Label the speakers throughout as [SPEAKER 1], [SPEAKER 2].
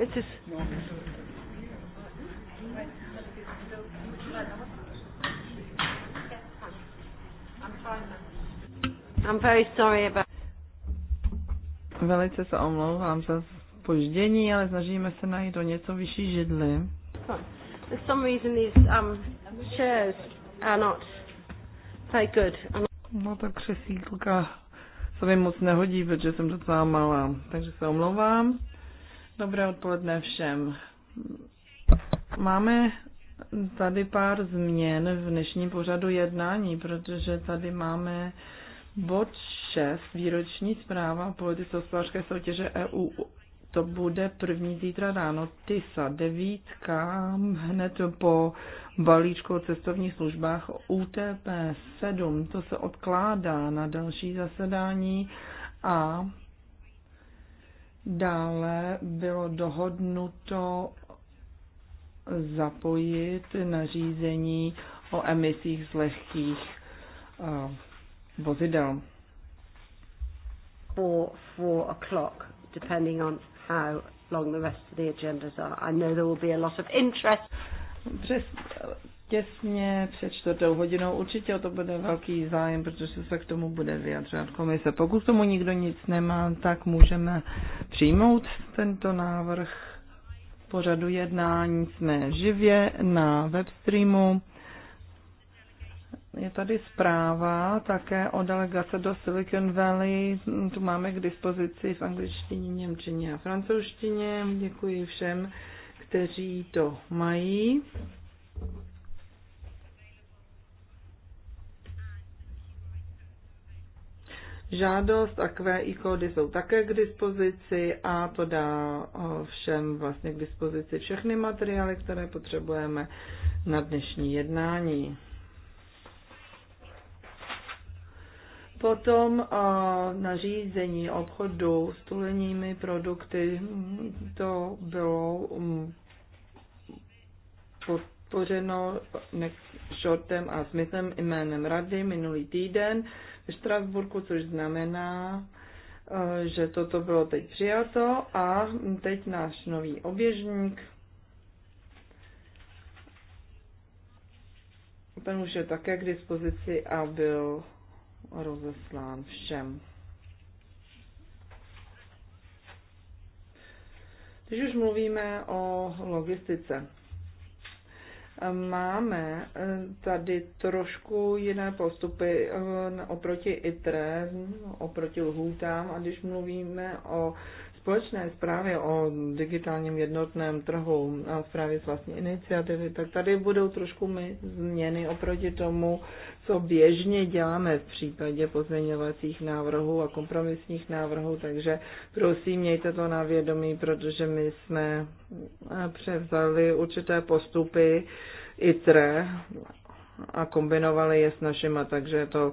[SPEAKER 1] Jetzt ist.
[SPEAKER 2] I'm very sorry about... Velice se omlouvám za spoždění, ale snažíme se najít o něco vyšší židly.
[SPEAKER 3] For some reason these um, chairs are not very good. No tak
[SPEAKER 2] křesílka se mi moc nehodí, protože jsem docela malá, takže se omlouvám. Dobré odpoledne všem. Máme tady pár změn v dnešním pořadu jednání, protože tady máme bod 6, výroční zpráva politice hospodářské soutěže EU. To bude první zítra ráno, TISA 9, hned po balíčku o cestovních službách UTP 7. To se odkládá na další zasedání a Dále bylo dohodnuto zapojit nařízení o emisích z lehkých uh, vozidel. Four, four o'clock, depending on
[SPEAKER 3] how long the rest of the agendas are. I know there will be a lot of interest. Přes,
[SPEAKER 2] těsně před čtvrtou hodinou. Určitě o to bude velký zájem, protože se k tomu bude vyjadřovat komise. Pokud tomu nikdo nic nemá, tak můžeme přijmout tento návrh pořadu jednání. Jsme živě na webstreamu. Je tady zpráva také o delegace do Silicon Valley. Tu máme k dispozici v angličtině, němčině a francouzštině. Děkuji všem, kteří to mají. žádost a QI kódy jsou také k dispozici a to dá eh, všem vlastně k dispozici všechny materiály, které potřebujeme na dnešní jednání. Potom eh, nařízení obchodu s tuleními produkty, to bylo mm, podpořeno shortem a smyslem jménem Rady minulý týden. Štrasburku, což znamená, eh, že toto bylo teď přijato a teď náš nový oběžník, ten už je také k dispozici a byl rozeslán všem. Když už mluvíme o logistice, máme eh, tady trošku jiné postupy eh, oproti ITRE, oproti lhůtám a když mluvíme o společné zprávy o digitálním jednotném trhu a zprávy z vlastní iniciativy, tak tady budou trošku my změny oproti tomu, co běžně děláme v případě pozměňovacích návrhů a kompromisních návrhů, takže prosím, mějte to na vědomí, protože my jsme převzali určité postupy ITRE a kombinovali je s našima, takže to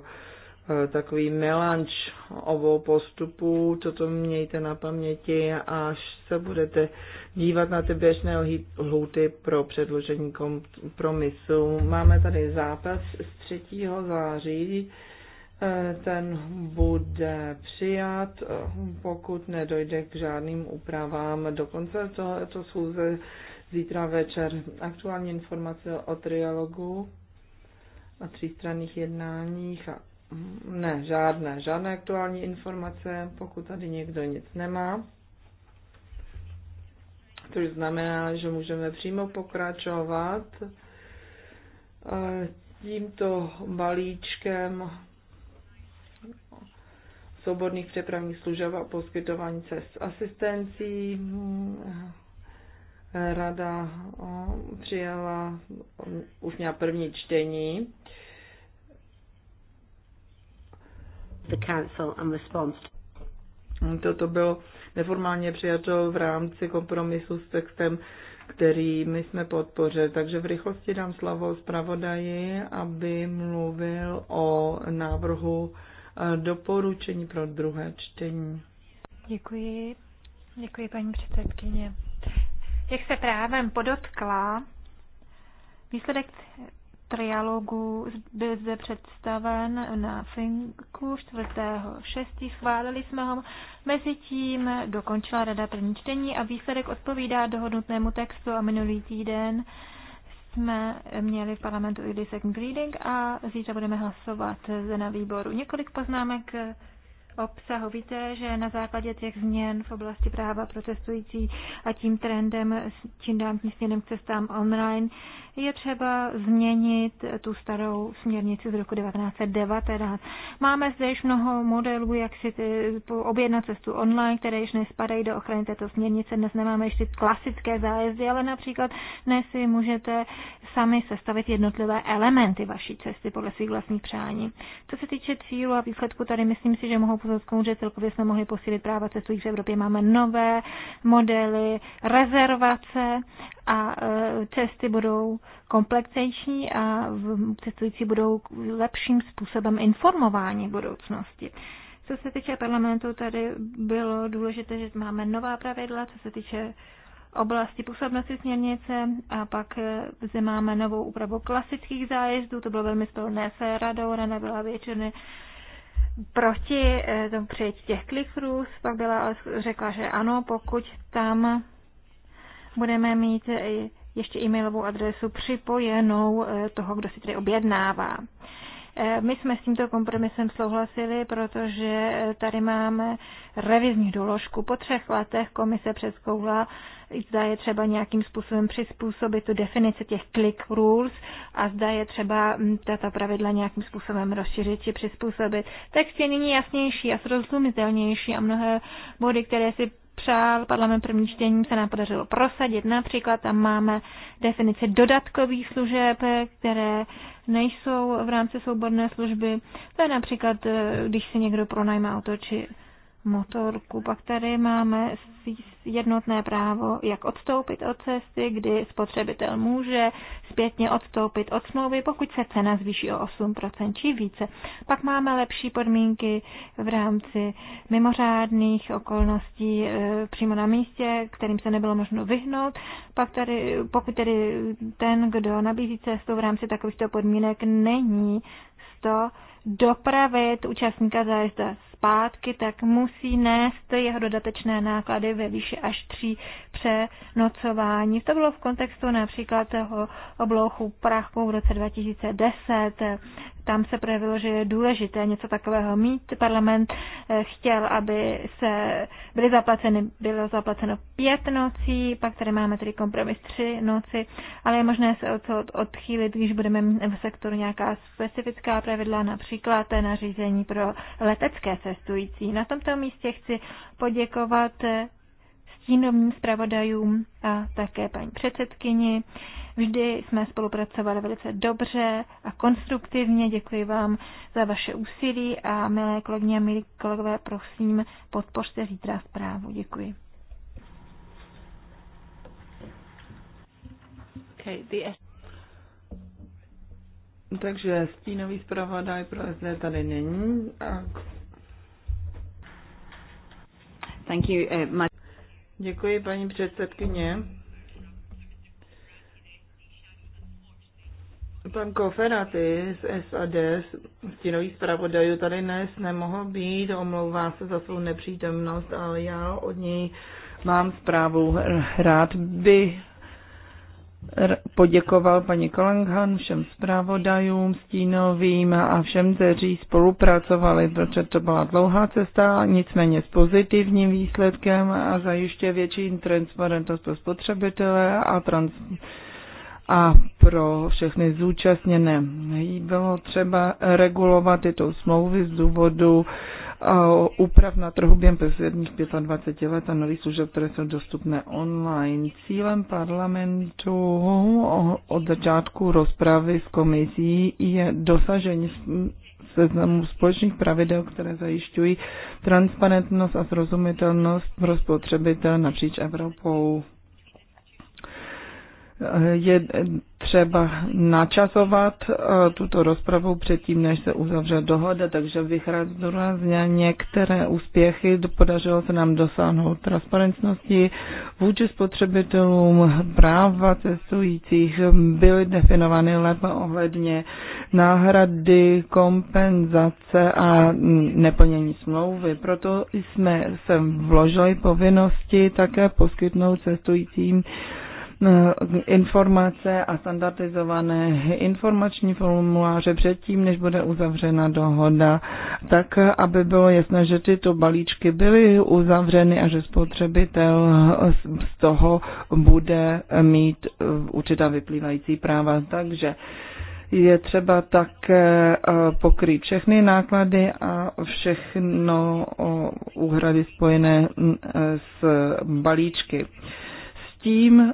[SPEAKER 2] E, takový melanč obou postupů, toto mějte na paměti, až se budete dívat na ty běžné lhuty pro předložení kompromisu. Máme tady zápas z 3. září, e, ten bude přijat, e, pokud nedojde k žádným úpravám do konce tohoto schůze zítra večer. Aktuální informace o trialogu a třístranných jednáních a ne, žádné, žádné aktuální informace, pokud tady někdo nic nemá. To znamená, že můžeme přímo pokračovat eh, tímto balíčkem svobodných přepravních služeb a poskytování cest asistencí. Rada eh, přijala mm, už měla první čtení the Council and response to to bylo neformálně přijato v rámci kompromisu s textem, který my jsme podpořili. Takže v rychlosti dám slovo zpravodaji, aby mluvil o návrhu eh, doporučení pro druhé čtení. Děkuji.
[SPEAKER 4] Děkuji, paní předsedkyně. Jak se právem podotkla, výsledek trialogu byl zde představen na Finku 4.6. Schválili jsme ho. Mezitím dokončila rada první čtení a výsledek odpovídá dohodnutnému textu a minulý týden jsme měli v parlamentu i second reading a zítra budeme hlasovat na výboru. Několik poznámek obsahu. Víte, že na základě těch změn v oblasti práva protestující a tím trendem, čím dám tím směrem k cestám online, je třeba změnit tu starou směrnici z roku 1919. Máme zde již mnoho modelů, jak si objednat cestu online, které již nespadají do ochrany této směrnice. Dnes nemáme ještě klasické zájezdy, ale například dnes si můžete sami sestavit jednotlivé elementy vaší cesty podle svých vlastních přání. Co se týče cílu a výsledku, tady myslím si, že mohou Slovenskou, že celkově jsme mohli posílit práva cestujících v Evropě. Máme nové modely, rezervace a e, cesty budou komplexnější a cestující budou lepším způsobem informováni v budoucnosti. Co se týče parlamentu, tady bylo důležité, že máme nová pravidla, co se týče oblasti působnosti směrnice a pak e, zde máme novou úpravu klasických zájezdů, to bylo velmi spolné s radou, rada byla většiny proti eh, tomu přijetí těch kliků. Pak byla, eh, řekla, že ano, pokud tam budeme mít eh, ještě e-mailovou adresu připojenou toho, kdo si tady objednává. My jsme s tímto kompromisem souhlasili, protože tady máme revizní doložku. Po třech letech komise přeskoula zda je třeba nějakým způsobem přizpůsobit tu definici těch click rules a zda je třeba mm, tato pravidla nějakým způsobem rozšířit či přizpůsobit. Text je nyní jasnější a srozumitelnější a mnohé body, které si přál parlament první čtení, se nám podařilo prosadit. Například tam máme definici dodatkových služeb, které nejsou v rámci souborné služby. To je například, eh, když si někdo pronajme auto či motorku. Pak tady máme jednotné právo, jak odstoupit od cesty, kdy spotřebitel může zpětně odstoupit od smlouvy, pokud se cena zvýší o 8% či více. Pak máme lepší podmínky v rámci mimořádných okolností e, přímo na místě, kterým se nebylo možno vyhnout. Pak tady, pokud tedy ten, kdo nabízí cestu v rámci takovýchto podmínek, není to dopravit účastníka zájezda zpátky, tak musí nést jeho dodatečné náklady ve výši až tří přenocování. To bylo v kontextu například toho oblouchu prachu v roce 2010. Tam se projevilo, že je důležité něco takového mít. Parlament eh, chtěl, aby se byly zaplaceny, bylo zaplaceno pět nocí, pak tady máme tedy kompromis tři noci, ale je možné se od, od, odchýlit, když budeme mít v sektoru nějaká specifická pravidla, například nařízení pro letecké cestujících. Na tomto místě chci poděkovat stínovým zpravodajům a také paní předsedkyni. Vždy jsme spolupracovali velice dobře a konstruktivně. Děkuji vám za vaše úsilí a milé kolegyně a milí kolegové, prosím, podpořte zítra zprávu. Děkuji.
[SPEAKER 3] Okay, the...
[SPEAKER 2] Takže stínový zpravodaj pro SD tady není. A Thank you, uh, eh, my... Děkuji, paní předsedkyně. Pan Koferaty z SAD, stínový zpravodajů, tady dnes nemohl být, omlouvá se za svou nepřítomnost, ale já od něj mám zprávu. Rád by poděkoval paní Kolenghan, všem zpravodajům, stínovým a všem, kteří spolupracovali, protože to byla dlouhá cesta, nicméně s pozitivním výsledkem a zajiště větší transparentnost pro spotřebitele a, trans- a pro všechny zúčastněné. Bylo třeba regulovat tyto smlouvy z důvodu uh, úprav na trhu během posledních 25 let a nový služeb, které jsou dostupné online. Cílem parlamentu od začátku rozpravy s komisí je dosažení seznamu společných pravidel, které zajišťují transparentnost a srozumitelnost pro spotřebitel napříč Evropou je třeba načasovat eh, tuto rozpravu předtím, než se uzavře dohoda, takže bych rád zdůraznil některé úspěchy. Podařilo se nám dosáhnout transparentnosti vůči spotřebitelům, práva cestujících byly definovány lépe ohledně náhrady, kompenzace a neplnění smlouvy. Proto jsme se vložili povinnosti také poskytnout cestujícím informace a standardizované informační formuláře předtím, než bude uzavřena dohoda, tak aby bylo jasné, že tyto balíčky byly uzavřeny a že spotřebitel z toho bude mít eh, určitá vyplývající práva. Takže je třeba také eh, pokrýt všechny náklady a všechno úhrady spojené eh, s balíčky tím eh,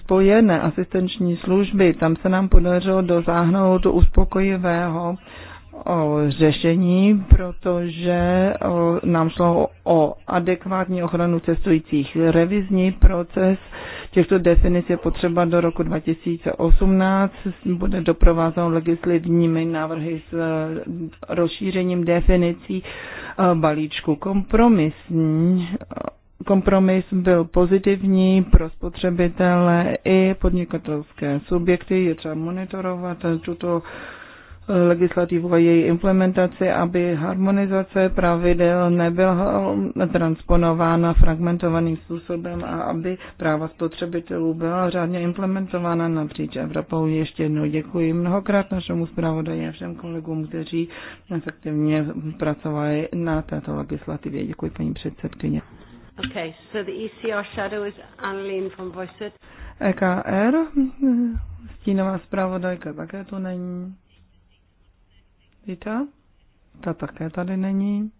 [SPEAKER 2] spojené asistenční služby, tam se nám podařilo dosáhnout do uspokojivého eh, řešení, protože eh, nám šlo o adekvátní ochranu cestujících. Revizní proces těchto definic je potřeba do roku 2018, bude doprovázen legislativními návrhy s rozšířením definicí balíčku kompromisní kompromis byl pozitivní pro spotřebitele i podnikatelské subjekty. Je třeba monitorovat tuto eh, legislativu a její implementaci, aby harmonizace pravidel nebyla eh, transponována fragmentovaným způsobem a aby práva spotřebitelů byla řádně implementována napříč Evropou. Ještě jednou děkuji mnohokrát našemu zpravodaji a všem kolegům, kteří efektivně pracovali na této legislativě. Děkuji paní předsedkyně.
[SPEAKER 3] Okay, so the ECR shadow is Annelien from Boyset.
[SPEAKER 2] EKR, stínová zpravodajka také tu není. Víte? Ta také tady není.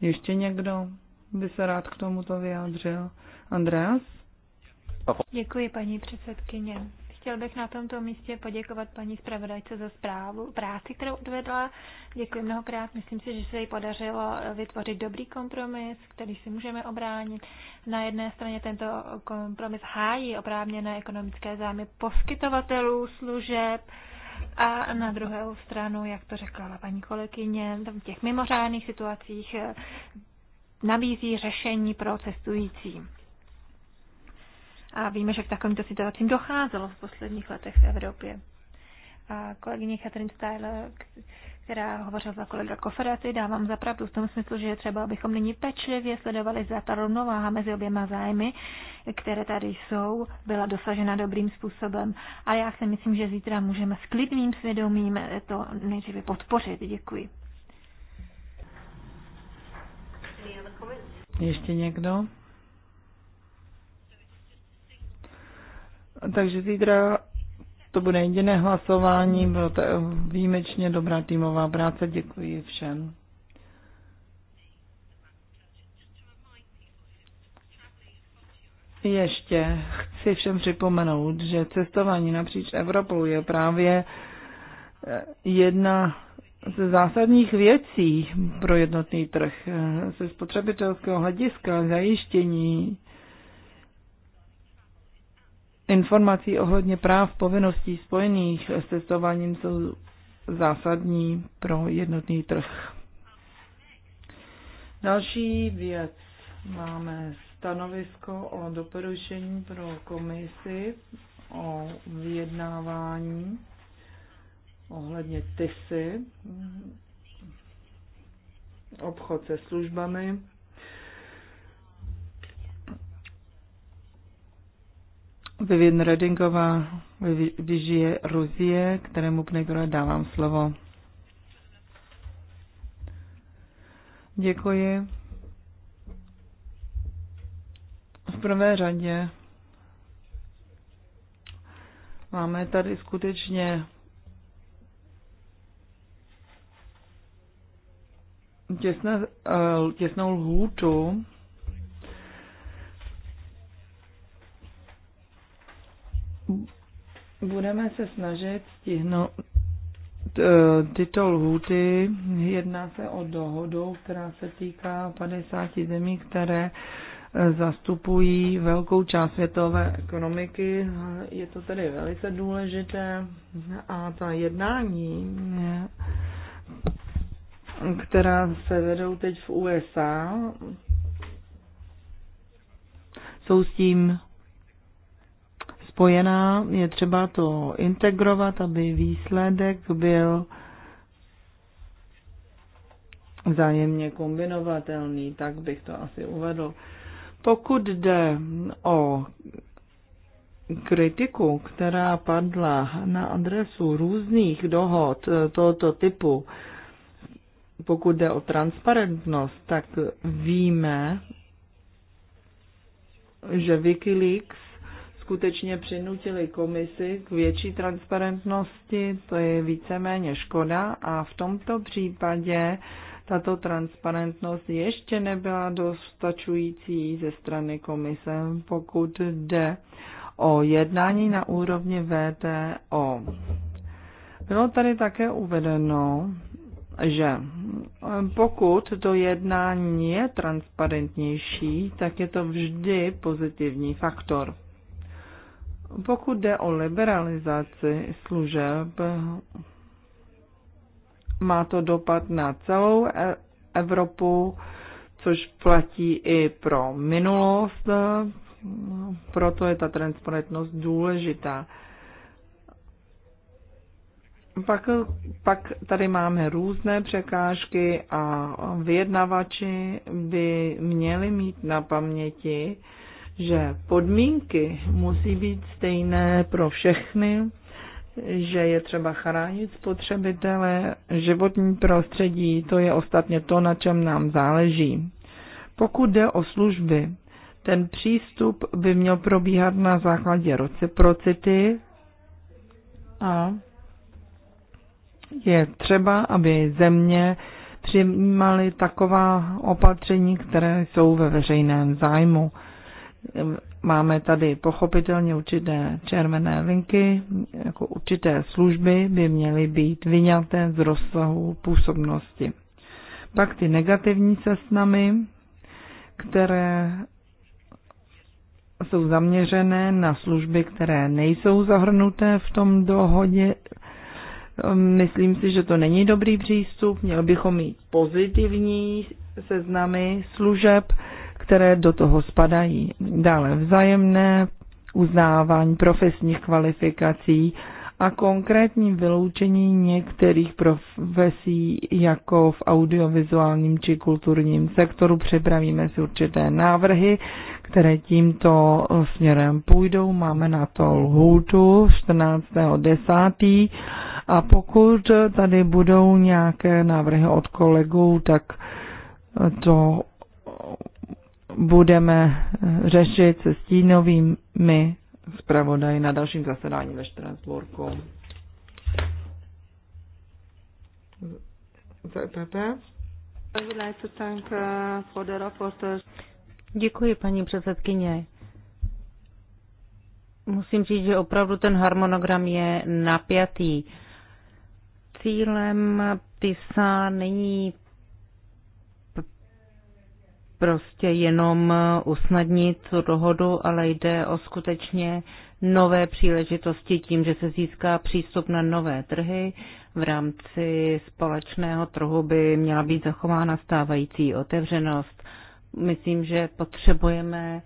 [SPEAKER 2] Ještě někdo by se rád k tomuto vyjádřil? Andreas?
[SPEAKER 4] Děkuji, paní předsedkyně. Chtěl bych na tomto místě poděkovat paní zpravodajce za zprávu, práci, kterou odvedla. Děkuji mnohokrát. Myslím si, že se jí podařilo vytvořit dobrý kompromis, který si můžeme obránit. Na jedné straně tento kompromis hájí oprávněné ekonomické zájmy poskytovatelů služeb, a na druhou stranu, jak to řekla paní kolegyně, v těch mimořádných situacích nabízí řešení pro cestujícím. A víme, že k takovýmto situacím docházelo v posledních letech v Evropě. A kolegyně Catherine Styler, která hovořila za kolega Koferaty, dávám za pravdu v tom smyslu, že třeba abychom nyní pečlivě sledovali, zda ta rovnováha mezi oběma zájmy, které tady jsou, byla dosažena dobrým způsobem. A já si myslím, že zítra můžeme s klidným svědomím to nejdříve podpořit. Děkuji.
[SPEAKER 2] Ještě někdo? Takže zítra to bude jediné hlasování, bylo to výjimečně dobrá týmová práce, děkuji všem. Ještě chci všem připomenout, že cestování napříč Evropou je právě eh, jedna ze zásadních věcí pro jednotný trh. Eh, ze spotřebitelského hlediska zajištění informací ohledně práv povinností spojených s testováním jsou zásadní pro jednotný trh. Další věc. Máme stanovisko o doporučení pro komisi o vyjednávání ohledně TISy, obchod se službami Vivian Redingová vyžije Ruzie, kterému Pnegora dávám slovo. Děkuji. V prvé řadě máme tady skutečně těsné, eh, těsnou lhůtu Budeme se snažit stihnout eh, tyto lhůty. Jedná se o dohodu, která se týká 50 zemí, které eh, zastupují velkou část světové ekonomiky. Je to tedy velice důležité a ta jednání, eh, která se vedou teď v USA, jsou s tím spojená. Je třeba to integrovat, aby výsledek byl vzájemně kombinovatelný, tak bych to asi uvedl. Pokud jde o kritiku, která padla na adresu různých dohod tohoto typu, pokud jde o transparentnost, tak víme, že Wikileaks skutečně přinutili komisi k větší transparentnosti, to je víceméně škoda a v tomto případě tato transparentnost ještě nebyla dostačující ze strany komise, pokud jde o jednání na úrovni VTO. Bylo tady také uvedeno, že pokud to jednání je transparentnější, tak je to vždy pozitivní faktor. Pokud jde o liberalizaci služeb, má to dopad na celou e- Evropu, což platí i pro minulost, proto je ta transparentnost důležitá. Pak, pak tady máme různé překážky a vyjednavači by měli mít na paměti, že podmínky musí být stejné pro všechny, že je třeba chránit spotřebitele, životní prostředí, to je ostatně to, na čem nám záleží. Pokud jde o služby, ten přístup by měl probíhat na základě reciprocity a je třeba, aby země přijímaly taková opatření, které jsou ve veřejném zájmu. Máme tady pochopitelně určité červené linky, jako určité služby by měly být vyňaté z rozsahu působnosti. Pak ty negativní seznamy, které jsou zaměřené na služby, které nejsou zahrnuté v tom dohodě. Myslím si, že to není dobrý přístup. Měli bychom mít pozitivní seznamy služeb, které do toho spadají. Dále vzájemné uznávání profesních kvalifikací a konkrétní vyloučení některých profesí, jako v audiovizuálním či kulturním sektoru. Připravíme si určité návrhy, které tímto směrem půjdou. Máme na to lhůtu 14.10. A pokud tady budou nějaké návrhy od kolegů, tak to budeme eh, řešit se stínovými zpravodaji na dalším zasedání ve Štrasburku. E
[SPEAKER 5] Děkuji, paní předsedkyně. Musím říct, že opravdu ten harmonogram je napjatý. Cílem PISA není prostě jenom usnadnit tu dohodu, ale jde o skutečně nové příležitosti tím, že se získá přístup na nové trhy. V rámci společného trhu by měla být zachována stávající otevřenost. Myslím, že potřebujeme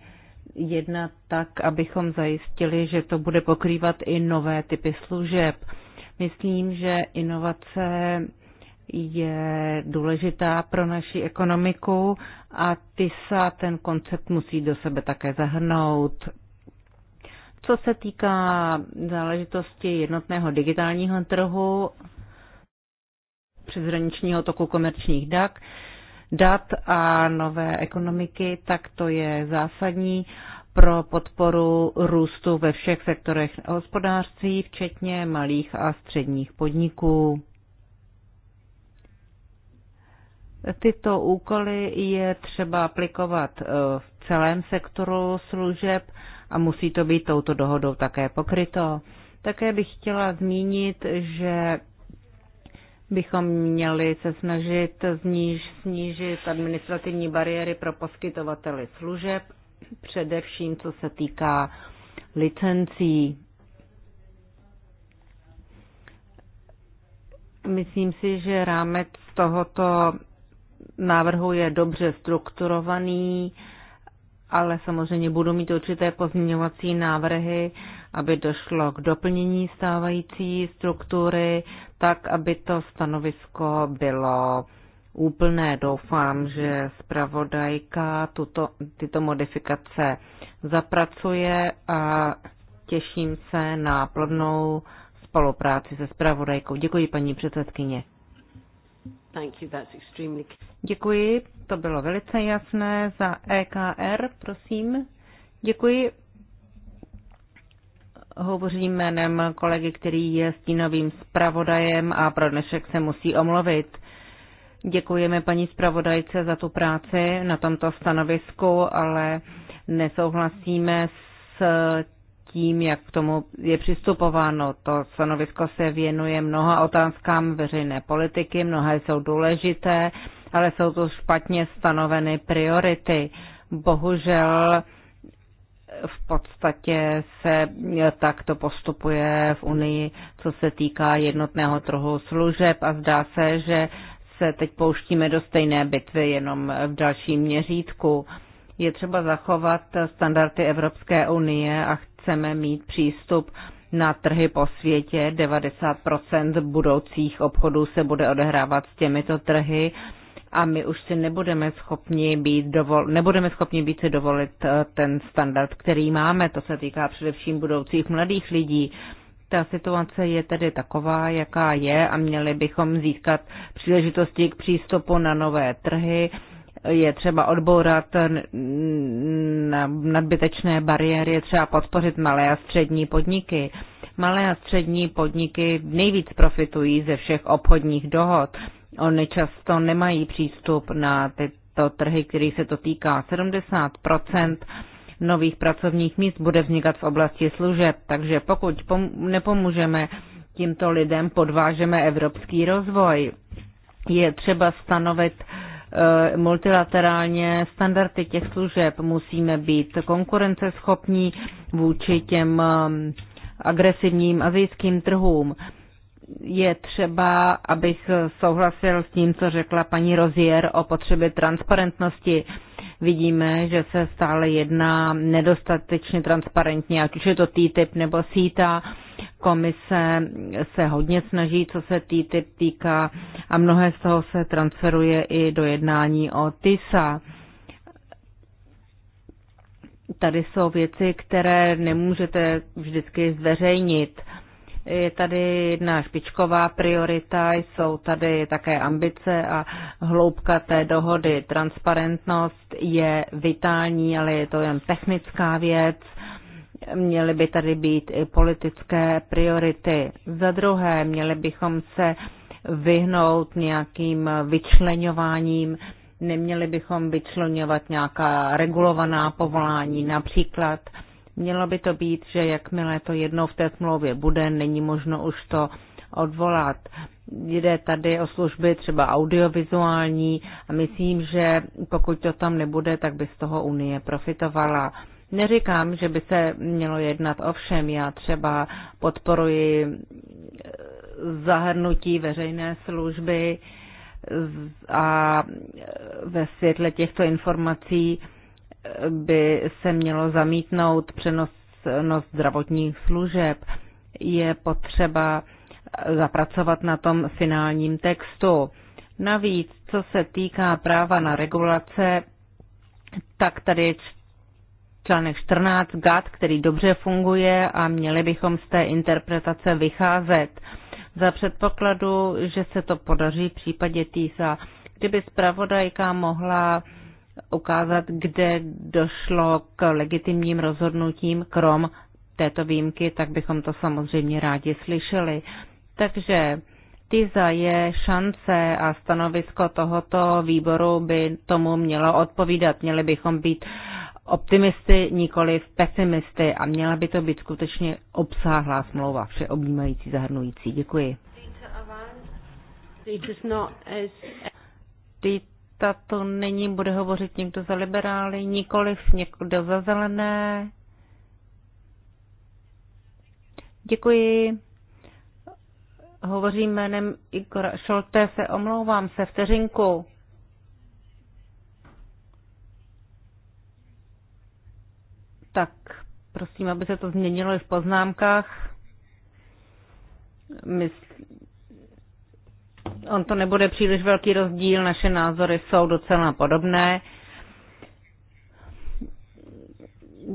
[SPEAKER 5] jednat tak, abychom zajistili, že to bude pokrývat i nové typy služeb. Myslím, že inovace je důležitá pro naši ekonomiku a se ten koncept musí do sebe také zahrnout. Co se týká záležitosti jednotného digitálního trhu, přeshraničního toku komerčních dat, dat a nové ekonomiky, tak to je zásadní pro podporu růstu ve všech sektorech hospodářství, včetně malých a středních podniků. Tyto úkoly je třeba aplikovat eh, v celém sektoru služeb a musí to být touto dohodou také pokryto. Také bych chtěla zmínit, že bychom měli se snažit zníž, snížit administrativní bariéry pro poskytovateli služeb, především co se týká licencí. Myslím si, že rámec tohoto návrhu je dobře strukturovaný, ale samozřejmě budu mít určité pozměňovací návrhy, aby došlo k doplnění stávající struktury, tak aby to stanovisko bylo úplné. Doufám, že zpravodajka tuto, tyto modifikace zapracuje a těším se na plodnou spolupráci se zpravodajkou. Děkuji, paní předsedkyně. Děkuji, to bylo velice jasné. Za EKR, prosím. Děkuji. Hovořím jménem kolegy, který je stínovým zpravodajem a pro dnešek se musí omluvit. Děkujeme paní zpravodajce za tu práci na tomto stanovisku, ale nesouhlasíme s tím, jak k tomu je přistupováno. To stanovisko se věnuje mnoha otázkám veřejné politiky, mnohé jsou důležité, ale jsou to špatně stanoveny priority. Bohužel v podstatě se takto postupuje v Unii, co se týká jednotného trhu služeb a zdá se, že se teď pouštíme do stejné bitvy jenom v dalším měřítku. Je třeba zachovat standardy Evropské unie a chceme mít přístup na trhy po světě. 90% budoucích obchodů se bude odehrávat s těmito trhy a my už si nebudeme schopni být dovol, nebudeme schopni být si dovolit eh, ten standard, který máme. To se týká především budoucích mladých lidí. Ta situace je tedy taková, jaká je a měli bychom získat příležitosti k přístupu na nové trhy je třeba odbourat nadbytečné bariéry, je třeba podpořit malé a střední podniky. Malé a střední podniky nejvíc profitují ze všech obchodních dohod. Oni často nemají přístup na tyto trhy, který se to týká. 70 nových pracovních míst bude vznikat v oblasti služeb, takže pokud nepomůžeme tímto lidem, podvážeme evropský rozvoj. Je třeba stanovit uh, Eh, multilaterálně standardy těch služeb. Musíme být konkurenceschopní vůči těm eh, agresivním azijským trhům. Je třeba, abych souhlasil s tím, co řekla paní Rozier o potřebě transparentnosti. Vidíme, že se stále jedná nedostatečně transparentně, ať už je to TTIP nebo CETA Komise se hodně snaží, co se TTIP týká a mnohé z toho se transferuje i do jednání o TISA. Tady jsou věci, které nemůžete vždycky zveřejnit. Je tady jedna špičková priorita, jsou tady také ambice a hloubka té dohody. Transparentnost je vitální, ale je to jen technická věc Měly by tady být i politické priority. Za druhé, měli bychom se vyhnout nějakým vyčlenováním, neměli bychom vyčlenovat nějaká regulovaná povolání. Například mělo by to být, že jakmile to jednou v té smlouvě bude, není možno už to odvolat. Jde tady o služby třeba audiovizuální a myslím, že pokud to tam nebude, tak by z toho Unie profitovala. Neříkám, že by se mělo jednat o všem. Já třeba podporuji eh, zahrnutí veřejné služby a eh, ve světle těchto informací eh, by se mělo zamítnout přenosnost zdravotních služeb. Je potřeba zapracovat na tom finálním textu. Navíc, co se týká práva na regulace, tak tady je článek 14 GAT, který dobře funguje a měli bychom z té interpretace vycházet. Za předpokladu, že se to podaří v případě TISA, kdyby zpravodajka mohla ukázat, kde došlo k legitimním rozhodnutím, krom této výjimky, tak bychom to samozřejmě rádi slyšeli. Takže TISA je šance a stanovisko tohoto výboru by tomu mělo odpovídat. Měli bychom být uh, optimisty, nikoli v pesimisty a měla by to být skutečně obsáhlá smlouva, všeobjímající, zahrnující. Děkuji. Dita to není, bude hovořit někdo za liberály, v někdo za zelené. Děkuji. Hovořím jménem Igora Šolte, se omlouvám se vteřinku. tak prosím, aby se to změnilo i v poznámkách. Mysl... On to nebude příliš velký rozdíl, naše názory jsou docela podobné.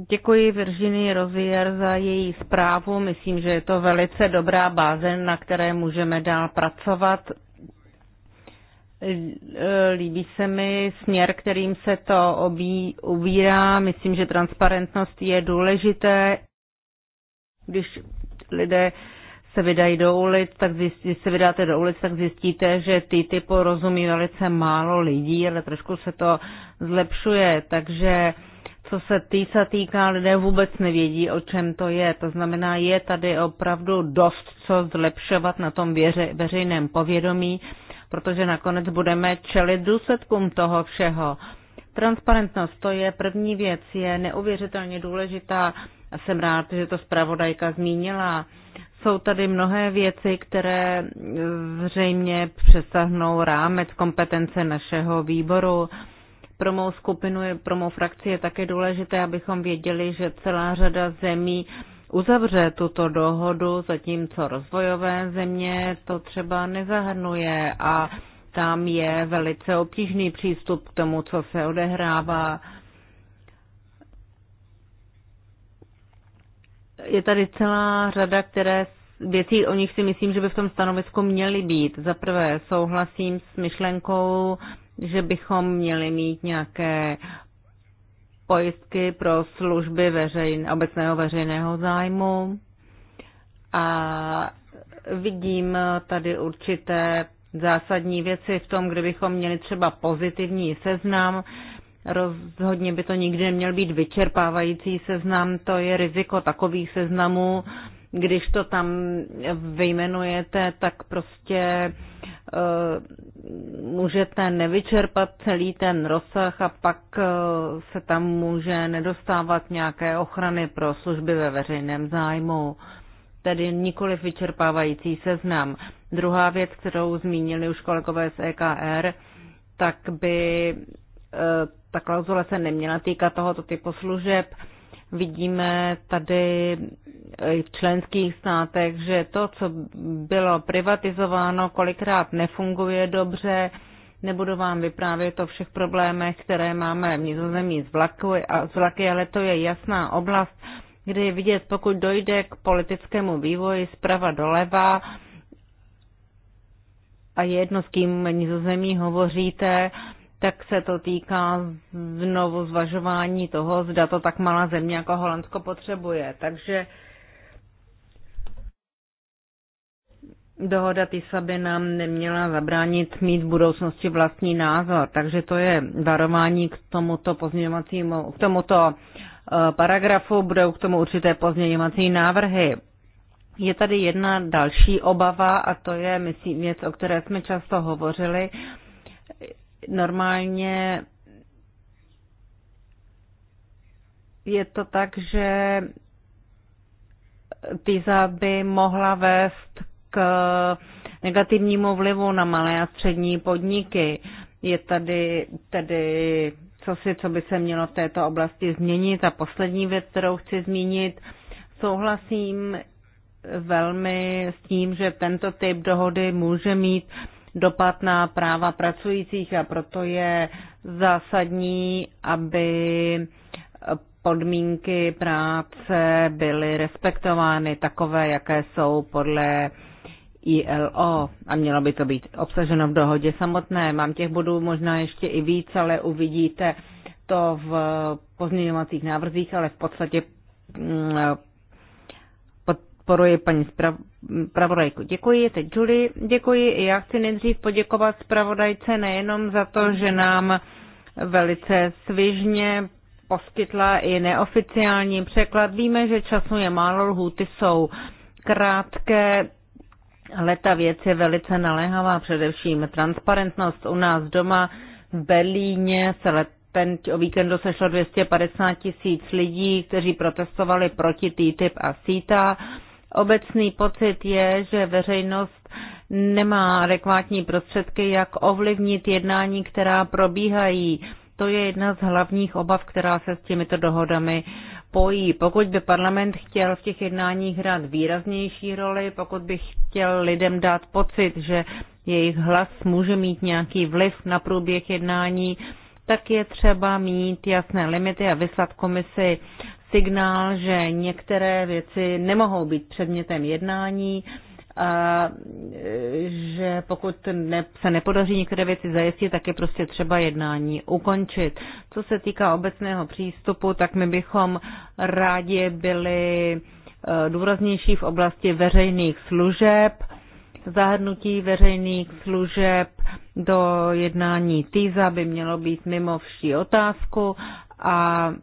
[SPEAKER 5] Děkuji Virginii Rozier za její zprávu. Myslím, že je to velice dobrá báze, na které můžeme dál pracovat. Líbí se mi směr, kterým se to obí, ubírá. Myslím, že transparentnost je důležité. Když lidé se vydají do ulic, tak zjistí, když se vydáte do ulic, tak zjistíte, že ty typu rozumí velice málo lidí, ale trošku se to zlepšuje. Takže co se se týká, lidé vůbec nevědí, o čem to je. To znamená, je tady opravdu dost co zlepšovat na tom věře, veřejném povědomí protože nakonec budeme čelit důsledkům toho všeho. Transparentnost, to je první věc, je neuvěřitelně důležitá a jsem rád, že to zpravodajka zmínila. Jsou tady mnohé věci, které eh, zřejmě přesahnou rámec kompetence našeho výboru. Pro mou skupinu, pro mou frakci je také důležité, abychom věděli, že celá řada zemí uzavře tuto dohodu, zatímco rozvojové země to třeba nezahrnuje a tam je velice obtížný přístup k tomu, co se odehrává. Je tady celá řada, které věcí, o nich si myslím, že by v tom stanovisku měly být. Za prvé souhlasím s myšlenkou, že bychom měli mít nějaké pojistky pro služby veřejn, obecného veřejného zájmu a vidím tady určité zásadní věci v tom, kdybychom měli třeba pozitivní seznam, rozhodně by to nikdy neměl být vyčerpávající seznam, to je riziko takových seznamů, když to tam vyjmenujete, tak prostě Eh, můžete nevyčerpat celý ten rozsah a pak eh, se tam může nedostávat nějaké ochrany pro služby ve veřejném zájmu. Tedy nikoli vyčerpávající seznam. Druhá věc, kterou zmínili už kolegové z EKR, tak by eh, ta klauzule se neměla týkat tohoto typu služeb. Vidíme tady v členských státech, že to, co bylo privatizováno, kolikrát nefunguje dobře. Nebudu vám vyprávět o všech problémech, které máme v Nizozemí z, vlaku, a z vlaky, ale to je jasná oblast, kdy je vidět, pokud dojde k politickému vývoji zprava doleva, a je jedno, s kým nizozemí hovoříte, tak se to týká znovu zvažování toho, zda to tak malá země jako Holandsko potřebuje. Takže dohoda TISA by nám neměla zabránit mít v budoucnosti vlastní názor. Takže to je varování k tomuto pozměňovacímu, k tomuto eh, paragrafu, budou k tomu určité pozměňovací návrhy. Je tady jedna další obava a to je, myslím, věc, o které jsme často hovořili, normálně je to tak, že TISA by mohla vést k negativnímu vlivu na malé a střední podniky. Je tady tedy si, co by se mělo v této oblasti změnit. A poslední věc, kterou chci zmínit, souhlasím velmi s tím, že tento typ dohody může mít dopad na práva pracujících a proto je zásadní, aby podmínky práce byly respektovány takové, jaké jsou podle ILO a mělo by to být obsaženo v dohodě samotné. Mám těch bodů možná ještě i víc, ale uvidíte to v pozměňovacích návrzích, ale v podstatě mm, podporuji paní zpravodajku. Děkuji, teď Julie, děkuji. Já chci nejdřív poděkovat zpravodajce nejenom za to, že nám velice svižně poskytla i neoficiální překlad. Víme, že času je málo, lhůty jsou krátké, ale ta věc je velice naléhavá, především transparentnost u nás doma v Berlíně se let ten o víkendu sešlo 250 tisíc lidí, kteří protestovali proti TTIP a CETA. Obecný pocit je, že veřejnost nemá adekvátní prostředky, jak ovlivnit jednání, která probíhají. To je jedna z hlavních obav, která se s těmito dohodami pojí. Pokud by parlament chtěl v těch jednáních hrát výraznější roli, pokud by chtěl lidem dát pocit, že jejich hlas může mít nějaký vliv na průběh jednání, tak je třeba mít jasné limity a vyslat komisi signál, že některé věci nemohou být předmětem jednání, a že pokud ne, se nepodaří některé věci zajistit, tak je prostě třeba jednání ukončit. Co se týká obecného přístupu, tak my bychom rádi byli e, důraznější v oblasti veřejných služeb, zahrnutí veřejných služeb do jednání TISA by mělo být mimo vší otázku a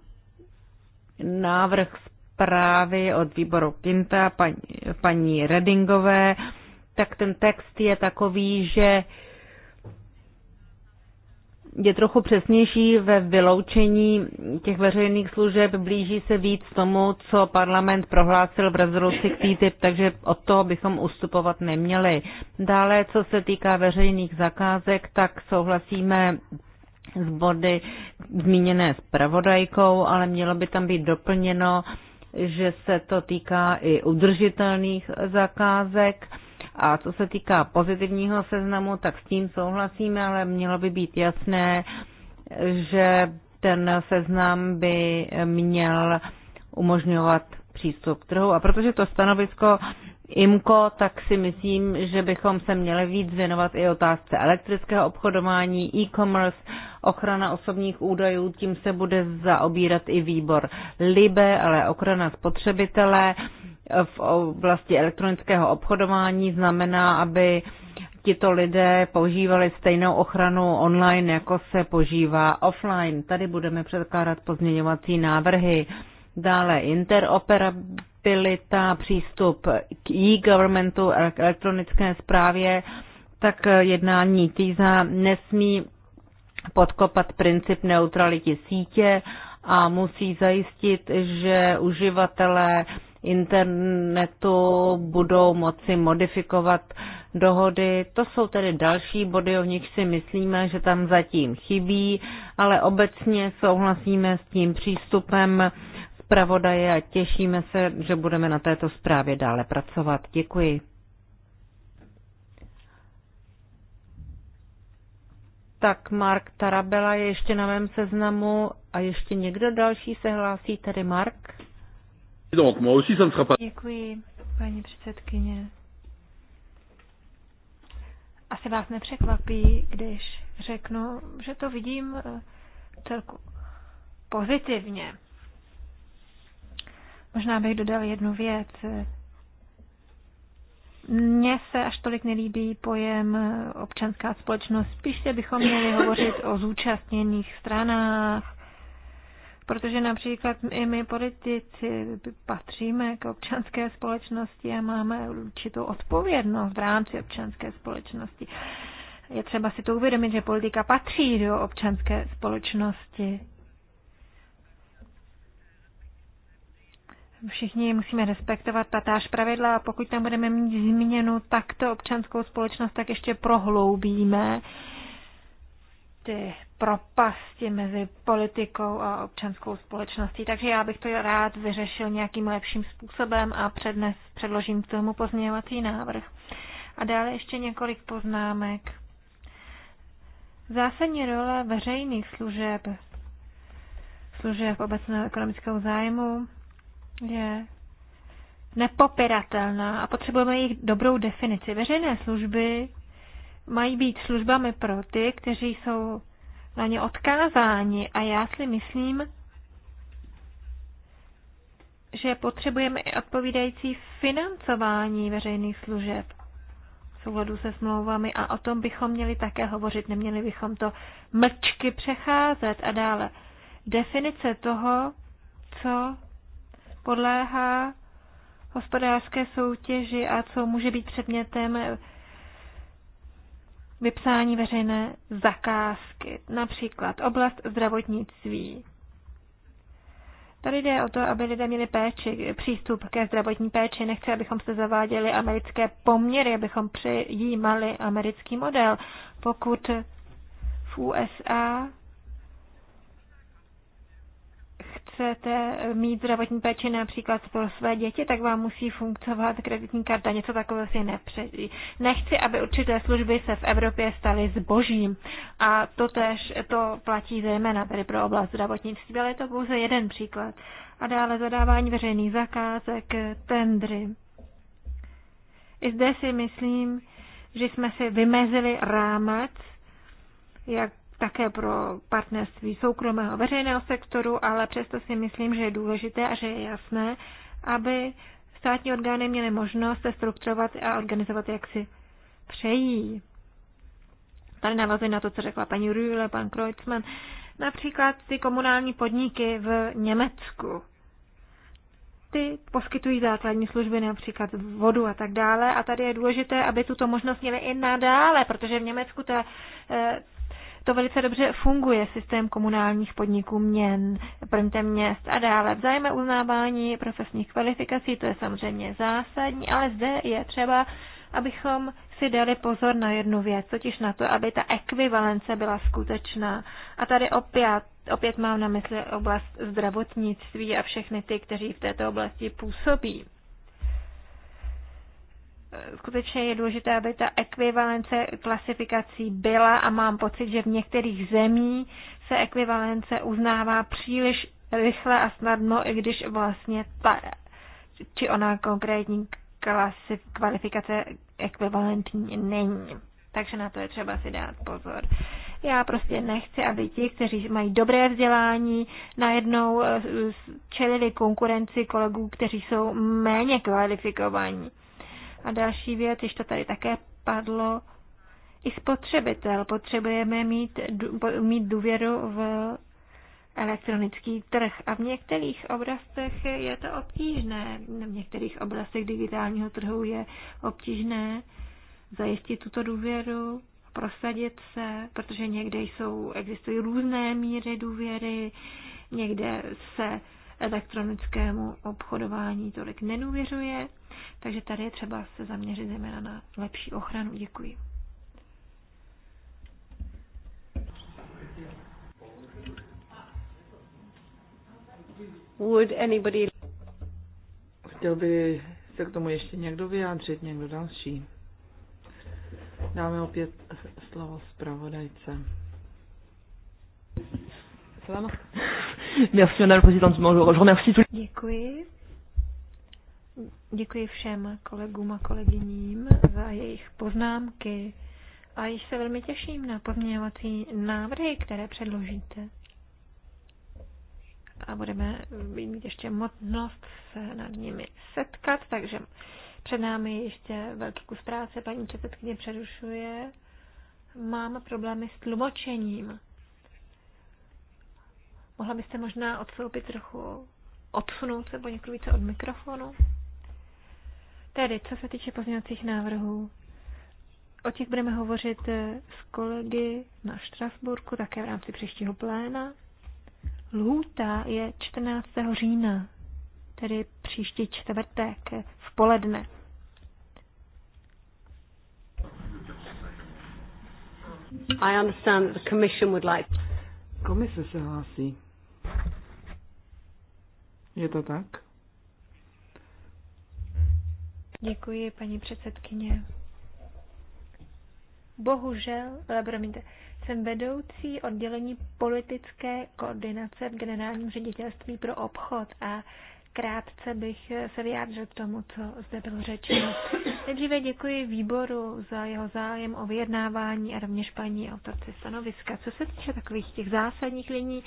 [SPEAKER 5] návrh zprávy od výboru Kinta paní, paní Redingové, tak ten text je takový, že je trochu přesnější ve vyloučení těch veřejných služeb, blíží se víc tomu, co parlament prohlásil v rezoluci k TTIP, takže od toho bychom ustupovat neměli. Dále, co se týká veřejných zakázek, tak souhlasíme z body zmíněné pravodajkou, ale mělo by tam být doplněno, že se to týká i udržitelných zakázek. A co se týká pozitivního seznamu, tak s tím souhlasíme, ale mělo by být jasné, že ten seznam by měl umožňovat přístup k trhu. A protože to stanovisko IMCO, tak si myslím, že bychom se měli víc věnovat i otázce elektrického obchodování, e-commerce, ochrana osobních údajů, tím se bude zaobírat i výbor LIBE, ale ochrana spotřebitele v oblasti elektronického obchodování znamená, aby tito lidé používali stejnou ochranu online, jako se požívá offline. Tady budeme předkládat pozměňovací návrhy. Dále interoperabilita mobilita, přístup k e-governmentu, elektronické zprávě, tak jednání TISA nesmí podkopat princip neutrality sítě a musí zajistit, že uživatelé internetu budou moci modifikovat dohody. To jsou tedy další body, o nich si myslíme, že tam zatím chybí, ale obecně souhlasíme s tím přístupem, zpravodaje a těšíme se, že budeme na této zprávě dále pracovat. Děkuji. Tak Mark Tarabela je ještě na mém seznamu a ještě někdo další se hlásí, tedy Mark?
[SPEAKER 4] Děkuji, paní předsedkyně. Asi vás nepřekvapí, když řeknu, že to vidím eh, celku pozitivně. Možná bych dodal jednu věc. Mně se až tolik nelíbí pojem občanská společnost. Spíše bychom měli hovořit o zúčastněných stranách, protože například i my politici patříme k občanské společnosti a máme určitou odpovědnost v rámci občanské společnosti. Je třeba si to uvědomit, že politika patří do občanské společnosti. všichni musíme respektovat tatáž pravidla a pokud tam budeme mít změnu takto občanskou společnost, tak ještě prohloubíme ty propasti mezi politikou a občanskou společností. Takže já bych to rád vyřešil nějakým lepším způsobem a přednes, předložím k tomu pozměňovací návrh. A dále ještě několik poznámek. Zásadní role veřejných služeb, služeb obecného ekonomického zájmu, je nepopiratelná a potřebujeme jejich dobrou definici. Veřejné služby mají být službami pro ty, kteří jsou na ně odkázáni a já si myslím, že potřebujeme i odpovídající financování veřejných služeb v se smlouvami a o tom bychom měli také hovořit, neměli bychom to mlčky přecházet a dále. Definice toho, co podléhá hospodářské soutěži a co může být předmětem vypsání veřejné zakázky, například oblast zdravotnictví. Tady jde o to, aby lidé měli péči, přístup ke zdravotní péči. Nechci, abychom se zaváděli americké poměry, abychom přijímali americký model. Pokud v USA chcete mít zdravotní péči například pro své děti, tak vám musí fungovat kreditní karta. Něco takového si nepřeji. Nechci, aby určité služby se v Evropě staly zbožím. A to tež, to platí zejména tedy pro oblast zdravotnictví, ale je to pouze jeden příklad. A dále zadávání veřejných zakázek, tendry. I zde si myslím, že jsme si vymezili rámec, jak také pro partnerství soukromého veřejného sektoru, ale přesto si myslím, že je důležité a že je jasné, aby státní orgány měly možnost se strukturovat a organizovat, jak si přejí. Tady navazuji na to, co řekla paní Rühle, pan Kreutzmann. Například ty komunální podniky v Německu. Ty poskytují základní služby, například vodu a tak dále. A tady je důležité, aby tuto možnost měli i nadále, protože v Německu ta eh, to velice dobře funguje, systém komunálních podniků měn, prvníte měst a dále. Vzájemné uznávání profesních kvalifikací, to je samozřejmě zásadní, ale zde je třeba, abychom si dali pozor na jednu věc, totiž na to, aby ta ekvivalence byla skutečná. A tady opět, opět mám na mysli oblast zdravotnictví a všechny ty, kteří v této oblasti působí skutečně je důležité, aby ta ekvivalence klasifikací byla a mám pocit, že v některých zemí se ekvivalence uznává příliš rychle a snadno, i když vlastně ta či ona konkrétní klasif, kvalifikace ekvivalentní není. Takže na to je třeba si dát pozor. Já prostě nechci, aby ti, kteří mají dobré vzdělání, najednou eh, čelili konkurenci kolegů, kteří jsou méně kvalifikovaní. A další věc, ještě to tady také padlo, i spotřebitel potřebujeme mít, mít důvěru v elektronický trh. A v některých oblastech je to obtížné. V některých oblastech digitálního trhu je obtížné zajistit tuto důvěru, prosadit se, protože někde jsou, existují různé míry důvěry, někde se elektronickému obchodování tolik nedůvěřuje, takže tady je třeba se zaměřit zejména na lepší ochranu. Děkuji.
[SPEAKER 2] Would anybody... Chtěl by se k tomu ještě někdo vyjádřit, někdo další? Dáme opět slovo zpravodajce. Ça va, Marc Merci, Madame la Présidente. Bonjour. Je remercie tous les...
[SPEAKER 4] Děkuji. Děkuji všem kolegům a kolegyním za jejich poznámky a již se velmi těším na pozměňovací návrhy, které předložíte. A budeme mít ještě možnost se nad nimi setkat, takže před námi ještě velký kus práce. Paní předsedkyně přerušuje. Mám problémy s tlumočením. Mohla byste možná odstoupit trochu, odsunout se nebo někdo více od mikrofonu? Tedy, co se týče pozměňovacích návrhů, o těch budeme hovořit eh, s kolegy na Štrasburku, také v rámci příštího pléna. Lhůta je 14. října,
[SPEAKER 3] tedy příští čtvrtek v poledne.
[SPEAKER 1] I understand
[SPEAKER 3] that the commission would like...
[SPEAKER 2] Komise se hlásí. Je to tak?
[SPEAKER 4] Děkuji, paní předsedkyně. Bohužel, ale promiňte, jsem vedoucí oddělení politické koordinace v generálním ředitelství pro obchod a krátce bych se vyjádřil k tomu, co zde bylo řečeno. Nejdříve děkuji výboru za jeho zájem o vyjednávání a rovněž paní autorce stanoviska. Co se týče takových těch zásadních liní,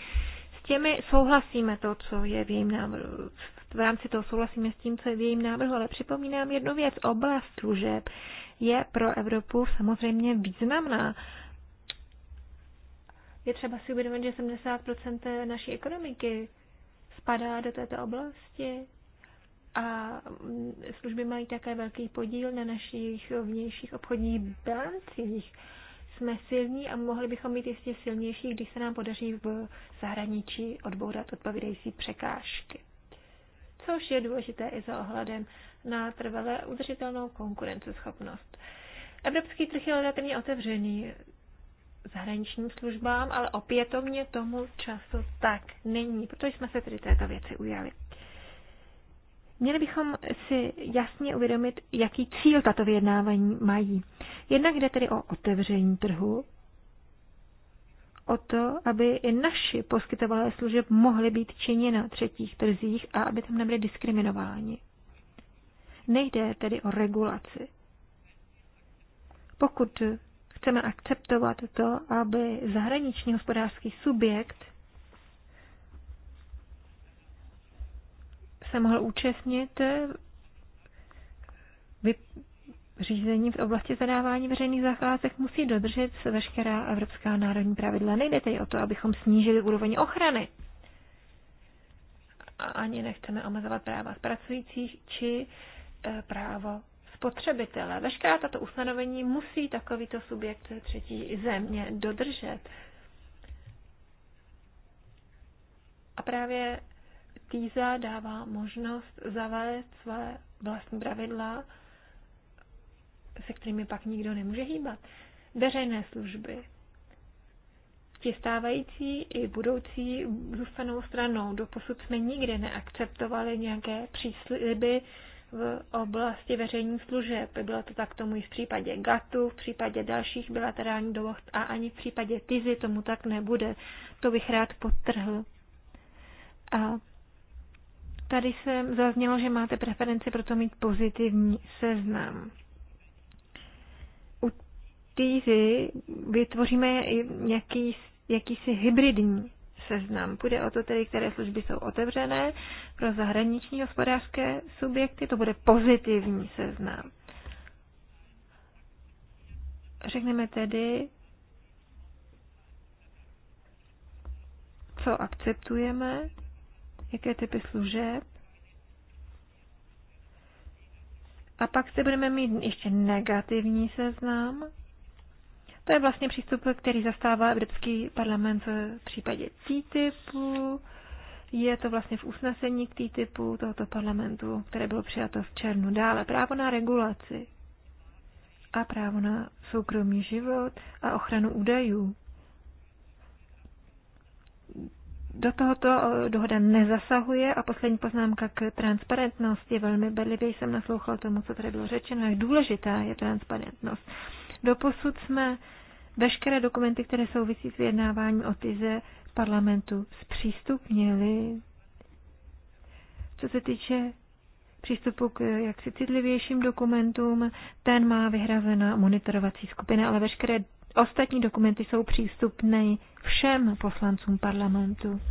[SPEAKER 4] těmi souhlasíme to, co je v jejím návrhu. V rámci toho souhlasíme s tím, co je v jejím návrhu, ale připomínám jednu věc. Oblast služeb je pro Evropu samozřejmě významná. Je třeba si uvědomit, že 70% naší ekonomiky spadá do této oblasti a služby mají také velký podíl na našich vnějších obchodních bilancích jsme silní a mohli bychom být ještě silnější, když se nám podaří v zahraničí odbourat odpovídající překážky. Což je důležité i za ohledem na trvalé udržitelnou konkurenceschopnost. Evropský trh je relativně otevřený zahraničním službám, ale opětovně tomu času tak není, protože jsme se tedy této věci ujali. Měli bychom si jasně uvědomit, jaký cíl tato vyjednávání mají. Jednak jde tedy o otevření trhu, o to, aby i naši poskytovalé služeb mohly být činěni na třetích trzích a aby tam nebyly diskriminováni. Nejde tedy o regulaci. Pokud chceme akceptovat to, aby zahraniční hospodářský subjekt se mohl účastnit řízení v oblasti zadávání veřejných zakázek musí dodržet veškerá evropská národní pravidla. Nejde tedy o to, abychom snížili úroveň ochrany. A ani nechceme omezovat práva zpracujících či e, právo spotřebitele. Veškerá tato ustanovení musí takovýto subjekt třetí země dodržet. A právě Týza dává možnost zavést své vlastní pravidla, se kterými pak nikdo nemůže hýbat. Veřejné služby. Ti stávající i budoucí zůstanou stranou. Doposud jsme nikdy neakceptovali nějaké přísliby v oblasti veřejných služeb. Bylo to tak tomu i v případě GATU, v případě dalších bilaterálních dohod a ani v případě TIZY tomu tak nebude. To bych rád podtrhl. A Tady se zaznělo, že máte preferenci pro to mít pozitivní seznam. U týzy vytvoříme nějaký, jakýsi hybridní seznam. Půjde o to tedy, které služby jsou otevřené pro zahraniční hospodářské subjekty. To bude pozitivní seznam. Řekneme tedy, co akceptujeme jaké typy služeb. A pak zde budeme mít ještě negativní seznam. To je vlastně přístup, který zastává Evropský parlament v případě TTIPu. Je to vlastně v usnesení k TTIPu tohoto parlamentu, které bylo přijato v černu. Dále právo na regulaci a právo na soukromý život a ochranu údajů. do tohoto eh, dohoda nezasahuje a poslední poznámka k transparentnosti. Velmi bedlivě jsem naslouchal tomu, co tady bylo řečeno, jak důležitá je transparentnost. Doposud jsme veškeré dokumenty, které souvisí s vyjednáváním o tyze parlamentu zpřístupnili. Co se týče přístupu k eh, jaksi citlivějším dokumentům, ten má vyhrazená monitorovací skupina, ale veškeré Ostatní dokumenty jsou přístupné všem poslancům parlamentu.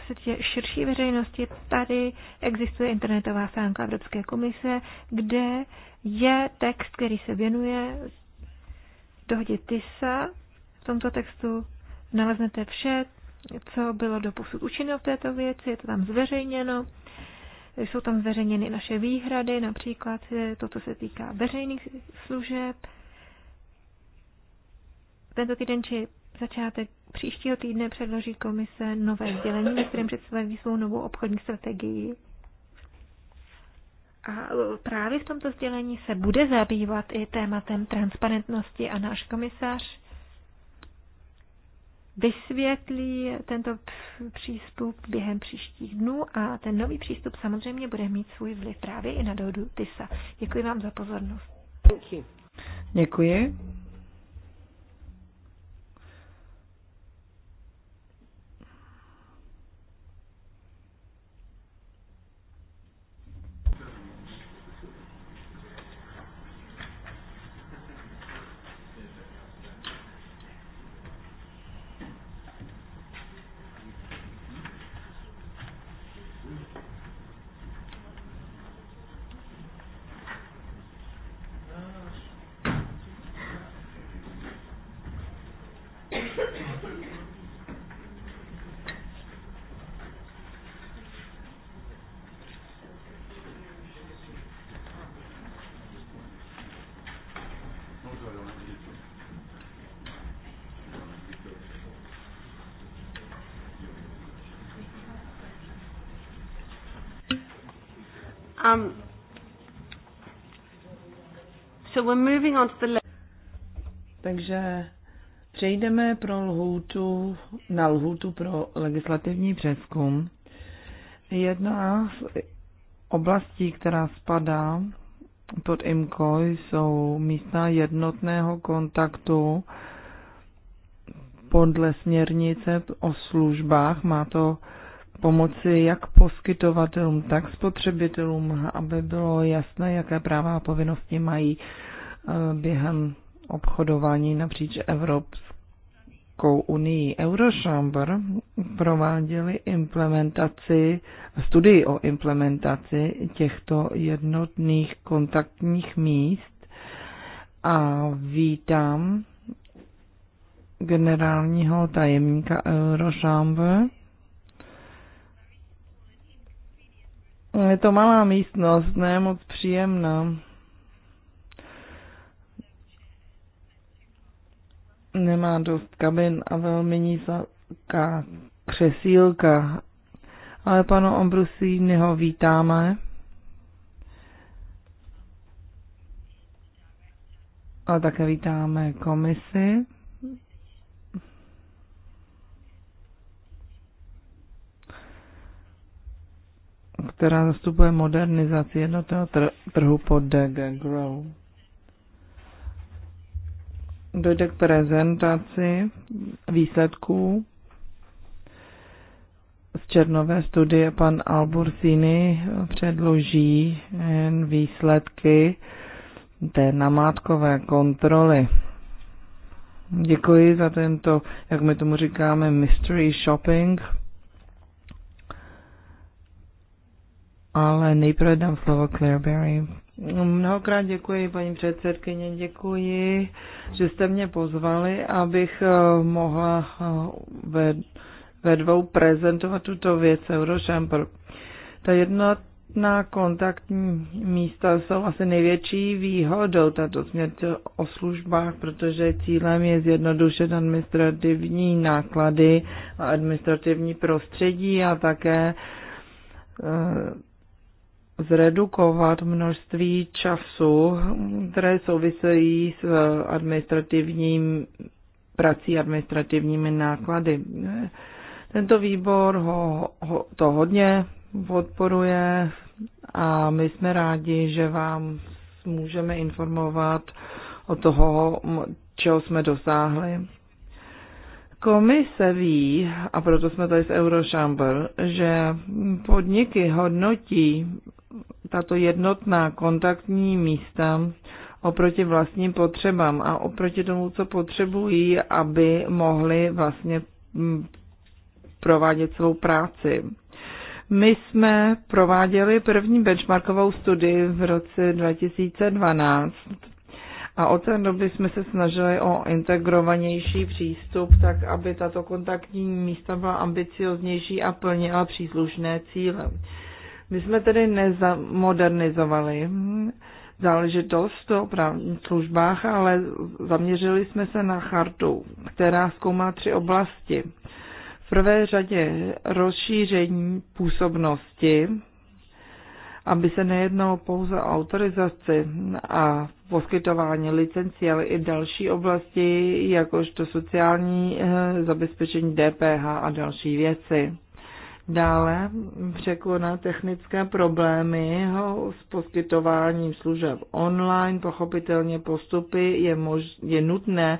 [SPEAKER 4] Co se týče širší veřejnosti, tady existuje internetová stránka Evropské komise, kde je text, který se věnuje dohodě TISA. V tomto textu naleznete vše, co bylo doposud učeno v této věci, je to tam zveřejněno. Jsou tam zveřejněny naše výhrady, například eh, to, co se týká veřejných služeb. Tento týden či začátek příštího týdne předloží komise nové sdělení, ve kterém představí svou novou obchodní strategii. A eh, právě v tomto sdělení se bude zabývat i tématem transparentnosti a náš komisař vysvětlí tento přístup během příštích dnů a ten nový přístup samozřejmě bude mít svůj vliv právě i na dohodu TISA. Děkuji vám za pozornost. Děkuji.
[SPEAKER 2] Děkuji.
[SPEAKER 3] So we're moving on to the...
[SPEAKER 2] Takže přejdeme pro lhůtu, na lhůtu pro legislativní přeskum. Jedna z oblastí, která spadá pod IMCO, jsou místa jednotného kontaktu podle směrnice o službách. Má to pomoci jak poskytovatelům, tak spotřebitelům, aby bylo jasné, jaké práva a povinnosti mají eh, během obchodování napříč Evropskou unii. Eurochamber prováděli implementaci, studii o implementaci těchto jednotných kontaktních míst a vítám generálního tajemníka Eurochamber. Je to malá místnost, ne moc příjemná. Nemá dost kabin a velmi nízká křesílka. Ale panu Ombrusí neho vítáme. A také vítáme komisi. která zastupuje modernizaci jednotného trhu pod DG Grow. Dojde k prezentaci výsledků z černové studie pan Albursini předloží eh, výsledky té namátkové kontroly. Děkuji za tento, jak my tomu říkáme, mystery shopping. ale nejprve dám slovo Claire Berry. No, mnohokrát děkuji, paní předsedkyně, děkuji, že jste mě pozvali, abych eh, mohla eh, ve, ve dvou prezentovat tuto věc Eurošampr. Ta jednotná kontaktní místa jsou asi největší výhodou tato směrnice o službách, protože cílem je zjednodušit administrativní náklady a administrativní prostředí a také eh, zredukovat množství času, které souvisejí s eh, administrativním prací, administrativními náklady. Tento výbor ho, ho, to hodně podporuje a my jsme rádi, že vám můžeme informovat o toho, čeho jsme dosáhli. Komise ví, a proto jsme tady z Eurochamber, že podniky hodnotí tato jednotná kontaktní místa oproti vlastním potřebám a oproti tomu, co potřebují, aby mohli vlastně mm, provádět svou práci. My jsme prováděli první benchmarkovou studii v roce 2012 a od té doby jsme se snažili o integrovanější přístup, tak aby tato kontaktní místa byla ambicioznější a plnila příslušné cíle. My jsme tedy nezamodernizovali záležitost o právních službách, ale zaměřili jsme se na chartu, která zkoumá tři oblasti. V prvé řadě rozšíření působnosti, aby se nejednalo pouze o autorizaci a poskytování licencí, ale i další oblasti, jakožto sociální eh, zabezpečení DPH a další věci dále překonat technické problémy s poskytováním služeb online. Pochopitelně postupy je, mož, je nutné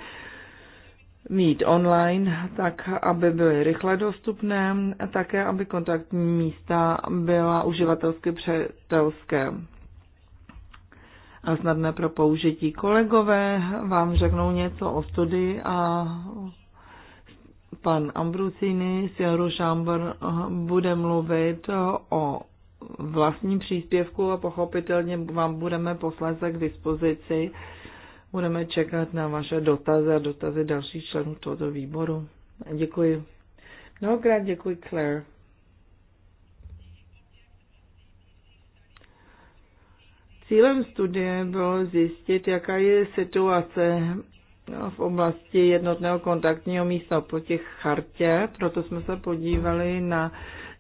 [SPEAKER 2] mít online, tak aby byly rychle dostupné a také, aby kontaktní místa byla uživatelsky přetelské a snadné pro použití. Kolegové vám řeknou něco o studii a pan Ambrusini z Eurošambr eh, bude mluvit eh, o vlastním příspěvku a pochopitelně vám budeme posléze k dispozici. Budeme čekat na vaše dotazy a dotazy dalších členů tohoto výboru. Děkuji. Mnohokrát děkuji, Claire. Cílem studie bylo zjistit, jaká je situace v oblasti jednotného kontaktního místa po těch chartě, proto jsme se podívali na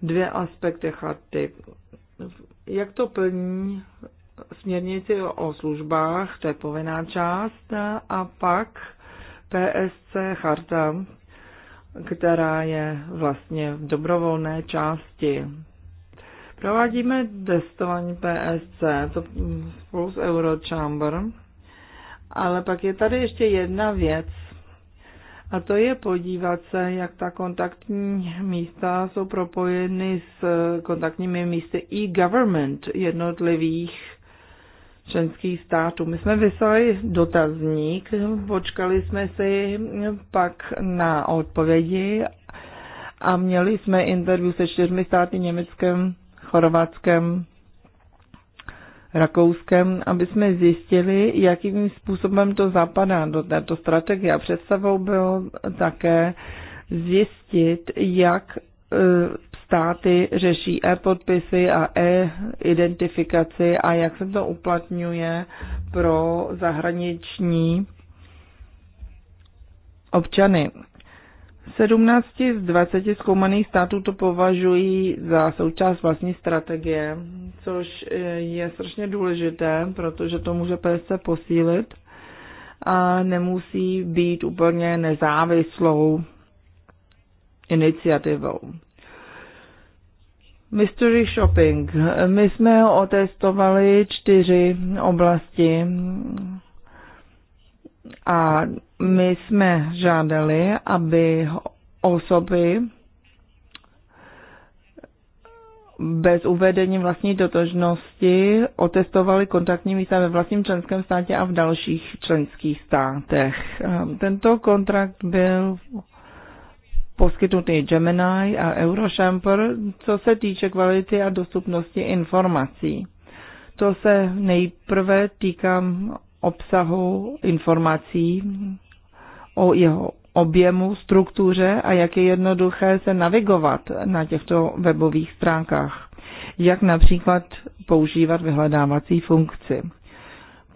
[SPEAKER 2] dvě aspekty charty. Jak to plní směrnici o službách, to je povinná část, a pak PSC charta, která je vlastně v dobrovolné části. Provádíme testování PSC to spolu s Eurochamber ale pak je tady ještě jedna věc. A to je podívat se, jak ta kontaktní místa jsou propojeny s kontaktními místy e-government jednotlivých členských států. My jsme vyslali dotazník, počkali jsme si pak na odpovědi a měli jsme interview se čtyřmi státy Německem, Chorvatskem, Rakouskem, aby jsme zjistili, jakým způsobem to zapadá do této strategie. A představou bylo také zjistit, jak eh, státy řeší e-podpisy a e-identifikaci a jak se to uplatňuje pro zahraniční občany. 17 z 20 zkoumaných států to považují za součást vlastní strategie, což eh, je strašně důležité, protože to může PSC posílit a nemusí být úplně nezávislou iniciativou. Mystery shopping. My jsme otestovali čtyři oblasti a my jsme žádali, aby osoby bez uvedení vlastní totožnosti otestovali kontaktní místa ve vlastním členském státě a v dalších členských státech. Ehm, tento kontrakt byl poskytnutý Gemini a Eurochamper, co se týče kvality a dostupnosti informací. To se nejprve týká obsahu informací, o jeho objemu, struktuře a jak je jednoduché se navigovat na těchto webových stránkách. Jak například používat vyhledávací funkci.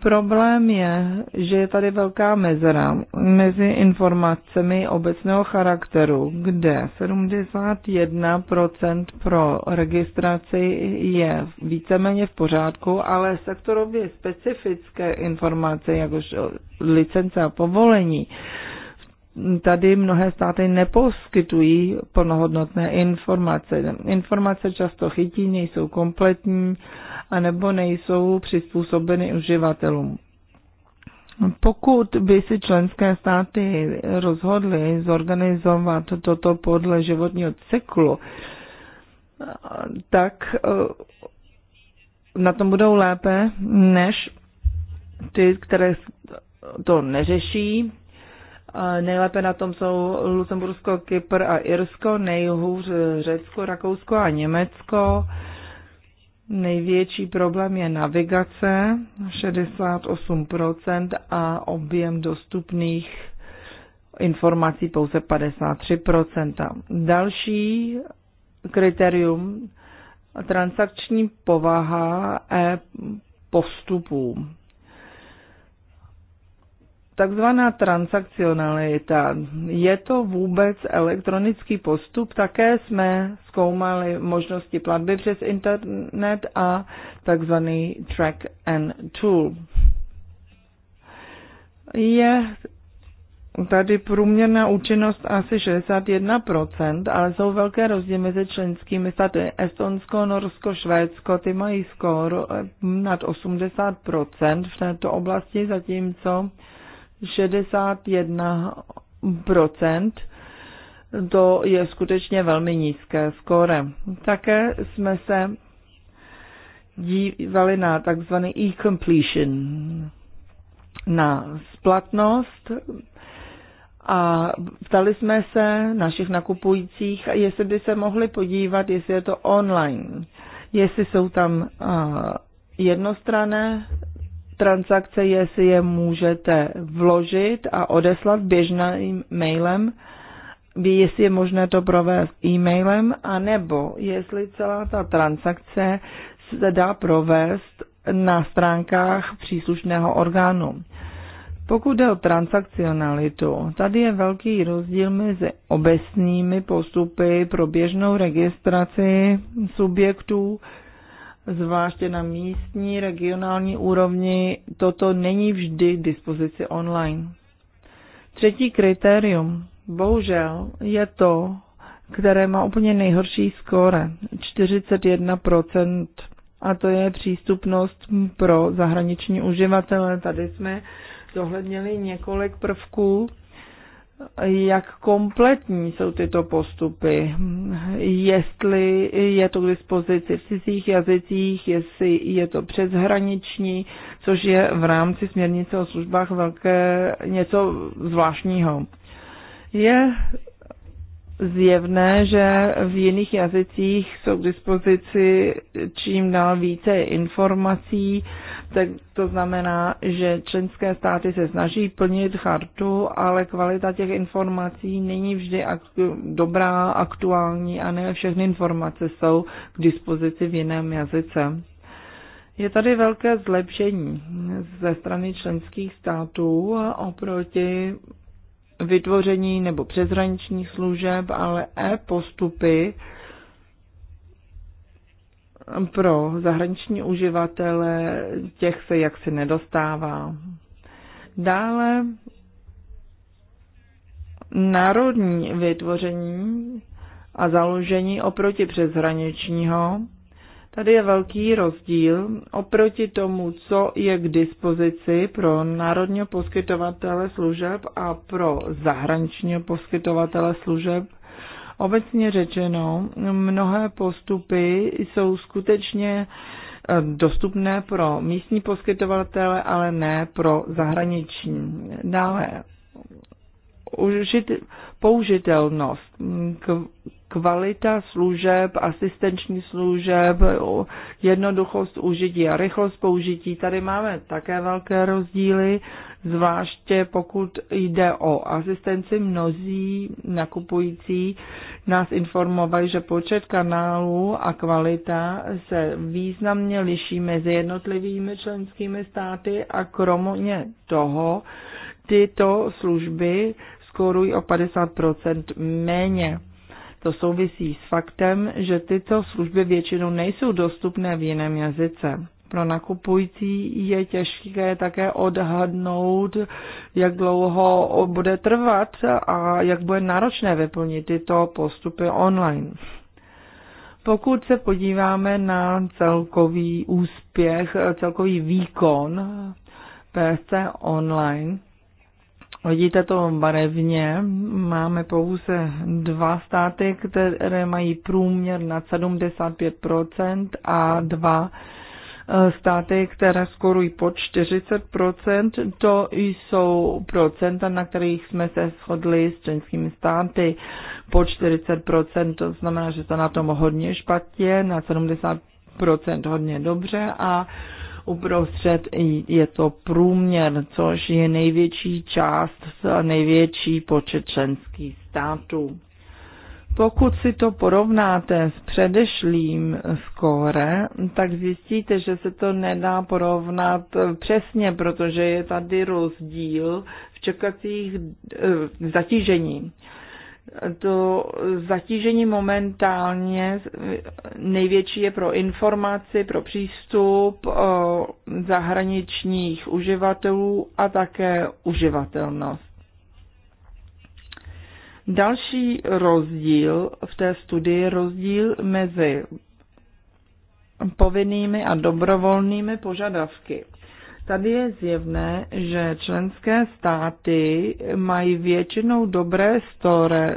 [SPEAKER 2] Problém je, že je tady velká mezera mezi informacemi obecného charakteru, kde 71% pro registraci je víceméně v pořádku, ale sektorově specifické informace, jakož licence a povolení, tady mnohé státy neposkytují plnohodnotné informace. Informace často chytí, nejsou kompletní anebo nejsou přizpůsobeny uživatelům. Pokud by si členské státy rozhodly zorganizovat toto podle životního cyklu, tak eh, na tom budou lépe než ty, které to neřeší. Nejlépe na tom jsou Lucembursko, Kypr a Irsko, nejhůř Řecko, Rakousko a Německo. Největší problém je navigace, 68% a objem dostupných informací pouze 53%. Další kritérium transakční povaha e postupů. Takzvaná transakcionalita. Je to vůbec elektronický postup? Také jsme zkoumali možnosti platby přes internet a takzvaný track and tool. Je tady průměrná účinnost asi 61%, ale jsou velké rozdíly mezi členskými státy. Estonsko, Norsko, Švédsko, ty mají skoro nad 80% v této oblasti, zatímco 61%. To je skutečně velmi nízké skóre. Také jsme se dívali na takzvaný e-completion, na splatnost a ptali jsme se našich nakupujících, jestli by se mohli podívat, jestli je to online, jestli jsou tam jednostrané transakce, jestli je můžete vložit a odeslat běžným mailem, jestli je možné to provést e-mailem, anebo jestli celá ta transakce se dá provést na stránkách příslušného orgánu. Pokud jde o transakcionalitu, tady je velký rozdíl mezi obecnými postupy pro běžnou registraci subjektů zvláště na místní, regionální úrovni, toto není vždy k dispozici online. Třetí kritérium, bohužel, je to, které má úplně nejhorší skóre, 41%, a to je přístupnost pro zahraniční uživatele. Tady jsme zohlednili několik prvků, jak kompletní jsou tyto postupy, jestli je to k dispozici v cizích jazycích, jestli je to přeshraniční, což je v rámci směrnice o službách velké něco zvláštního. Je zjevné, že v jiných jazycích jsou k dispozici čím dál více informací, tak to znamená, že členské státy se snaží plnit chartu, ale kvalita těch informací není vždy aktu- dobrá, aktuální a ne všechny informace jsou k dispozici v jiném jazyce. Je tady velké zlepšení ze strany členských států oproti vytvoření nebo přeshraničních služeb, ale e-postupy pro zahraniční uživatele, těch se jaksi nedostává. Dále národní vytvoření a založení oproti přeshraničního. Tady je velký rozdíl oproti tomu, co je k dispozici pro národního poskytovatele služeb a pro zahraničního poskytovatele služeb. Obecně řečeno, mnohé postupy jsou skutečně eh, dostupné pro místní poskytovatele, ale ne pro zahraniční. Dále, užit, použitelnost, kvalita služeb, asistenční služeb, jednoduchost užití a rychlost použití. Tady máme také velké rozdíly zvláště pokud jde o asistenci. Mnozí nakupující nás informovali, že počet kanálů a kvalita se významně liší mezi jednotlivými členskými státy a kromě toho tyto služby skorují o 50% méně. To souvisí s faktem, že tyto služby většinou nejsou dostupné v jiném jazyce. Pro nakupující je těžké také odhadnout, jak dlouho bude trvat a jak bude náročné vyplnit tyto postupy online. Pokud se podíváme na celkový úspěch, celkový výkon PSC online, Vidíte to barevně, máme pouze dva státy, které mají průměr nad 75% a dva Eh, státy, které skorují pod 40%, to jsou procenta, na kterých jsme se shodli s členskými státy pod 40%, to znamená, že to na tom hodně špatně, na 70% hodně dobře a uprostřed je to průměr, což je největší část, největší počet členských států. Pokud si to porovnáte s předešlým skóre, tak zjistíte, že se to nedá porovnat přesně, protože je tady rozdíl v čekacích eh, v zatížení. To zatížení momentálně největší je pro informaci, pro přístup eh, zahraničních uživatelů a také uživatelnost. Další rozdíl v té studii je rozdíl mezi povinnými a dobrovolnými požadavky. Tady je zjevné, že členské státy mají většinou dobré store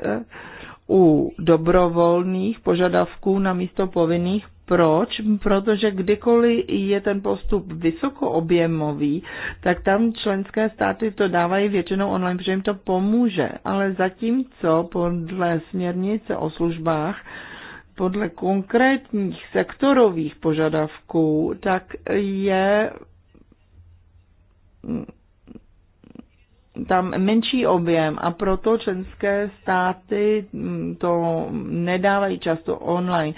[SPEAKER 2] u dobrovolných požadavků na místo povinných proč? Protože kdykoliv je ten postup vysokoobjemový, tak tam členské státy to dávají většinou online, protože jim to pomůže. Ale zatímco podle směrnice o službách, podle konkrétních sektorových požadavků, tak je tam menší objem a proto členské státy to nedávají často online.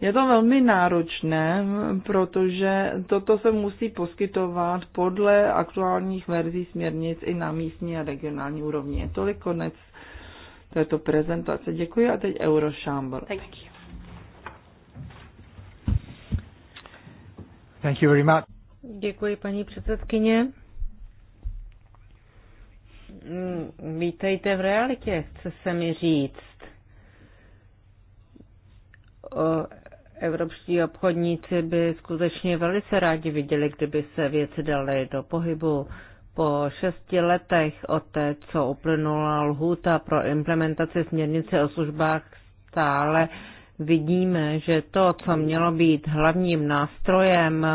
[SPEAKER 2] Je to velmi náročné, protože toto se musí poskytovat podle aktuálních verzí směrnic i na místní a regionální úrovni. Je tolik konec této prezentace. Děkuji a teď Eurošambl. Thank you. Thank you very much. Děkuji, paní předsedkyně.
[SPEAKER 5] Mm, vítejte v realitě, chce se mi říct. Evropští obchodníci by skutečně velice rádi viděli, kdyby se věci daly do pohybu. Po šesti letech od té, co uplynula lhůta pro implementaci směrnice o službách, stále vidíme, že to, co mělo být hlavním nástrojem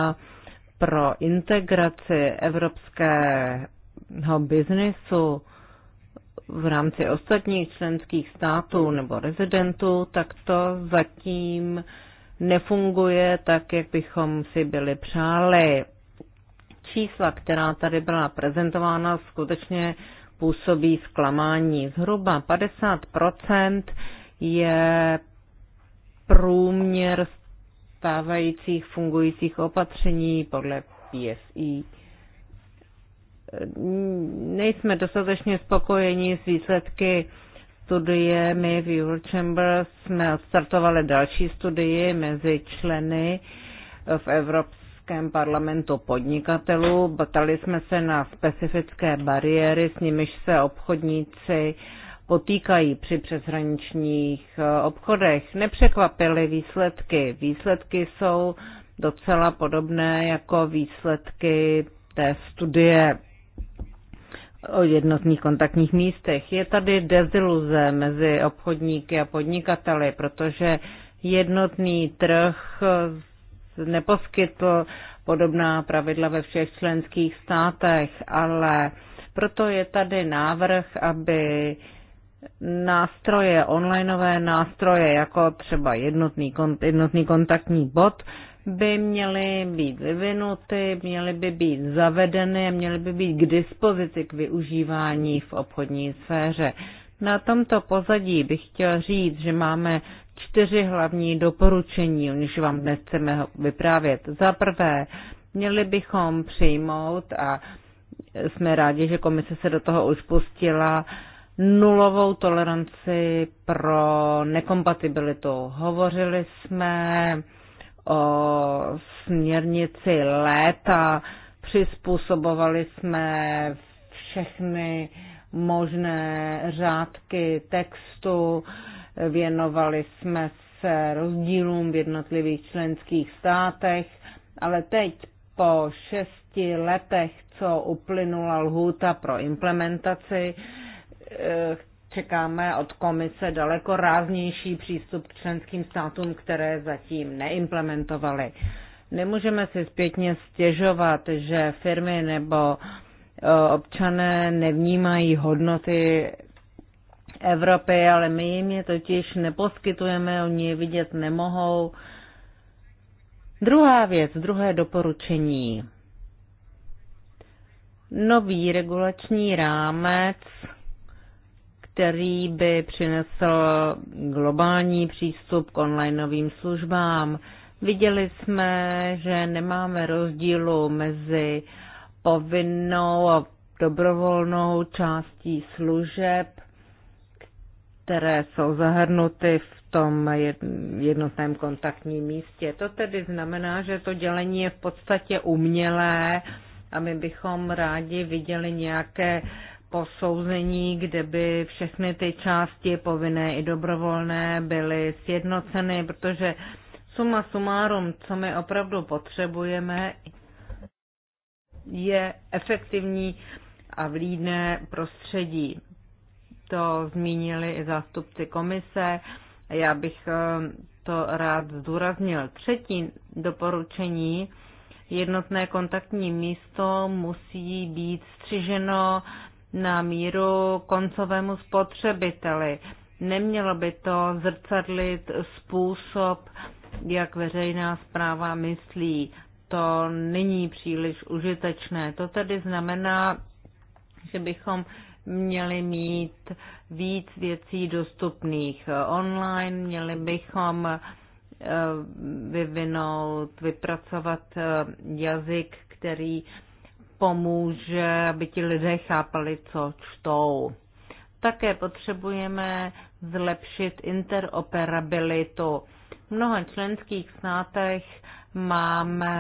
[SPEAKER 5] pro integraci evropského biznesu v rámci ostatních členských států nebo rezidentů, tak to zatím nefunguje tak, jak bychom si byli přáli. Čísla, která tady byla prezentována, skutečně působí zklamání. Zhruba 50 je průměr stávajících fungujících opatření podle PSI. E. Nejsme dostatečně spokojeni s výsledky studie. My v Eurochambers jsme odstartovali další studii mezi členy v Evropském parlamentu podnikatelů. Batali jsme se na specifické bariéry, s nimiž se obchodníci potýkají při přeshraničních eh, obchodech. Nepřekvapily výsledky. Výsledky jsou docela podobné jako výsledky té studie o jednotných kontaktních místech. Je tady deziluze mezi obchodníky a podnikateli, protože jednotný trh neposkytl podobná pravidla ve všech členských státech, ale proto je tady návrh, aby nástroje, onlineové nástroje, jako třeba jednotný, jednotný kontaktní bod, by měly být vyvinuty, měly by být zavedeny, měly by být k dispozici k využívání v obchodní sféře. Na tomto pozadí bych chtěl říct, že máme čtyři hlavní doporučení, o nichž vám dnes chceme vyprávět. Za prvé, měli bychom přijmout a jsme rádi, že komise se do toho už pustila, nulovou toleranci pro nekompatibilitu. Hovořili jsme o směrnici léta, přizpůsobovali jsme všechny možné řádky textu, věnovali jsme se rozdílům v jednotlivých členských státech, ale teď po šesti letech, co uplynula lhůta pro implementaci, eh, čekáme od komise daleko ráznější přístup k členským státům, které zatím neimplementovaly. Nemůžeme si zpětně stěžovat, že firmy nebo e, občané nevnímají hodnoty Evropy, ale my jim je totiž neposkytujeme, oni je vidět nemohou. Druhá věc, druhé doporučení. Nový regulační rámec který by přinesl globální přístup k onlineovým službám. Viděli jsme, že nemáme rozdílu mezi povinnou a dobrovolnou částí služeb, které jsou zahrnuty v tom jednotném kontaktním místě. To tedy znamená, že to dělení je v podstatě umělé a my bychom rádi viděli nějaké posouzení, kde by všechny ty části, povinné i dobrovolné, byly sjednoceny, protože suma sumárum, co my opravdu potřebujeme, je efektivní a vlídné prostředí. To zmínili i zástupci komise. Já bych eh, to rád zdůraznil. Třetí doporučení, jednotné kontaktní místo musí být střiženo na míru koncovému spotřebiteli. Nemělo by to zrcadlit způsob, jak veřejná zpráva myslí. To není příliš užitečné. To tedy znamená, že bychom měli mít víc věcí dostupných online, měli bychom eh, vyvinout, vypracovat eh, jazyk, který pomůže, aby ti lidé chápali, co čtou. Také potřebujeme zlepšit interoperabilitu. V mnoha členských státech máme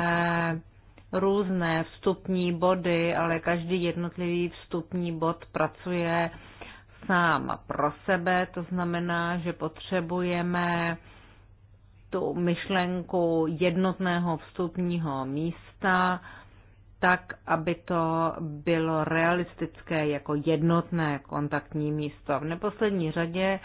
[SPEAKER 5] různé vstupní body, ale každý jednotlivý vstupní bod pracuje sám pro sebe, to znamená, že potřebujeme tu myšlenku jednotného vstupního místa, tak, aby to bylo realistické jako jednotné kontaktní místo. V neposlední řadě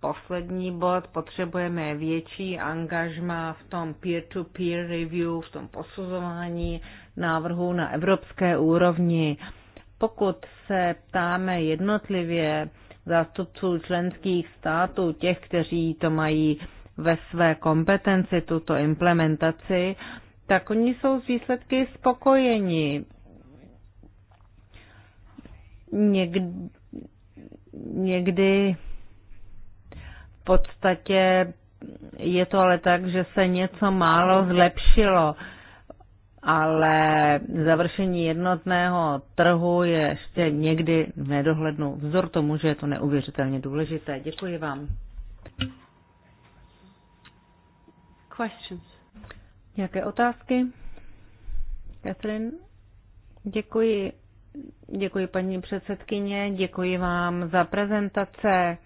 [SPEAKER 5] poslední bod, potřebujeme větší angažma v tom peer-to-peer -to -peer review, v tom posuzování návrhů na evropské úrovni. Pokud se ptáme jednotlivě zástupců členských států, těch, kteří to mají ve své kompetenci, tuto implementaci, tak oni jsou z výsledky spokojeni. Někdy, někdy v podstatě je to ale tak, že se něco málo zlepšilo, ale završení jednotného trhu je ještě někdy v nedohlednu. Vzor tomu, že je to neuvěřitelně důležité. Děkuji vám.
[SPEAKER 3] Questions.
[SPEAKER 5] Nějaké otázky? Catherine? Děkuji. Děkuji paní předsedkyně, děkuji vám za prezentace.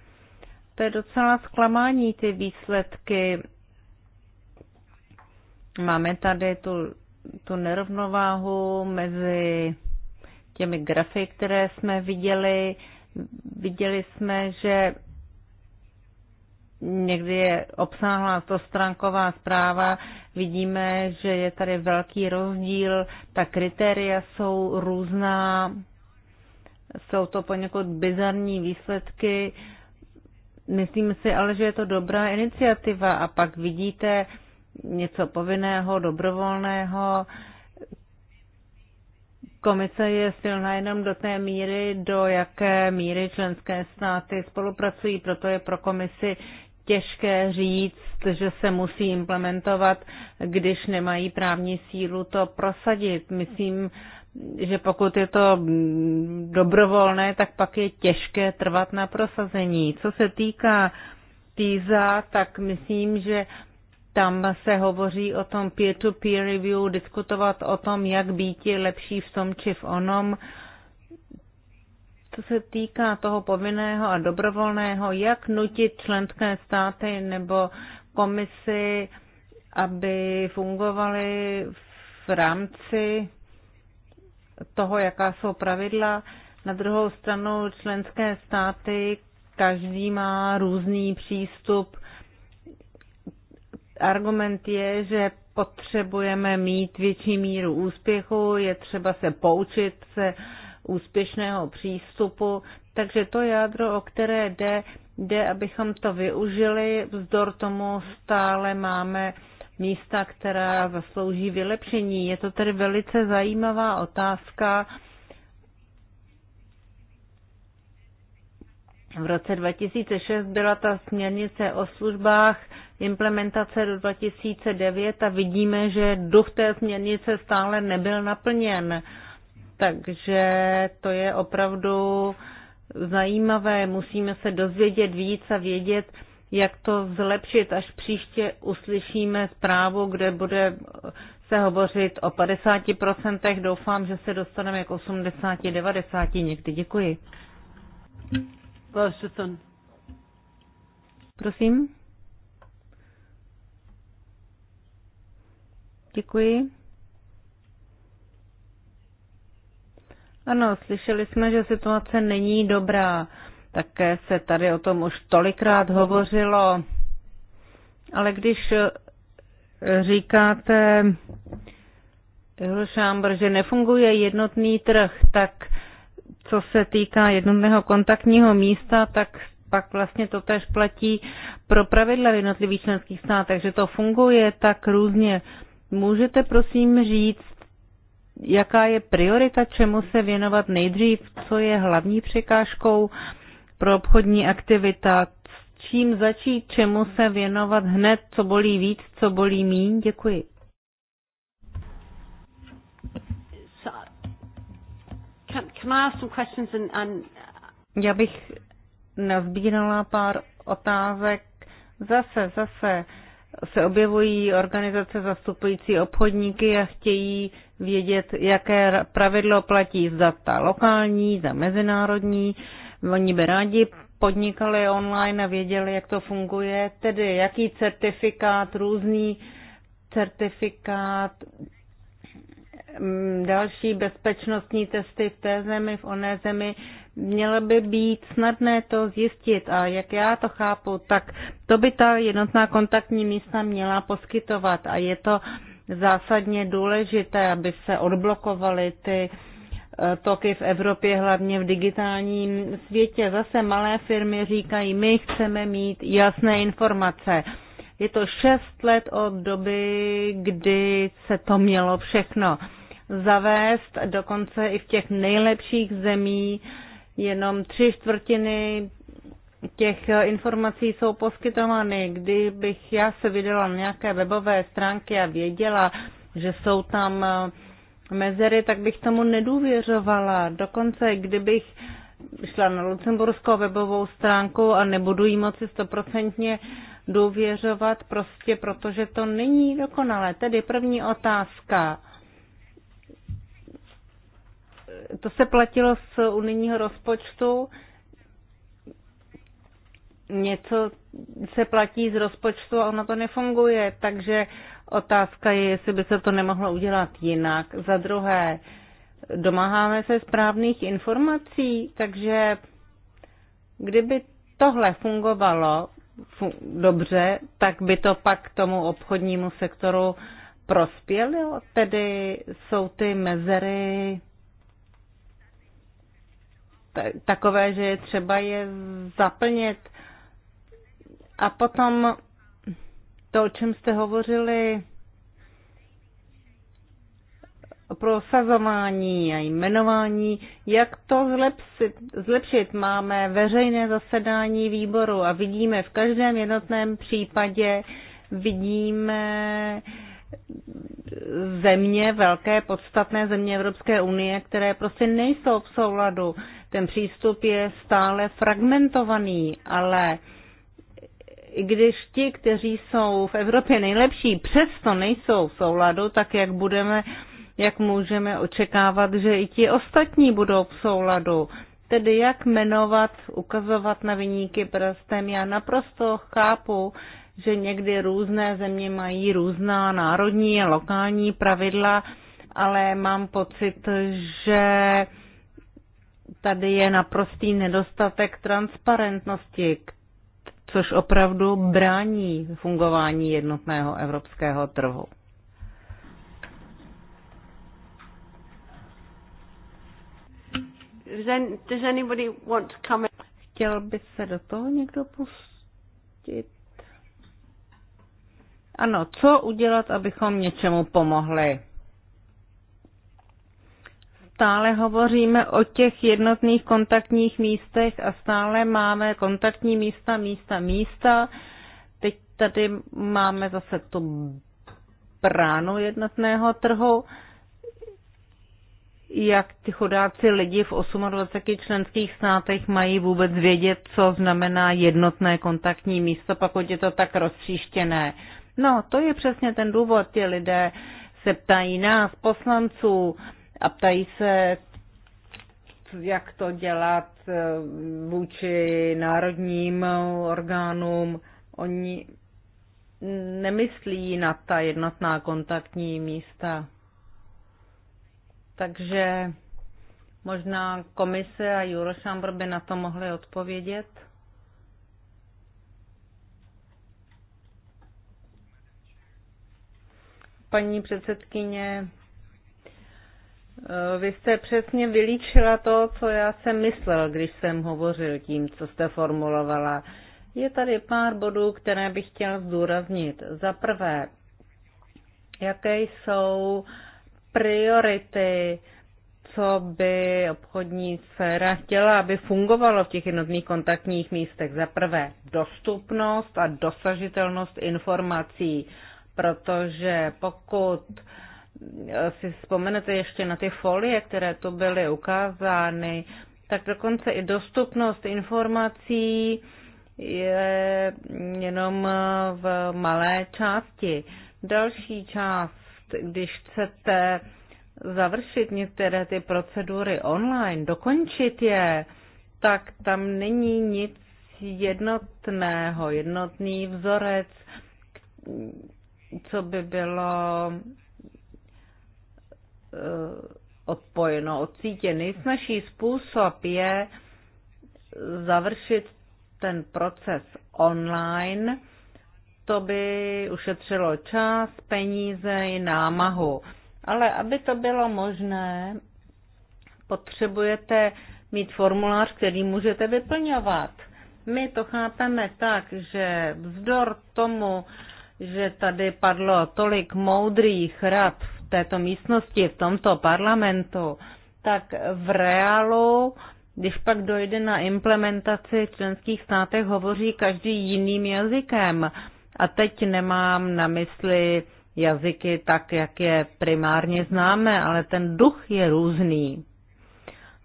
[SPEAKER 5] To je docela zklamání, ty výsledky. Máme tady tu, tu nerovnováhu mezi těmi grafy, které jsme viděli. Viděli jsme, že někdy je obsáhlá stránková zpráva, vidíme, že je tady velký rozdíl, ta kritéria jsou různá, jsou to poněkud bizarní výsledky. Myslím si ale, že je to dobrá iniciativa a pak vidíte něco povinného, dobrovolného. Komise je silná jenom do té míry, do jaké míry členské státy spolupracují, proto je pro komisi těžké říct, že se musí implementovat, když nemají právní sílu to prosadit. Myslím, že pokud je to dobrovolné, tak pak je těžké trvat na prosazení. Co se týká TISA, tak myslím, že tam se hovoří o tom peer-to-peer -to -peer review, diskutovat o tom, jak být lepší v tom či v onom. Uh, co se týká toho povinného a dobrovolného, jak nutit členské státy nebo komisi, aby fungovaly v rámci toho, jaká jsou pravidla. Na druhou stranu členské státy, každý má různý přístup. Argument je, že potřebujeme mít větší míru úspěchu, je třeba se poučit, se uh, úspěšného přístupu. Takže to jádro, o které jde, jde, abychom to využili. Vzdor tomu stále máme místa, která zaslouží vylepšení. Je to tedy velice zajímavá otázka. V roce 2006 byla ta směrnice o službách, implementace do 2009 a vidíme, že duch té směrnice stále nebyl naplněn. Takže to je opravdu zajímavé. Musíme se dozvědět víc a vědět, jak to zlepšit, až příště uslyšíme zprávu, kde bude se hovořit o 50%. Doufám, že se dostaneme k jako 80-90 někdy. Děkuji. Prosím. Děkuji. Ano, slyšeli jsme, že situace není dobrá. Také se tady o tom už tolikrát hovořilo. Ale když eh, říkáte, Hrušámbr, že nefunguje jednotný trh, tak co se týká jednotného kontaktního místa, tak pak vlastně to tež platí pro pravidla v jednotlivých členských státech, že to funguje tak různě. Můžete prosím říct, jaká je priorita, čemu se věnovat nejdřív, co je hlavní překážkou pro obchodní aktivita, s čím začít, čemu se věnovat hned, co bolí víc, co bolí míň. Děkuji. Já bych nazbírala pár otázek. Zase, zase. Uh, se objevují organizace zastupující obchodníky a chtějí vědět, jaké pravidlo platí, zda ta lokální, zda mezinárodní. Oni by rádi podnikali online a věděli, jak to funguje, tedy jaký certifikát, různý certifikát Mm, další bezpečnostní testy v té zemi, v oné zemi, mělo by být snadné to zjistit a jak já to chápu, tak to by ta jednotná kontaktní místa měla poskytovat a je to zásadně důležité, aby se odblokovaly ty eh, toky v Evropě, hlavně v digitálním světě. Zase malé firmy říkají, my chceme mít jasné informace. Je to šest let od doby, kdy se to mělo všechno zavést, dokonce i v těch nejlepších zemí jenom tři čtvrtiny těch informací jsou poskytovány. Kdybych já se vydala na nějaké webové stránky a věděla, že jsou tam eh, mezery, tak bych tomu nedůvěřovala. Dokonce kdybych šla na lucemburskou webovou stránku a nebudu jí moci stoprocentně důvěřovat, prostě protože to není dokonalé. Tedy první otázka to se platilo z unijního rozpočtu, něco se platí z rozpočtu a ono to nefunguje, takže otázka je, jestli by se to nemohlo udělat jinak. Za druhé, domáháme se správných informací, takže kdyby tohle fungovalo fun- dobře, tak by to pak tomu obchodnímu sektoru prospělo, tedy jsou ty mezery takové, že je třeba je zaplnit. A potom to, o čem jste hovořili, prosazování a jmenování, jak to zlepšit. zlepšit. Máme veřejné zasedání výboru a vidíme v každém jednotném případě, vidíme země, velké podstatné země Evropské unie, které prostě nejsou v souladu. Ten přístup je stále fragmentovaný, ale i když ti, kteří jsou v Evropě nejlepší, přesto nejsou v souladu, tak jak budeme, jak můžeme očekávat, že i ti ostatní budou v souladu. Tedy jak jmenovat, ukazovat na vyníky prstem. Já naprosto chápu, že někdy různé země mají různá národní a lokální pravidla, ale mám pocit, že tady je naprostý nedostatek transparentnosti, což opravdu brání fungování jednotného evropského trhu.
[SPEAKER 3] Does anybody want to come in? Chtěl by se do toho někdo
[SPEAKER 5] pustit? Ano, co udělat, abychom něčemu pomohli? stále hovoříme o těch jednotných kontaktních místech a stále máme kontaktní místa, místa, místa. Teď tady máme zase tu bránu jednotného trhu, jak ty chodáci lidi v 28 členských státech mají vůbec vědět, co znamená jednotné kontaktní místo, pokud je to tak rozstříštěné. No, to je přesně ten důvod, ti lidé se ptají nás, poslanců, a ptají se, jak to dělat eh, vůči národním orgánům. Oni nemyslí na ta jednotná kontaktní místa. Takže možná komise a Eurošambr by na to mohly odpovědět. Paní předsedkyně, vy jste přesně vylíčila to, co já jsem myslel, když jsem hovořil tím, co jste formulovala. Je tady pár bodů, které bych chtěl zdůraznit. Za prvé, jaké jsou priority, co by obchodní sféra chtěla, aby fungovalo v těch jednotných kontaktních místech. Za prvé, dostupnost a dosažitelnost informací, protože pokud uh, si vzpomenete ještě na ty folie, které tu byly ukázány, tak dokonce i dostupnost informací je jenom v malé části. Další část, když chcete završit některé ty procedury online, dokončit je, tak tam není nic jednotného, jednotný vzorec, co by bylo Eh, odpojeno od sítě. Nejsnažší způsob je završit ten proces online. To by ušetřilo čas, peníze i námahu. Ale aby to bylo možné, potřebujete mít formulář, který můžete vyplňovat. My to chápeme tak, že vzdor tomu, že tady padlo tolik moudrých rad v této místnosti, v tomto parlamentu, tak v reálu, když pak dojde na implementaci v členských státech, hovoří každý jiným jazykem. A teď nemám na mysli jazyky tak, jak je primárně známe, ale ten duch je různý.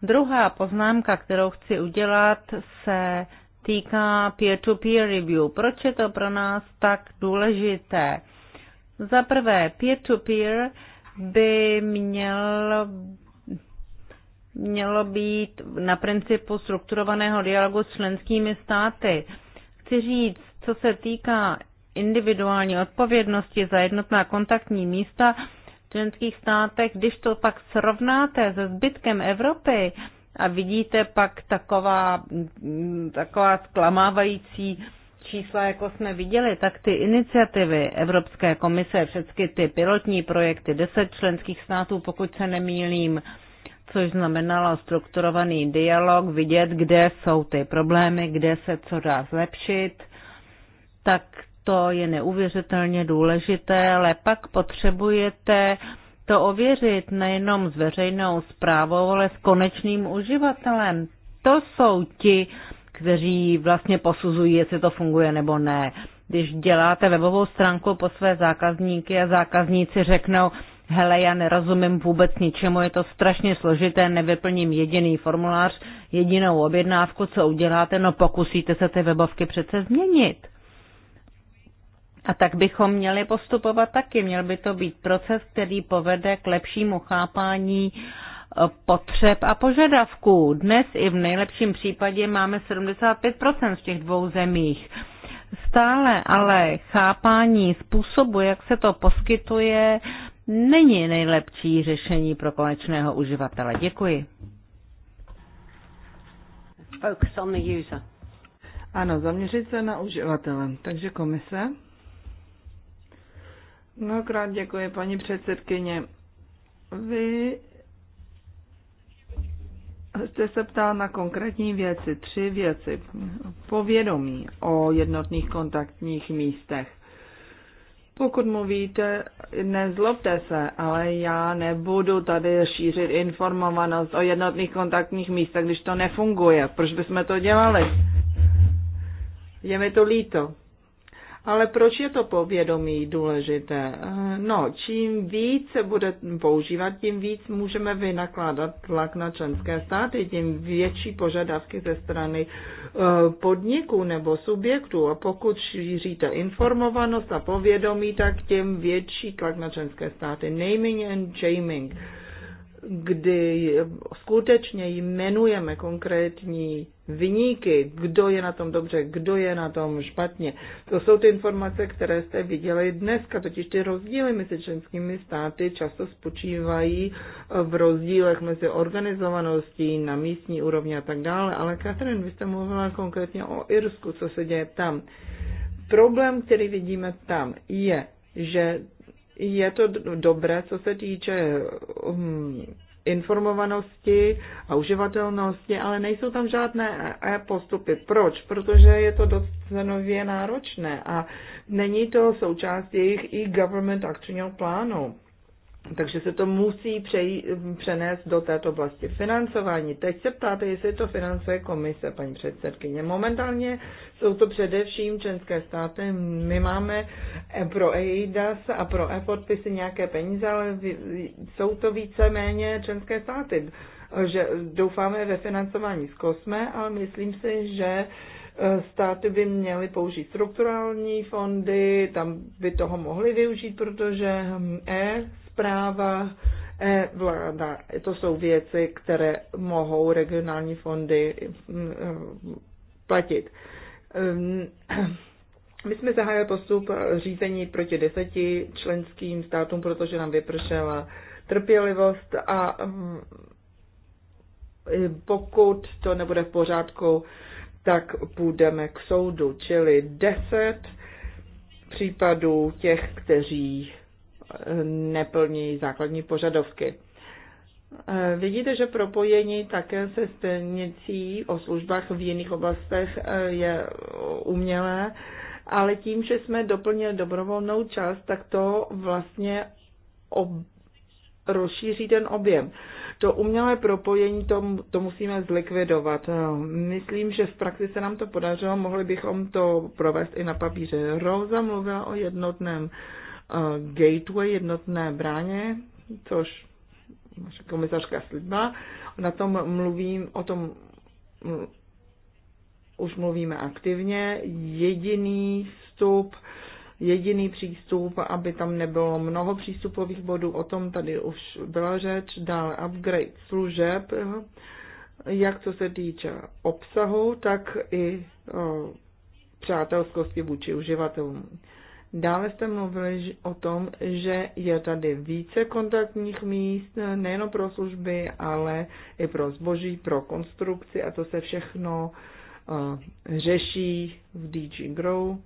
[SPEAKER 5] Druhá poznámka, kterou chci udělat, se týká peer-to-peer -peer review. Proč je to pro nás tak důležité? Za prvé, peer-to-peer -peer by měl mělo být na principu strukturovaného dialogu s členskými státy. Chci říct, co se týká individuální odpovědnosti za jednotná kontaktní místa v členských státech, když to pak srovnáte se zbytkem Evropy a vidíte pak taková, taková zklamávající čísla, jako jsme viděli, tak ty iniciativy Evropské komise, všechny ty pilotní projekty, deset členských států, pokud se nemýlím, což znamenalo strukturovaný dialog, vidět, kde jsou ty problémy, kde se co dá zlepšit, tak to je neuvěřitelně důležité, ale pak potřebujete to ověřit nejenom s veřejnou zprávou, ale s konečným uživatelem. To jsou ti, kteří vlastně posuzují, jestli to funguje nebo ne. Když děláte webovou stránku po své zákazníky a zákazníci řeknou, hele, já nerozumím vůbec ničemu, je to strašně složité, nevyplním jediný formulář, jedinou objednávku, co uděláte, no pokusíte se ty webovky přece změnit. A tak bychom měli postupovat taky. Měl by to být proces, který povede k lepšímu chápání uh, potřeb a požadavků. Dnes i v nejlepším případě máme 75% v těch dvou zemích. Stále ale chápání způsobu, jak se to poskytuje, není nejlepší řešení pro konečného uživatele. Děkuji.
[SPEAKER 2] Focus on the user. Ano, zaměřit se na uživatele. Takže komise. Mnohokrát děkuji, paní předsedkyně. Vy jste se ptal na konkrétní věci, tři věci. Povědomí o jednotných kontaktních místech. Pokud mluvíte, nezlobte se, ale já nebudu tady šířit informovanost o jednotných kontaktních místech, když to nefunguje. Proč bychom to dělali? Je mi to líto. Ale proč je to povědomí důležité? No, čím víc se bude používat, tím víc můžeme vynakládat tlak na členské státy, tím větší požadavky ze strany eh, podniků nebo subjektů. A pokud šíříte informovanost a povědomí, tak tím větší tlak na členské státy. Naming and shaming kdy skutečně jmenujeme konkrétní vyníky, kdo je na tom dobře, kdo je na tom špatně. To jsou ty informace, které jste viděli dneska, totiž ty rozdíly mezi členskými státy často spočívají v rozdílech mezi organizovaností na místní úrovni a tak dále, ale Katrin, vy jste mluvila konkrétně o Irsku, co se děje tam. Problém, který vidíme tam, je, že je to dobré, co se týče um, informovanosti a uživatelnosti, ale nejsou tam žádné e-postupy. E-, Proč? Protože je to dost cenově náročné a není to součást jejich e-government akčního plánu. Takže se to musí přej, přenést do této oblasti financování. Teď se ptáte, jestli to financuje komise, paní předsedkyně. Momentálně jsou to především členské státy. My máme pro EIDAS a pro e-podpisy nějaké peníze, ale jsou to více-méně členské státy. Že doufáme ve financování z kosme, ale myslím si, že e, státy by měly použít strukturální fondy, tam by toho mohly využít, protože e zpráva, e vláda. To jsou věci, které mohou regionální fondy mm, eh, platit. Ehm, my jsme zahájili postup řízení proti deseti členským státům, protože nám vypršela trpělivost a mm, pokud to nebude v pořádku, tak půjdeme k soudu, čili deset případů těch, kteří neplní základní požadovky. Eh, vidíte, že propojení také se stejnicí o službách v jiných oblastech eh, je umělé, ale tím, že jsme doplnili dobrovolnou část, tak to vlastně ob... rozšíří ten objem. To umělé propojení, to, to musíme zlikvidovat. Eh, myslím, že v praxi se nám to podařilo, mohli bychom to provést i na papíře. Rosa mluvila o jednotném gateway jednotné bráně, což naše komisařka Slidba, na tom mluvím, o tom už mluvíme aktivně, jediný vstup, jediný přístup, aby tam nebylo mnoho přístupových bodů, o tom tady už byla řeč, dále upgrade služeb, jak co se týče obsahu, tak i přátelskosti vůči uživatelům. Dále jste mluvili o tom, že je tady více kontaktních míst, nejen pro služby, ale i pro zboží, pro konstrukci a to se všechno uh, řeší v DG Grow.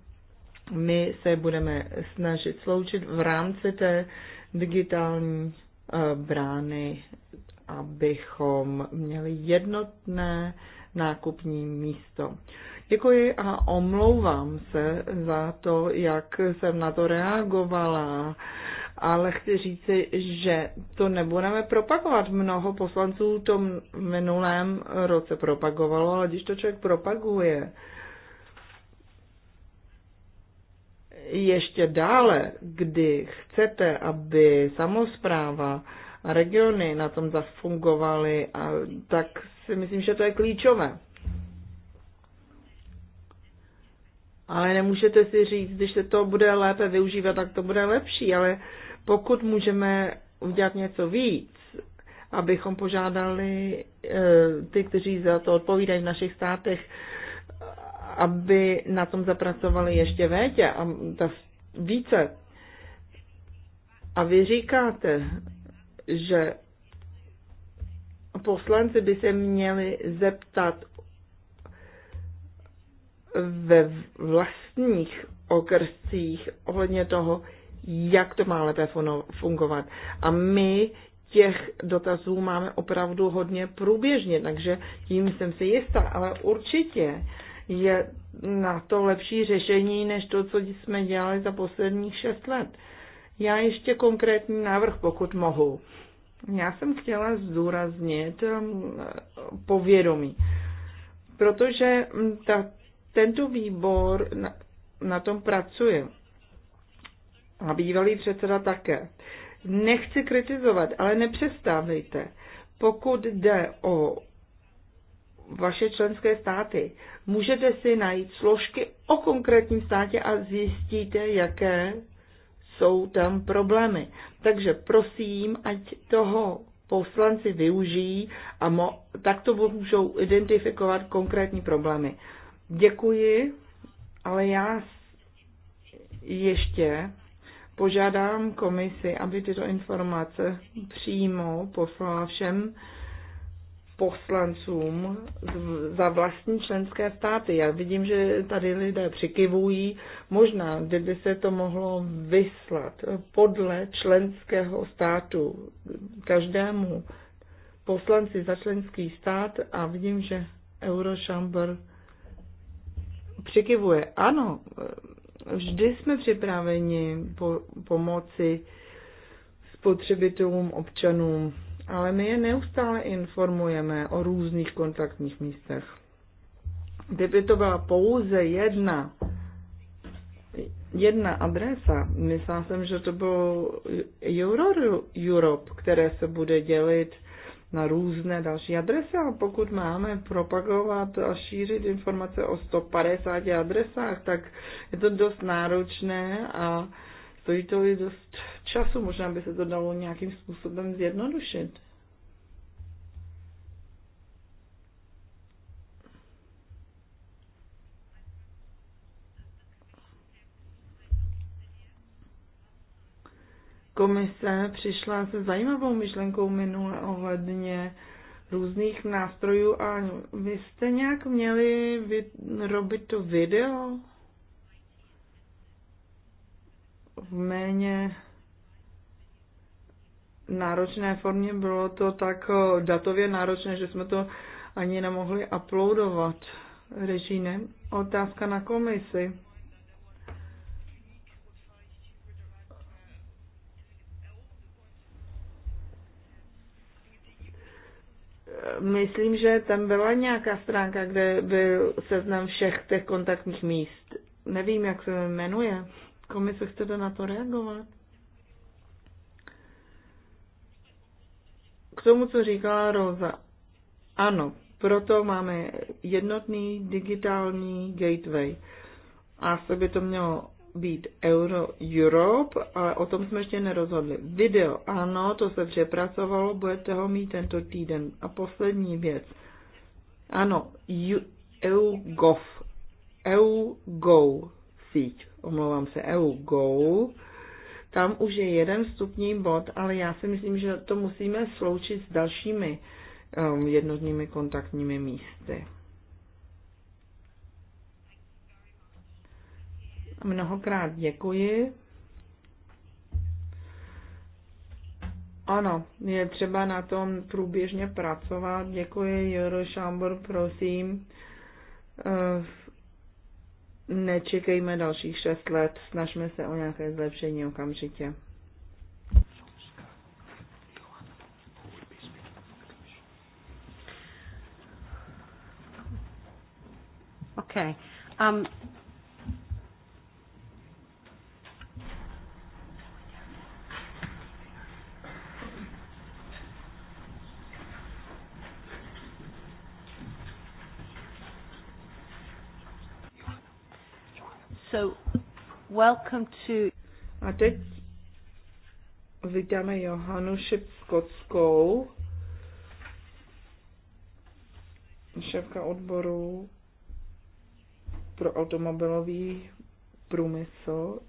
[SPEAKER 2] My se budeme snažit sloučit v rámci té digitální uh, brány, abychom měli jednotné nákupní místo. Děkuji a omlouvám se za to, jak jsem na to reagovala, ale chci říci, že to nebudeme propagovat. Mnoho poslanců to v minulém roce propagovalo, ale když to člověk propaguje, ještě dále, kdy chcete, aby samozpráva a regiony na tom zafungovaly, tak si myslím, že to je klíčové. Ale nemůžete si říct, když se to bude lépe využívat, tak to bude lepší, ale pokud můžeme udělat něco víc, abychom požádali eh, ty, kteří za to odpovídají v našich státech, aby na tom zapracovali ještě větě a ta více. A vy říkáte, že poslanci by se měli zeptat ve vlastních okrscích ohledně toho, jak to má lépe fungovat. A my těch dotazů máme opravdu hodně průběžně, takže tím jsem si jistá, ale určitě je na to lepší řešení, než to, co jsme dělali za posledních šest let. Já ještě konkrétní návrh, pokud mohu. Já jsem chtěla zdůraznit um, povědomí, protože mm, ta tento výbor na, na tom pracuje. A bývalý předseda také. Nechci kritizovat, ale nepřestávejte. Pokud jde o vaše členské státy, můžete si najít složky o konkrétním státě a zjistíte, jaké jsou tam problémy. Takže prosím, ať toho poslanci využijí a mo- takto můžou identifikovat konkrétní problémy. Děkuji, ale já ještě požádám komisi, aby tyto informace přímo poslala všem poslancům za vlastní členské státy. Já vidím, že tady lidé přikivují. Možná, kdyby se to mohlo vyslat podle členského státu každému poslanci za členský stát a vidím, že Eurochamber přikivuje. Ano, vždy jsme připraveni po, pomoci spotřebitelům, občanům, ale my je neustále informujeme o různých kontaktních místech. Kdyby to byla pouze jedna, jedna adresa, myslela jsem, že to bylo Euro Europe, které se bude dělit na různé další adresy, A pokud máme propagovat a šířit informace o 150 adresách, tak je to dost náročné a stojí to i dost času. Možná by se to dalo nějakým způsobem zjednodušit. komise přišla se zajímavou myšlenkou minule ohledně různých nástrojů a vy jste nějak měli robit to video v méně náročné formě. Bylo to tak datově náročné, že jsme to ani nemohli uploadovat režínem. Otázka na komisi. myslím, že tam byla nějaká stránka, kde byl seznam všech těch kontaktních míst. Nevím, jak se jmenuje. Komise chcete na to reagovat? K tomu, co říkala Rosa. Ano, proto máme jednotný digitální gateway. A se by to mělo být Euro Europe, ale o tom jsme ještě nerozhodli. Video, ano, to se přepracovalo, budete ho mít tento týden. A poslední věc. Ano, EUGOV, EUGO síť, omlouvám se, EUGO, tam už je jeden vstupní bod, ale já si myslím, že to musíme sloučit s dalšími um, jednotnými kontaktními místy. Mnohokrát děkuji. Ano, je třeba na tom průběžně pracovat. Děkuji, Joro Šambor, prosím. Eh, nečekejme dalších šest let, snažme se o nějaké zlepšení okamžitě.
[SPEAKER 3] Okay. Um,
[SPEAKER 2] So, welcome to... A teď vydáme Johanu Šipkockou, šéfka odboru pro automobilový průmysl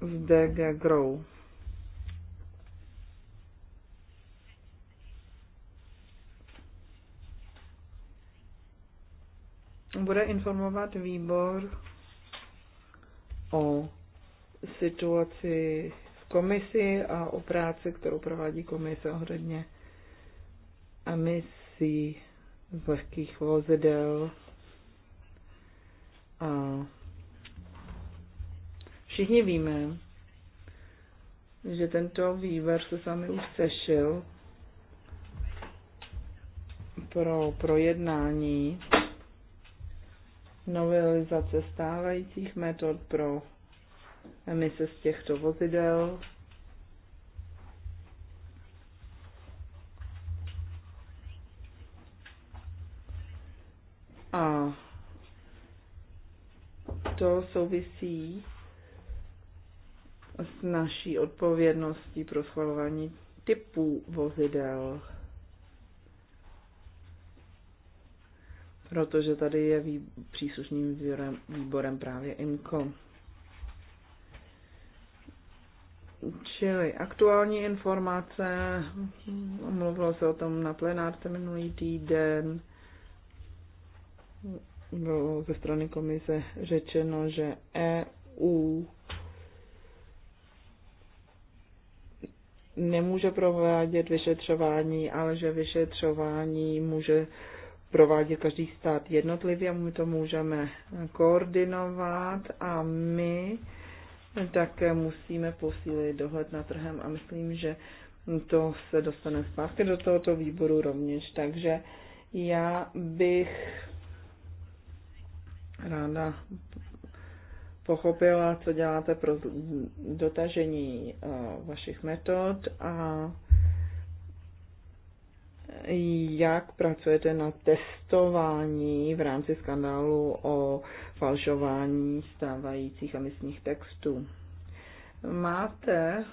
[SPEAKER 2] z DG Grow. bude informovat výbor o situaci v komisi a o práci, kterou provádí komise ohledně emisí z lehkých vozidel. A všichni víme, že tento výbor se sami už sešil pro projednání novelizace stávajících metod pro emise z těchto vozidel, A to souvisí s naší odpovědností pro schvalování typů vozidel. protože tady je vý, příslušným výborem, výborem právě IMCO. Čili aktuální informace, mluvilo se o tom na plenárce minulý týden, bylo ze strany komise řečeno, že EU nemůže provádět vyšetřování, ale že vyšetřování může provádět každý stát jednotlivě a my to můžeme koordinovat a my také musíme posílit dohled na trhem a myslím, že to se dostane zpátky do tohoto výboru rovněž. Takže já bych ráda pochopila, co děláte pro dotažení eh, vašich metod a jak pracujete na testování v rámci skandálu o falšování stávajících a místních textů. Máte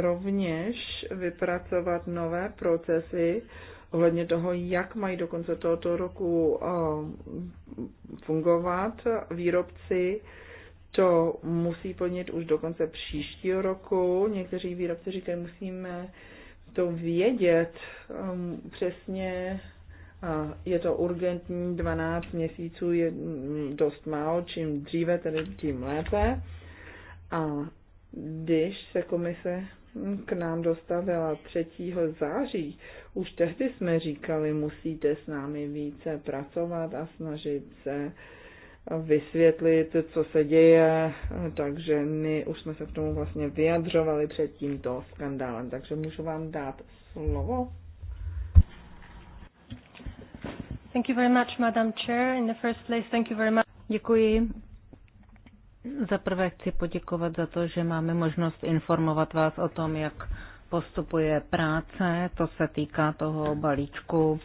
[SPEAKER 2] rovněž vypracovat nové procesy ohledně toho, jak mají do konce tohoto roku eh, fungovat výrobci. To musí plnit už do konce příštího roku. Někteří výrobci říkají, musíme to vědět um, přesně. A je to urgentní, 12 měsíců je mm, dost málo, čím dříve, tedy tím lépe. A když se komise k nám dostavila 3. září, už tehdy jsme říkali, musíte s námi více pracovat a snažit se uh, vysvětlit, co se děje, takže my už jsme se k tomu vlastně vyjadřovali před tímto skandálem, takže můžu vám dát slovo.
[SPEAKER 3] Thank you very much, Madam Chair. In the first place, thank you very much. Děkuji.
[SPEAKER 5] Za prvé chci poděkovat za to, že máme možnost informovat vás o tom, jak postupuje práce. To se týká toho balíčku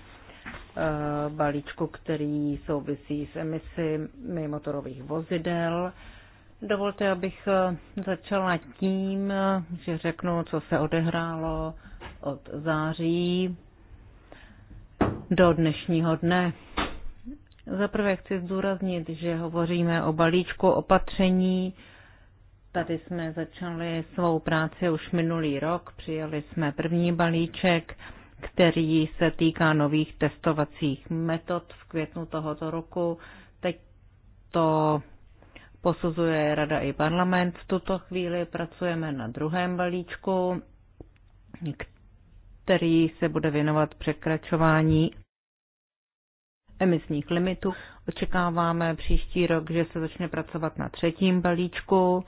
[SPEAKER 5] Eh, balíčku, který souvisí s emisemi motorových vozidel. Dovolte, abych eh, začala tím, eh, že řeknu, co se odehrálo od září do dnešního dne. Zaprvé chci zdůraznit, že hovoříme o balíčku opatření. Tady jsme začali svou práci už minulý rok, Přijeli jsme první balíček který se týká nových testovacích metod v květnu tohoto roku. Teď to posuzuje Rada i parlament. V tuto chvíli pracujeme na druhém balíčku, který se bude věnovat překračování emisních limitů. Očekáváme příští rok, že se začne pracovat na třetím balíčku.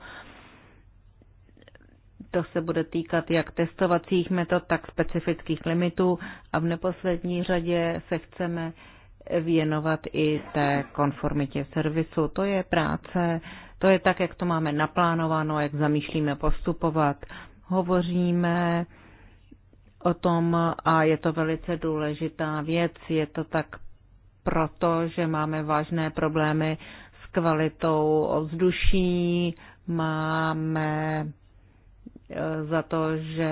[SPEAKER 5] To se bude týkat jak testovacích metod, tak specifických limitů a v neposlední řadě se chceme věnovat i té konformitě servisu. To je práce, to je tak, jak to máme naplánováno, jak zamýšlíme postupovat. Hovoříme o tom a je to velice důležitá věc. Je to tak proto, že máme vážné problémy s kvalitou ovzduší, máme Eh, za to, že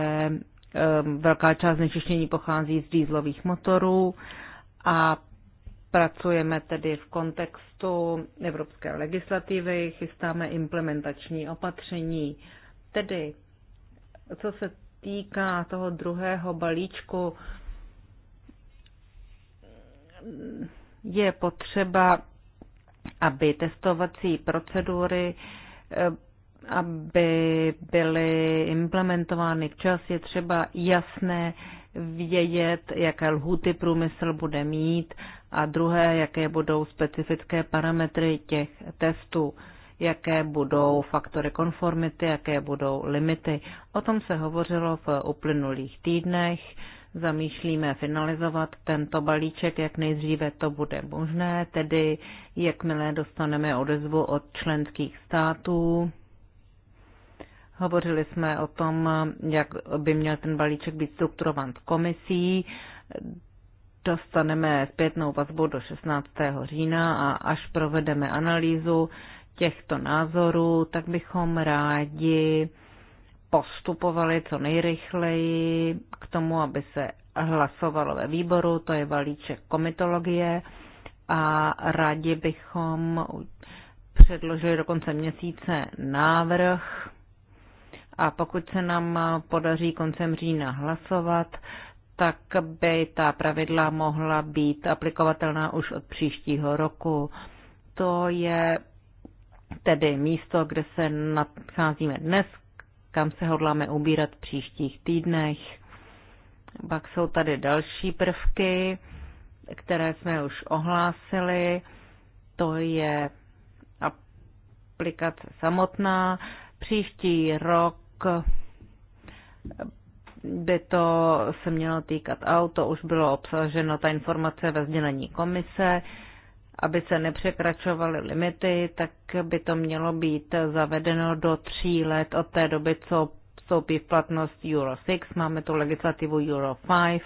[SPEAKER 5] eh, velká část znečištění pochází z dýzlových motorů a pracujeme tedy v kontextu evropské legislativy, chystáme implementační opatření. Tedy, co se týká toho druhého balíčku, je potřeba, aby testovací procedury eh, aby byly implementovány včas, je třeba jasné vědět, jaké lhuty průmysl bude mít a druhé, jaké budou specifické parametry těch testů, jaké budou faktory konformity, jaké budou limity. O tom se hovořilo v uplynulých týdnech. Zamýšlíme finalizovat tento balíček, jak nejdříve to bude možné, tedy jakmile dostaneme odezvu od členských států Hovořili jsme o tom, jak by měl ten balíček být strukturovan s komisí. Dostaneme zpětnou vazbu do 16. října a až provedeme analýzu těchto názorů, tak bychom rádi postupovali co nejrychleji k tomu, aby se hlasovalo ve výboru, to je balíček komitologie a rádi bychom předložili do konce měsíce návrh a pokud se nám podaří koncem října hlasovat, tak by ta pravidla mohla být aplikovatelná už od příštího roku. To je tedy místo, kde se nacházíme dnes, kam se hodláme ubírat v příštích týdnech. Pak jsou tady další prvky, které jsme už ohlásili. To je aplikace samotná. Příští rok by to se mělo týkat auto, už bylo obsaženo ta informace ve sdělení komise, aby se nepřekračovaly limity, tak by to mělo být zavedeno do tří let od té doby, co vstoupí v platnost Euro 6, máme tu legislativu Euro 5,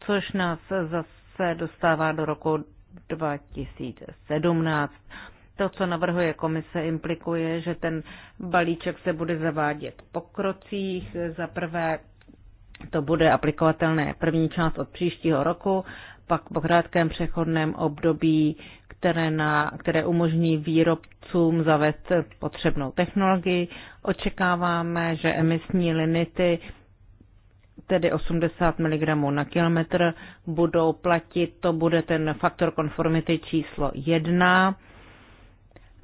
[SPEAKER 5] což nás zase dostává do roku 2017. To, co navrhuje komise, implikuje, že ten balíček se bude zavádět po krocích. Za prvé to bude aplikovatelné první část od příštího roku, pak po krátkém přechodném období, které, na, které umožní výrobcům zavést potřebnou technologii. Očekáváme, že emisní limity, tedy 80 mg na kilometr, budou platit. To bude ten faktor konformity číslo 1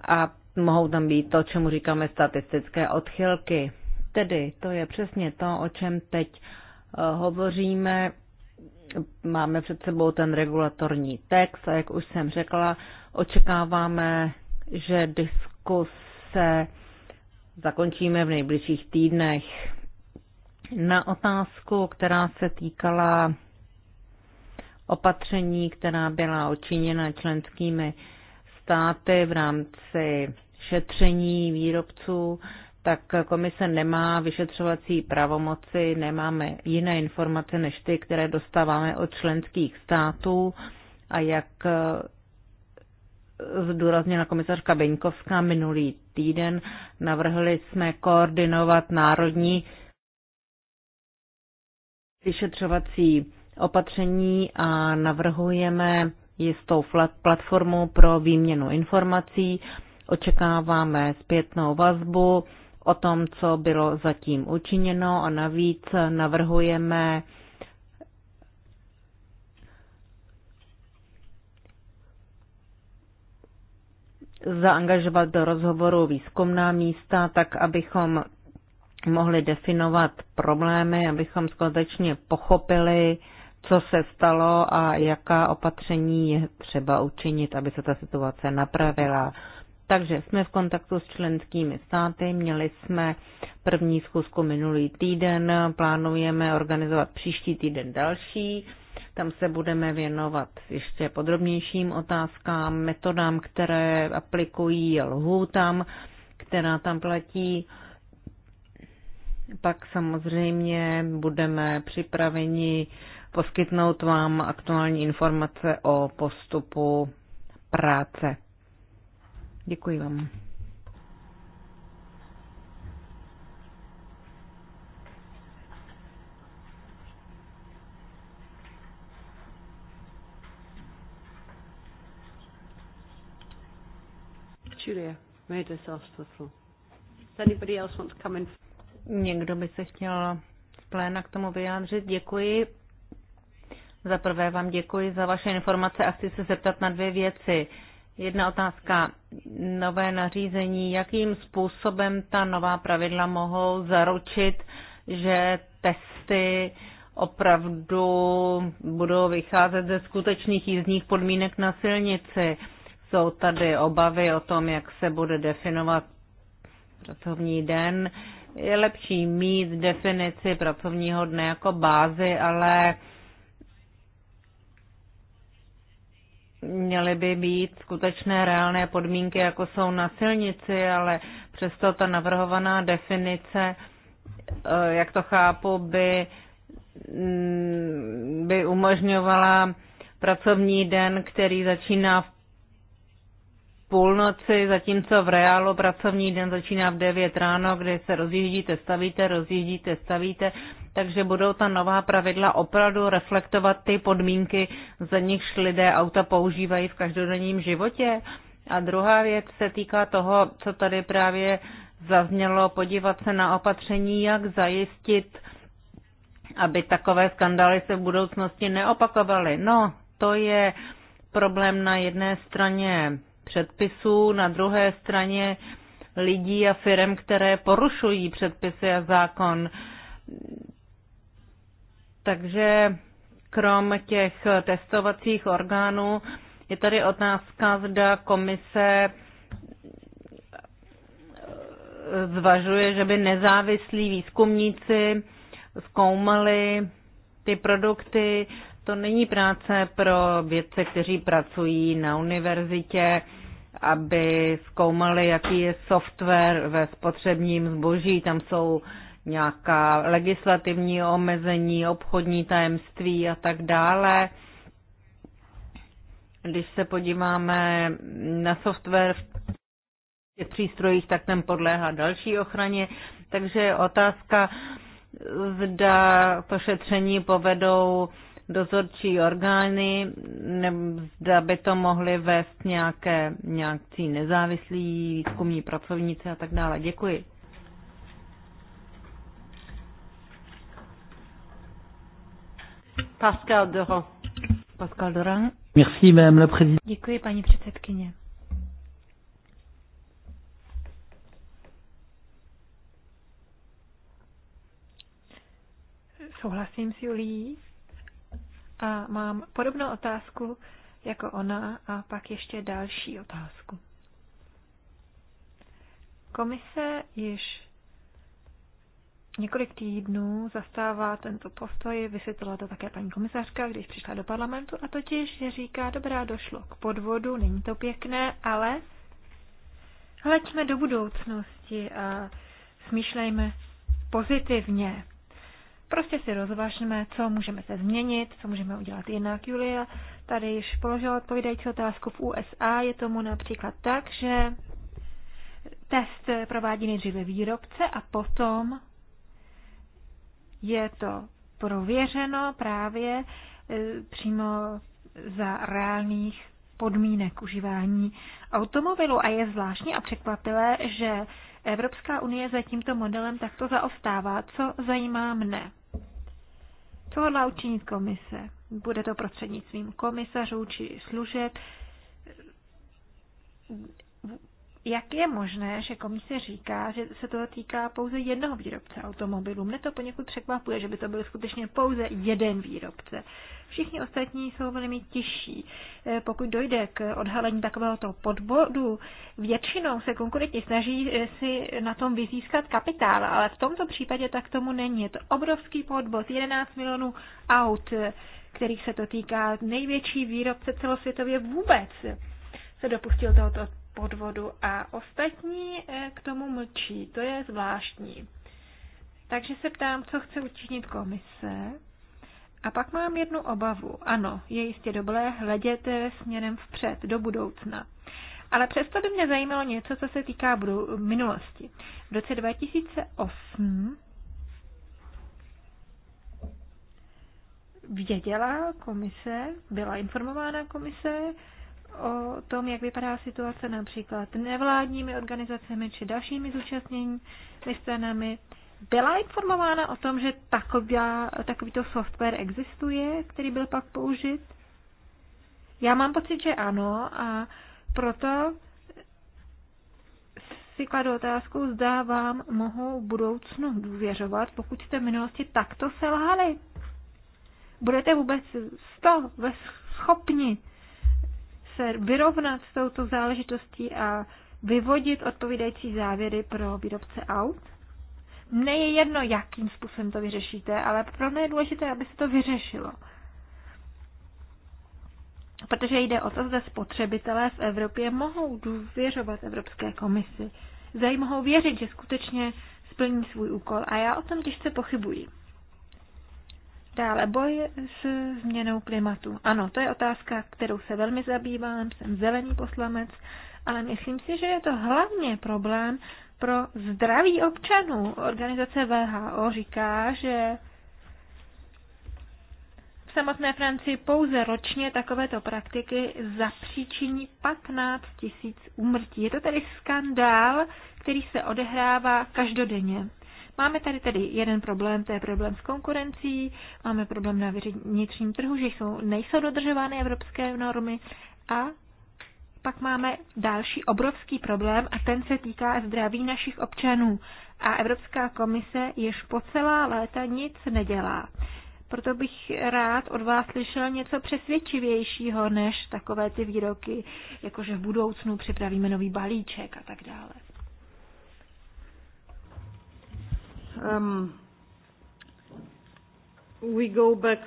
[SPEAKER 5] a mohou tam být to, čemu říkáme statistické odchylky. Tedy to je přesně to, o čem teď eh, hovoříme. Máme před sebou ten regulatorní text a jak už jsem řekla, očekáváme, že diskuse zakončíme v nejbližších týdnech. Na otázku, která se týkala opatření, která byla učiněna členskými státy v rámci šetření výrobců, tak komise nemá vyšetřovací pravomoci, nemáme jiné informace než ty, které dostáváme od členských států. A jak eh, zdůraznila komisařka Beňkovská minulý týden, navrhli jsme koordinovat národní vyšetřovací opatření a navrhujeme jistou platformu pro výměnu informací. Očekáváme zpětnou vazbu o tom, co bylo zatím učiněno a navíc navrhujeme zaangažovat do rozhovoru výzkumná místa, tak abychom mohli definovat problémy, abychom skutečně pochopili, co se stalo a jaká opatření je třeba učinit, aby se ta situace napravila. Takže jsme v kontaktu s členskými státy, měli jsme první schůzku minulý týden, plánujeme organizovat příští týden další. Tam se budeme věnovat ještě podrobnějším otázkám, metodám, které aplikují lhůtám, která tam platí. Pak samozřejmě budeme připraveni uh, poskytnout vám aktuální informace o postupu práce. Děkuji vám.
[SPEAKER 3] Julia made herself to the floor. Does anybody else want to come in?
[SPEAKER 5] Někdo by se chtěl z pléna k tomu vyjádřit. Děkuji. Za prvé vám děkuji za vaše informace a chci se zeptat na dvě věci. Jedna otázka. Nové nařízení. Jakým způsobem ta nová pravidla mohou zaručit, že testy opravdu budou vycházet ze skutečných jízdních podmínek na silnici? Jsou tady obavy o tom, jak se bude definovat pracovní den. Je lepší mít definici pracovního dne jako bázi, ale měly by být skutečné reálné podmínky, jako jsou na silnici, ale přesto ta navrhovaná definice, eh, jak to chápu, by, mm, by umožňovala pracovní den, který začíná v půlnoci, zatímco v reálu pracovní den začíná v 9 ráno, kdy se rozjíždíte, stavíte, rozjíždíte, stavíte takže budou ta nová pravidla opravdu reflektovat ty podmínky, za nichž lidé auta používají v každodenním životě. A druhá věc se týká toho, co tady právě zaznělo, podívat se na opatření, jak zajistit, aby takové skandály se v budoucnosti neopakovaly. No, to je problém na jedné straně předpisů, na druhé straně lidí a firm, které porušují předpisy a zákon. Takže krom těch testovacích orgánů je tady otázka, zda komise eh, zvažuje, že by nezávislí výzkumníci zkoumali ty produkty. To není práce pro vědce, kteří pracují na univerzitě, aby zkoumali, jaký je software ve spotřebním zboží. Tam jsou nějaká legislativní omezení, obchodní tajemství a tak dále. Když se podíváme na software v těch přístrojích, tak ten podléhá další ochraně. Takže otázka, zda to šetření povedou dozorčí orgány, zda by to mohly vést nějaké, nějakcí nezávislí výzkumní pracovníci a tak dále. Děkuji. Pascal Durand. Pascal Durand. Merci, madame la présidente.
[SPEAKER 4] Děkuji, paní předsedkyně. Souhlasím s Julí a mám podobnou otázku jako ona a pak ještě další otázku. Komise již několik týdnů zastává tento postoj, vysvětlila to také paní komisařka, když přišla do parlamentu, a totiž, že říká, dobrá, došlo k podvodu, není to pěkné, ale hleďme do budoucnosti a smýšlejme pozitivně. Prostě si rozvažme, co můžeme se změnit, co můžeme udělat jinak. Julia tady již položila odpovídající otázku v USA. Je tomu například tak, že test provádí nejdříve výrobce a potom je to prověřeno právě e, přímo za reálných podmínek užívání automobilu a je zvláštní a překvapivé, že Evropská unie za tímto modelem takto zaostává. Co zajímá mne? Co hodlá učinit komise? Bude to prostřednictvím komisařů či služeb? jak je možné, že komise říká, že se to týká pouze jednoho výrobce automobilů. Mne to poněkud překvapuje, že by to byl skutečně pouze jeden výrobce. Všichni ostatní jsou velmi těžší. Eh, pokud dojde k odhalení takového toho podbodu, většinou se konkurenti snaží eh, si na tom vyzískat kapitál, ale v tomto případě tak tomu není. Je to obrovský podbod, 11 milionů aut, eh, kterých se to týká, největší výrobce celosvětově vůbec se dopustil tohoto podvodu a ostatní eh, k tomu mlčí. To je zvláštní. Takže se ptám, co chce učinit komise. A pak mám jednu obavu. Ano, je jistě dobré hledět eh, směrem vpřed, do budoucna. Ale přesto by mě zajímalo něco, co se týká budou- minulosti. V roce 2008 věděla komise, byla informována komise, o tom, jak vypadá situace například nevládními organizacemi či dalšími zúčastněními stranami. Byla informována o tom, že taková, takovýto software existuje, který byl pak použit? Já mám pocit, že ano a proto si kladu otázku, zda vám mohou v budoucnu důvěřovat, pokud jste v minulosti takto selhali. Budete vůbec z toho schopni se vyrovnat s touto záležitostí a vyvodit odpovídající závěry pro výrobce aut. Mne je jedno, jakým způsobem to vyřešíte, ale pro mě je důležité, aby se to vyřešilo. Protože jde o to, zda spotřebitelé v Evropě mohou důvěřovat Evropské komisi. Zda mohou věřit, že skutečně splní svůj úkol. A já o tom těžce pochybuji. Dále boj s změnou klimatu. Ano, to je otázka, kterou se velmi zabývám, jsem zelený poslanec, ale myslím si, že je to hlavně problém pro zdraví občanů. Organizace VHO říká, že v samotné Francii pouze ročně takovéto praktiky zapříčiní 15 tisíc úmrtí. Je to tedy skandál, který se odehrává každodenně. Máme tady tedy jeden problém, to je problém s konkurencí, máme problém na vnitřním trhu, že jsou, nejsou dodržovány evropské normy a pak máme další obrovský problém a ten se týká zdraví našich občanů. A Evropská komise již po celá léta nic nedělá. Proto bych rád od vás slyšel něco přesvědčivějšího než takové ty výroky, jakože v budoucnu připravíme nový balíček a tak dále. um, we
[SPEAKER 6] go back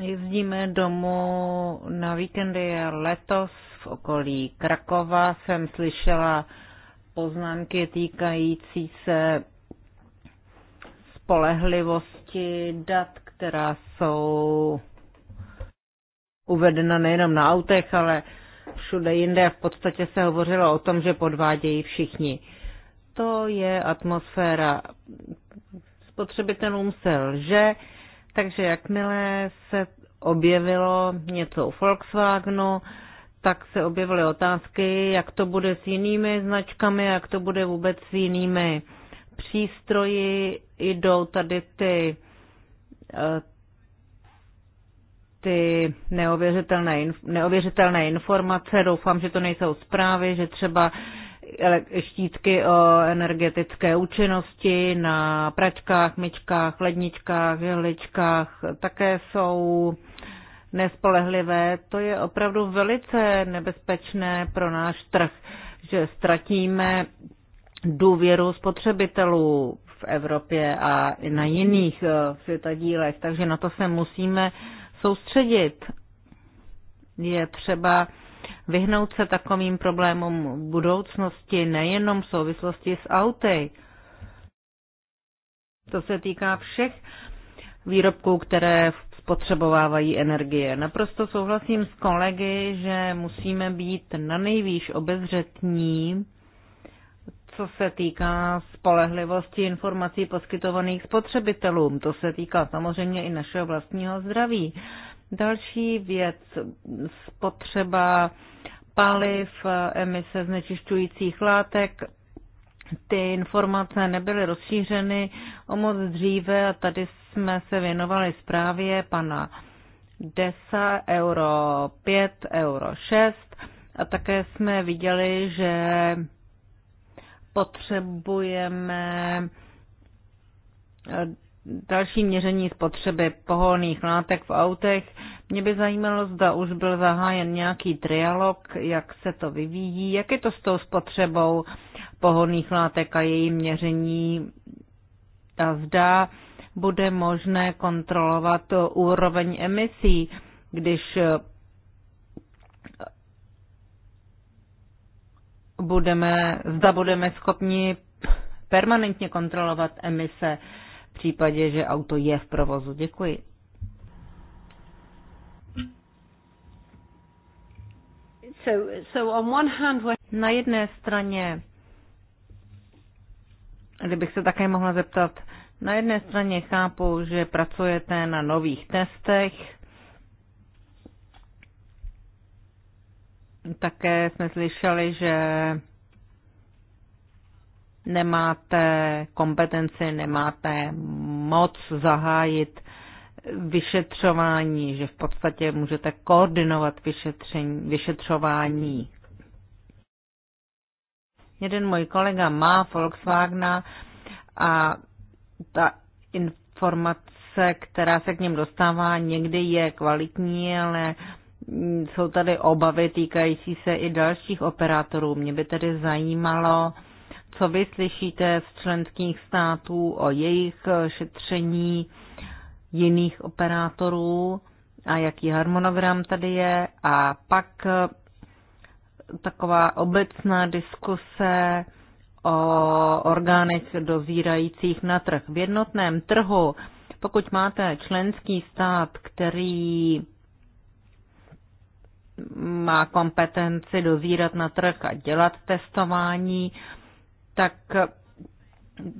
[SPEAKER 5] Jezdíme domů na víkendy letos v okolí Krakova jsem slyšela poznámky týkající se spolehlivosti dat, která jsou uvedena nejenom na autech, ale všude jinde v podstatě se hovořilo o tom, že podvádějí všichni. To je atmosféra. Spotřebitelům se lže, takže jakmile se objevilo něco u Volkswagenu, tak se objevily otázky, jak to bude s jinými značkami, jak to bude vůbec s jinými přístroji. Jdou tady ty eh, ty neověřitelné, neověřitelné informace. Doufám, že to nejsou zprávy, že třeba štítky o energetické účinnosti na pračkách, myčkách, ledničkách, žehličkách také jsou nespolehlivé. To je opravdu velice nebezpečné pro náš trh, že ztratíme důvěru spotřebitelů v Evropě a na jiných eh, světadílech, takže na to se musíme soustředit. Je třeba vyhnout se takovým problémům v budoucnosti, nejenom v souvislosti s auty. To se týká všech výrobků, které spotřebovávají energie. Naprosto souhlasím s kolegy, že musíme být na nejvýš obezřetní co se týká spolehlivosti informací poskytovaných spotřebitelům. To se týká samozřejmě i našeho vlastního zdraví. Další věc, spotřeba paliv, emise znečišťujících látek, ty informace nebyly rozšířeny o moc dříve a tady jsme se věnovali zprávě pana 10 euro 5, euro 6 a také jsme viděli, že potřebujeme eh, další měření spotřeby pohonných látek v autech. Mě by zajímalo, zda už byl zahájen nějaký trialog, jak se to vyvíjí, jak je to s tou spotřebou pohonných látek a její měření a zda bude možné kontrolovat úroveň emisí, když budeme, zda budeme schopni permanentně kontrolovat emise v případě, že auto je v provozu. Děkuji. Na jedné straně, kdybych se také mohla zeptat, na jedné straně chápu, že pracujete na nových testech, Také jsme slyšeli, že nemáte kompetenci, nemáte moc zahájit vyšetřování, že v podstatě můžete koordinovat vyšetření, vyšetřování. Jeden můj kolega má Volkswagena a ta informace, která se k něm dostává, někdy je kvalitní, ale jsou tady obavy týkající se i dalších operátorů. Mě by tedy zajímalo, co vy slyšíte z členských států o jejich šetření jiných operátorů a jaký harmonogram tady je. A pak taková obecná diskuse o orgánech dozírajících na trh. V jednotném trhu, pokud máte členský stát, který má kompetenci dozírat na trh a dělat testování, tak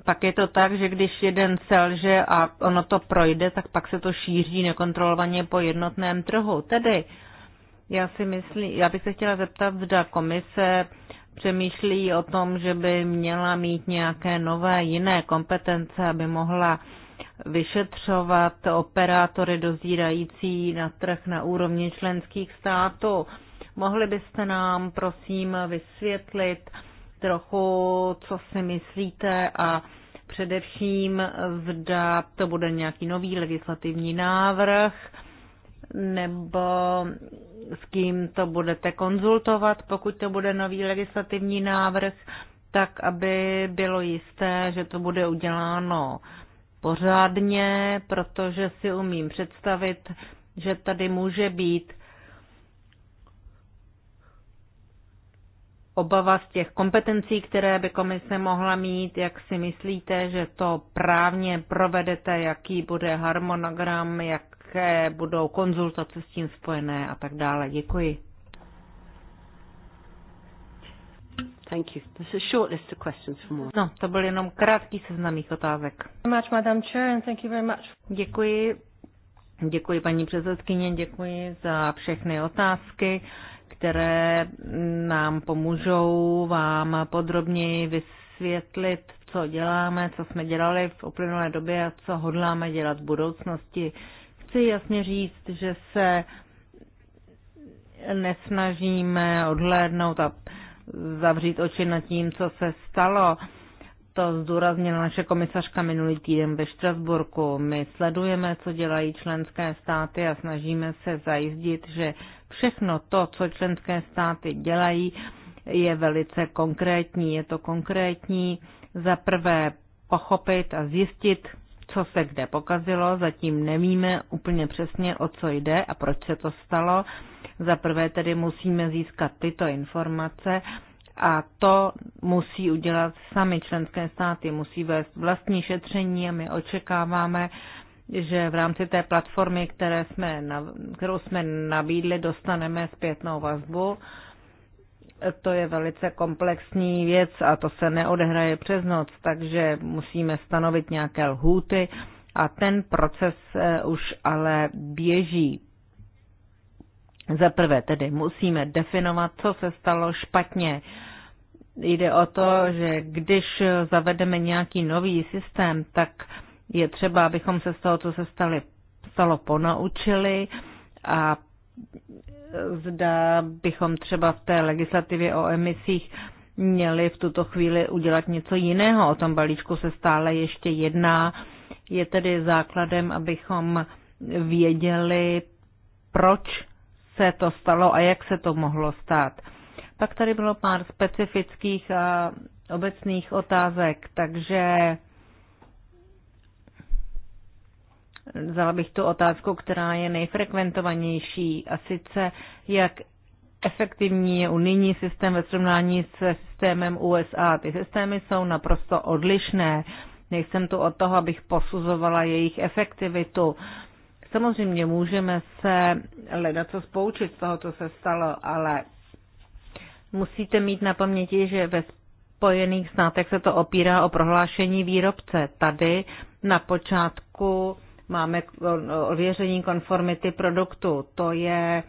[SPEAKER 5] pak je to tak, že když jeden selže a ono to projde, tak pak se to šíří nekontrolovaně po jednotném trhu. Tedy já si myslím, já bych se chtěla zeptat, zda komise přemýšlí o tom, že by měla mít nějaké nové jiné kompetence, aby mohla vyšetřovat operátory dozírající na trh na úrovni členských států. Mohli byste nám, prosím, vysvětlit trochu, co si myslíte a především zda to bude nějaký nový legislativní návrh, nebo s kým to budete konzultovat, pokud to bude nový legislativní návrh, tak aby bylo jisté, že to bude uděláno pořádně, protože si umím představit, že tady může být obava z těch kompetencí, které by komise mohla mít, jak si myslíte, že to právně provedete, jaký bude harmonogram, jaké budou konzultace s tím spojené a tak dále. Děkuji. Thank you. is a short list of questions from all. No, to byl jenom krátký seznam mých otázek. Much, Madam Chair, and thank you very much. Děkuji. Děkuji paní předsedkyně, děkuji za všechny otázky, které nám pomůžou vám podrobněji vysvětlit, co děláme, co jsme dělali v uplynulé době a co hodláme dělat v budoucnosti. Chci jasně říct, že se nesnažíme odhlédnout a zavřít oči nad tím, co se stalo. To zdůraznila naše komisařka minulý týden ve Štrasburku. My sledujeme, co dělají členské státy a snažíme se zajistit, že všechno to, co členské státy dělají, je velice konkrétní. Je to konkrétní za prvé pochopit a zjistit, co se kde pokazilo. Zatím nevíme úplně přesně, o co jde a proč se to stalo. Za prvé tedy musíme získat tyto informace a to musí udělat sami členské státy, musí vést vlastní šetření a my očekáváme, že v rámci té platformy, které jsme, kterou jsme nabídli, dostaneme zpětnou vazbu. To je velice komplexní věc a to se neodehraje přes noc, takže musíme stanovit nějaké lhůty a ten proces eh, už ale běží. Za prvé tedy musíme definovat, co se stalo špatně. Jde o to, že když zavedeme nějaký nový systém, tak je třeba, abychom se z toho, co se stali, stalo, ponaučili a zda bychom třeba v té legislativě o emisích měli v tuto chvíli udělat něco jiného. O tom balíčku se stále ještě jedná. Je tedy základem, abychom věděli, proč se to stalo a jak se to mohlo stát. Pak tady bylo pár specifických a eh, obecných otázek, takže vzala bych tu otázku, která je nejfrekventovanější a sice jak efektivní je unijní systém ve srovnání se systémem USA. Ty systémy jsou naprosto odlišné. Nejsem tu od toho, abych posuzovala jejich efektivitu. Uh, Samozřejmě můžeme se hledat co spoučit z toho, co se stalo, ale musíte mít na paměti, že ve Spojených státech se to opírá o prohlášení výrobce. Tady na počátku máme ověření konformity produktu. To je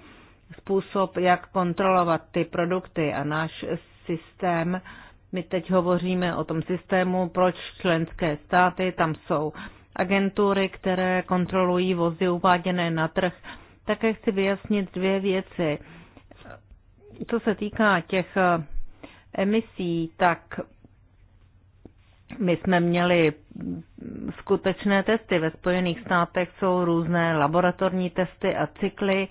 [SPEAKER 5] způsob, jak kontrolovat ty produkty a náš systém. My teď hovoříme o tom systému, proč členské státy, tam jsou agentury, které kontrolují vozy uváděné na trh. Také chci vyjasnit dvě věci. Co se týká těch eh, emisí, tak my jsme měli skutečné testy. Ve Spojených státech jsou různé laboratorní testy a cykly,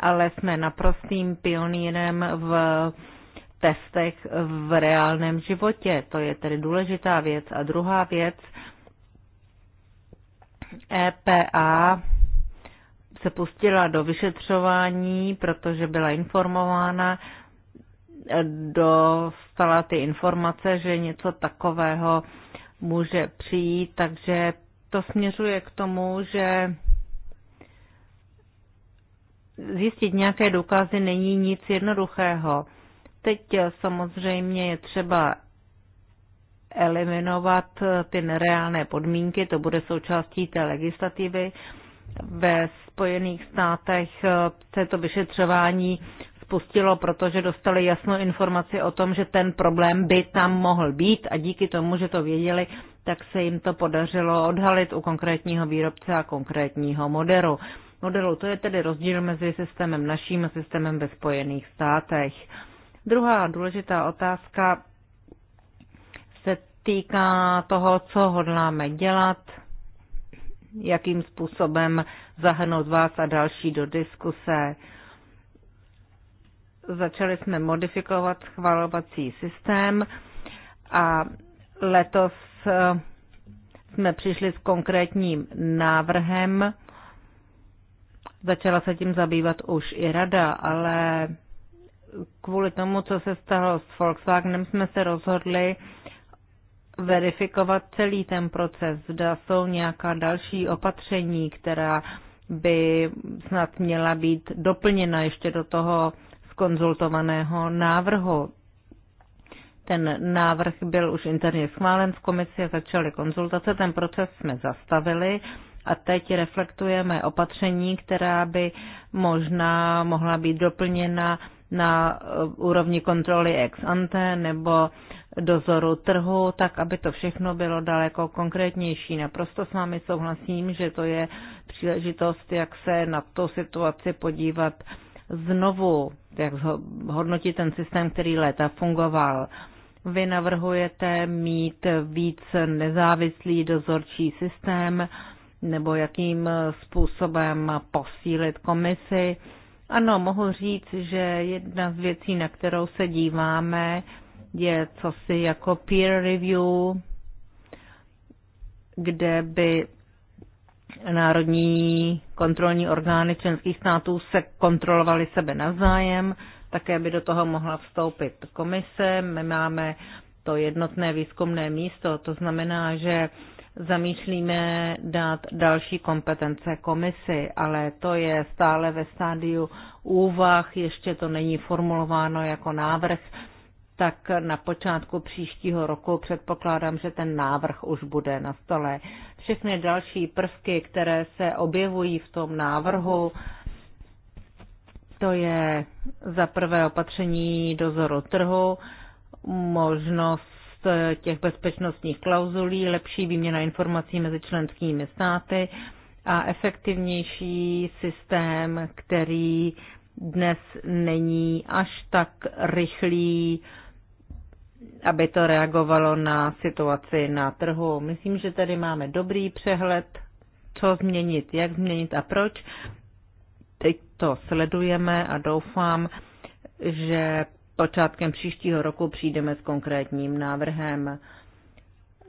[SPEAKER 5] ale jsme naprostým pionýrem v testech v reálném životě. To je tedy důležitá věc. A druhá věc, EPA se pustila do vyšetřování, protože byla informována, e, dostala ty informace, že něco takového může přijít, takže to směřuje k tomu, že zjistit nějaké důkazy není nic jednoduchého. Teď samozřejmě je třeba eliminovat eh, ty nereálné podmínky, to bude součástí té legislativy. Ve Spojených státech se eh, to vyšetřování spustilo, protože dostali jasnou informaci o tom, že ten problém by tam mohl být a díky tomu, že to věděli, tak se jim to podařilo odhalit u konkrétního výrobce a konkrétního modelu. modelu. To je tedy rozdíl mezi systémem naším a systémem ve Spojených státech. Druhá důležitá otázka týká toho, co hodláme dělat, jakým způsobem zahrnout vás a další do diskuse. Začali jsme modifikovat schvalovací systém a letos eh, jsme přišli s konkrétním návrhem. Začala se tím zabývat už i rada, ale kvůli tomu, co se stalo s Volkswagenem, jsme se rozhodli, verifikovat celý ten proces, zda jsou nějaká další opatření, která by snad měla být doplněna ještě do toho skonzultovaného návrhu. Ten návrh byl už interně schválen v komisi a začaly konzultace. Ten proces jsme zastavili a teď reflektujeme opatření, která by možná mohla být doplněna na eh, úrovni kontroly ex ante nebo dozoru trhu, tak aby to všechno bylo daleko konkrétnější. Naprosto s vámi souhlasím, že to je příležitost, jak se na tu situaci podívat znovu, jak hodnotit ten systém, který léta fungoval. Vy navrhujete mít víc nezávislý dozorčí systém, nebo jakým způsobem posílit komisi ano, mohu říct, že jedna z věcí, na kterou se díváme, je cosi jako peer review, kde by národní kontrolní orgány členských států se kontrolovaly sebe navzájem, také by do toho mohla vstoupit komise. My máme to jednotné výzkumné místo, to znamená, že zamýšlíme dát další kompetence komisi, ale to je stále ve stádiu úvah, ještě to není formulováno jako návrh, tak na počátku příštího roku předpokládám, že ten návrh už bude na stole. Všechny další prvky, které se objevují v tom návrhu, to je za prvé opatření dozoru trhu, možnost Eh, těch bezpečnostních klauzulí, lepší výměna informací mezi členskými státy a efektivnější systém, který dnes není až tak rychlý, aby to reagovalo na situaci na trhu. Myslím, že tady máme dobrý přehled, co změnit, jak změnit a proč. Teď to sledujeme a doufám, že počátkem příštího roku přijdeme s konkrétním návrhem.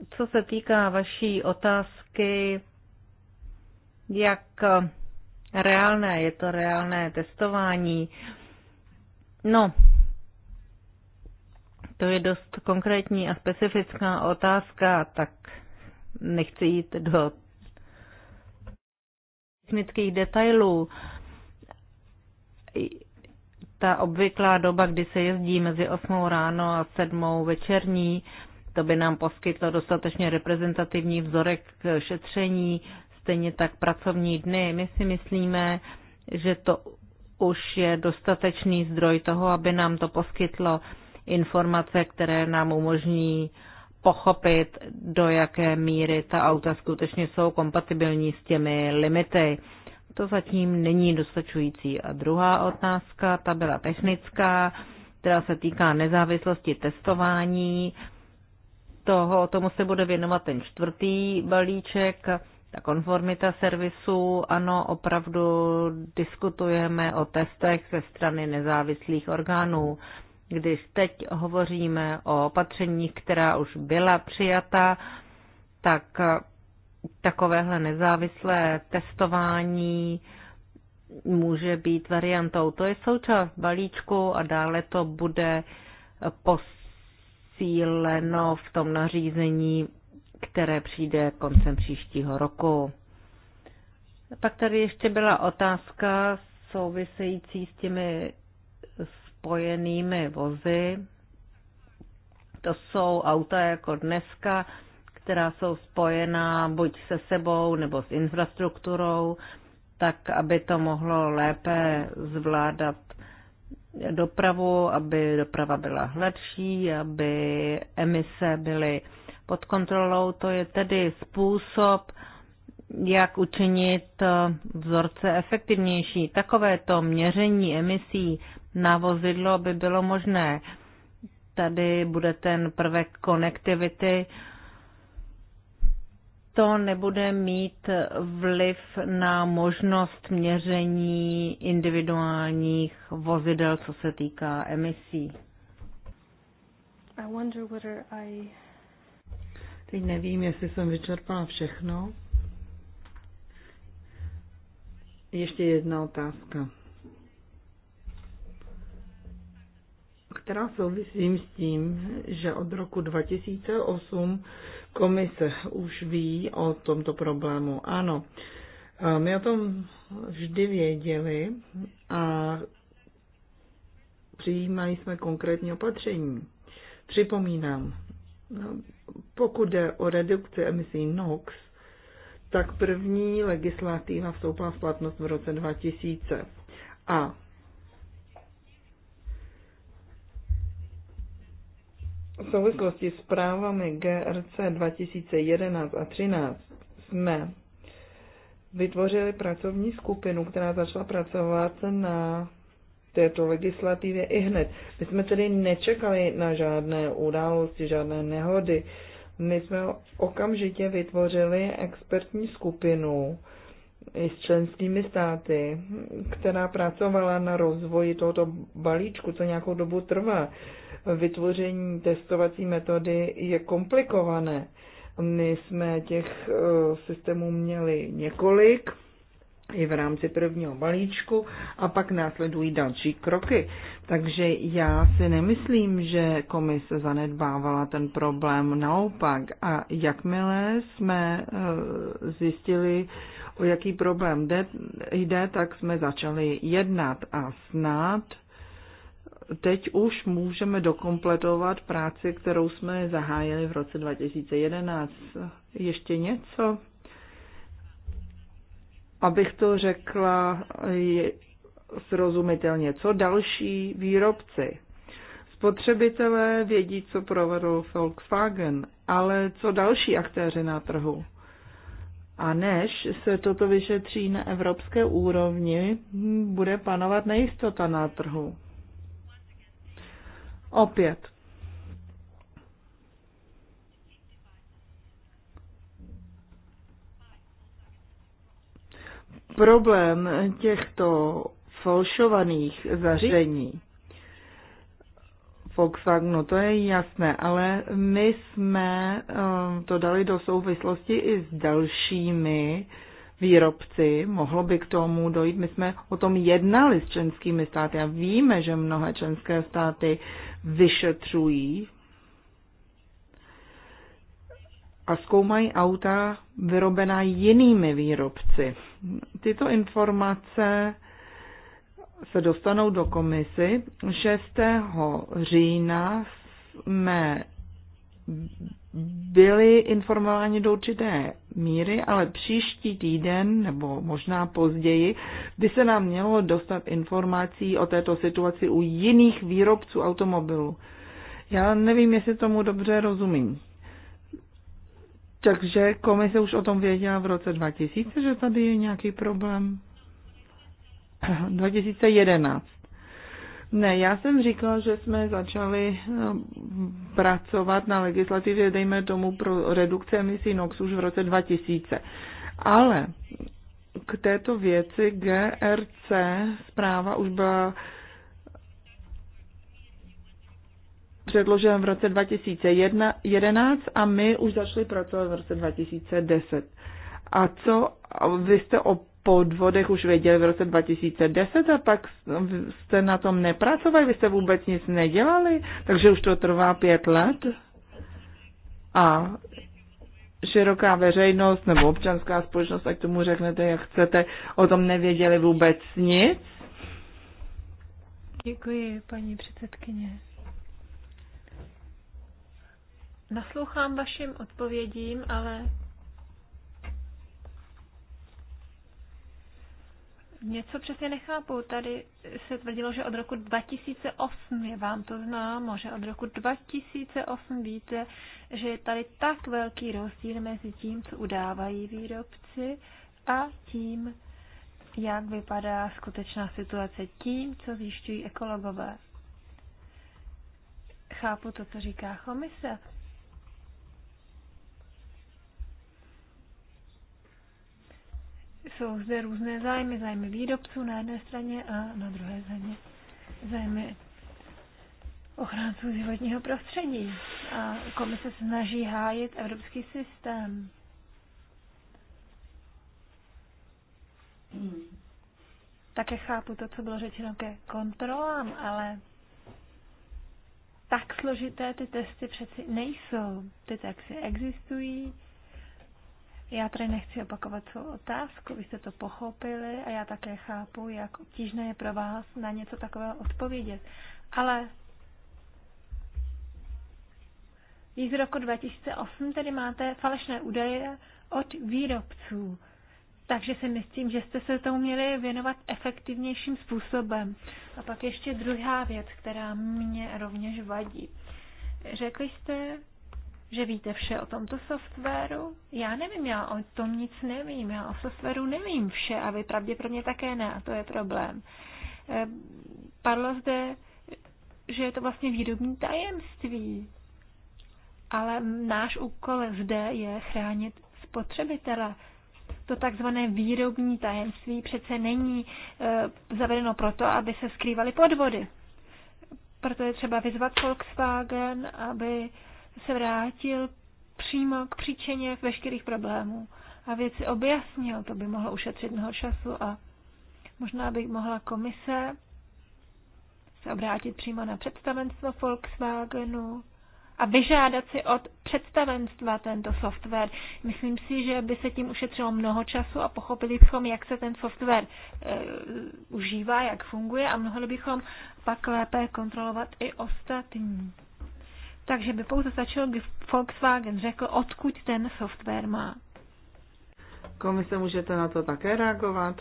[SPEAKER 5] Co se týká vaší otázky, jak reálné je to reálné testování, no, to je dost konkrétní a specifická otázka, tak nechci jít do technických detailů ta obvyklá doba, kdy se jezdí mezi 8 ráno a 7 večerní, to by nám poskytlo dostatečně reprezentativní vzorek k šetření, stejně tak pracovní dny. My si myslíme, že to už je dostatečný zdroj toho, aby nám to poskytlo informace, které nám umožní pochopit, do jaké míry ta auta skutečně jsou kompatibilní s těmi limity to zatím není dostačující. A druhá otázka, ta byla technická, která se týká nezávislosti testování. Toho, tomu se bude věnovat ten čtvrtý balíček, ta konformita servisu. Ano, opravdu diskutujeme o testech ze strany nezávislých orgánů. Když teď hovoříme o opatřeních, která už byla přijata, tak takovéhle nezávislé testování může být variantou. To je součást balíčku a dále to bude posíleno v tom nařízení, které přijde koncem příštího roku. Pak tady ještě byla otázka související s těmi spojenými vozy. To jsou auta jako dneska, která jsou spojená buď se sebou nebo s infrastrukturou, tak aby to mohlo lépe zvládat dopravu, aby doprava byla hladší, aby emise byly pod kontrolou. To je tedy způsob, jak učinit eh, vzorce efektivnější. Takovéto měření emisí na vozidlo by bylo možné. Tady bude ten prvek konektivity, to nebude mít vliv na možnost měření individuálních vozidel, co se týká emisí.
[SPEAKER 4] I wonder whether I...
[SPEAKER 2] Teď nevím, jestli jsem vyčerpala všechno. Ještě jedna otázka, která souvisí s tím, že od roku 2008 komise už ví o tomto problému. Ano, my o tom vždy věděli a přijímali jsme konkrétní opatření. Připomínám, pokud jde o redukci emisí NOx, tak první legislativa vstoupila v platnost v roce 2000. A v souvislosti s právami GRC 2011 a 13 jsme vytvořili pracovní skupinu, která začala pracovat na této legislativě i hned. My jsme tedy nečekali na žádné události, žádné nehody. My jsme okamžitě vytvořili expertní skupinu s členskými státy, která pracovala na rozvoji tohoto balíčku, co nějakou dobu trvá vytvoření testovací metody je komplikované. My jsme těch eh, systémů měli několik i v rámci prvního balíčku a pak následují další kroky. Takže já si nemyslím, že komise zanedbávala ten problém, naopak. A jakmile jsme eh, zjistili, o jaký problém jde, tak jsme začali jednat a snad teď už můžeme dokompletovat práci, kterou jsme zahájili v roce 2011. Ještě něco? Abych to řekla srozumitelně, co další výrobci? Spotřebitelé vědí, co provedl Volkswagen, ale co další aktéři na trhu? A než se toto vyšetří na evropské úrovni, bude panovat nejistota na trhu opět. Problém těchto falšovaných zařízení Volkswagenu, to je jasné, ale my jsme eh, to dali do souvislosti i s dalšími uh, výrobci, mohlo by k tomu dojít. My jsme o tom jednali s členskými státy a víme, že mnohé členské státy vyšetřují a zkoumají auta vyrobená jinými výrobci. Tyto informace se dostanou do komisy. 6. října jsme byli informováni do určité míry, ale příští týden nebo možná později by se nám mělo dostat informací o této situaci u jiných výrobců automobilů. Já nevím, jestli tomu dobře rozumím. Takže komise už o tom věděla v roce 2000, že tady je nějaký problém. 2011. Ne, já jsem říkal, že jsme začali eh, pracovat na legislativě, dejme tomu, pro redukce emisí NOx už v roce 2000. Ale k této věci GRC zpráva už byla předložena v roce 2011 a my už začali pracovat v roce 2010. A co vy jste podvodech už věděli v roce 2010 a pak jste na tom nepracovali, vy jste vůbec nic nedělali, takže už to trvá pět let. A široká veřejnost nebo občanská společnost, ať tomu řeknete, jak chcete, o tom nevěděli vůbec nic.
[SPEAKER 4] Děkuji, paní předsedkyně. Naslouchám vašim odpovědím, ale něco přesně nechápu. Tady se tvrdilo, že od roku 2008 je vám to známo, že od roku 2008 víte, že je tady tak velký rozdíl mezi tím, co udávají výrobci a tím, jak vypadá skutečná situace tím, co zjišťují ekologové. Chápu to, co říká komise, jsou zde různé zájmy, zájmy výrobců na jedné straně a na druhé straně zájmy ochránců životního prostředí. A komise se snaží hájit evropský systém. Hmm. Také chápu to, co bylo řečeno ke kontrolám, ale tak složité ty testy přeci nejsou. Ty taxi existují, já tady nechci opakovat svou otázku, vy jste to pochopili a já také chápu, jak obtížné je pro vás na něco takového odpovědět. Ale již z roku 2008 tedy máte falešné údaje od výrobců. Takže si myslím, že jste se tomu měli věnovat efektivnějším způsobem. A pak ještě druhá věc, která mě rovněž vadí. Řekli jste, že víte vše o tomto softwaru? Já nevím, já o tom nic nevím, já o softwaru nevím vše a vy pravděpodobně také ne a to je problém. Eh, padlo zde, že je to vlastně výrobní tajemství, ale náš úkol zde je chránit spotřebitele. To takzvané výrobní tajemství přece není e, zavedeno proto, aby se skrývaly podvody. Proto je třeba vyzvat Volkswagen, aby e, se vrátil přímo k příčině veškerých problémů a věci objasnil. To by mohlo ušetřit mnoho času a možná bych mohla komise se obrátit přímo na představenstvo Volkswagenu a vyžádat si od představenstva tento software. Myslím si, že by se tím ušetřilo mnoho času a pochopili bychom, jak se ten software e, užívá, jak funguje a mohli bychom pak lépe kontrolovat i ostatní takže by pouze stačilo, by Volkswagen řekl, odkud ten software má.
[SPEAKER 2] Komise, můžete na to také reagovat?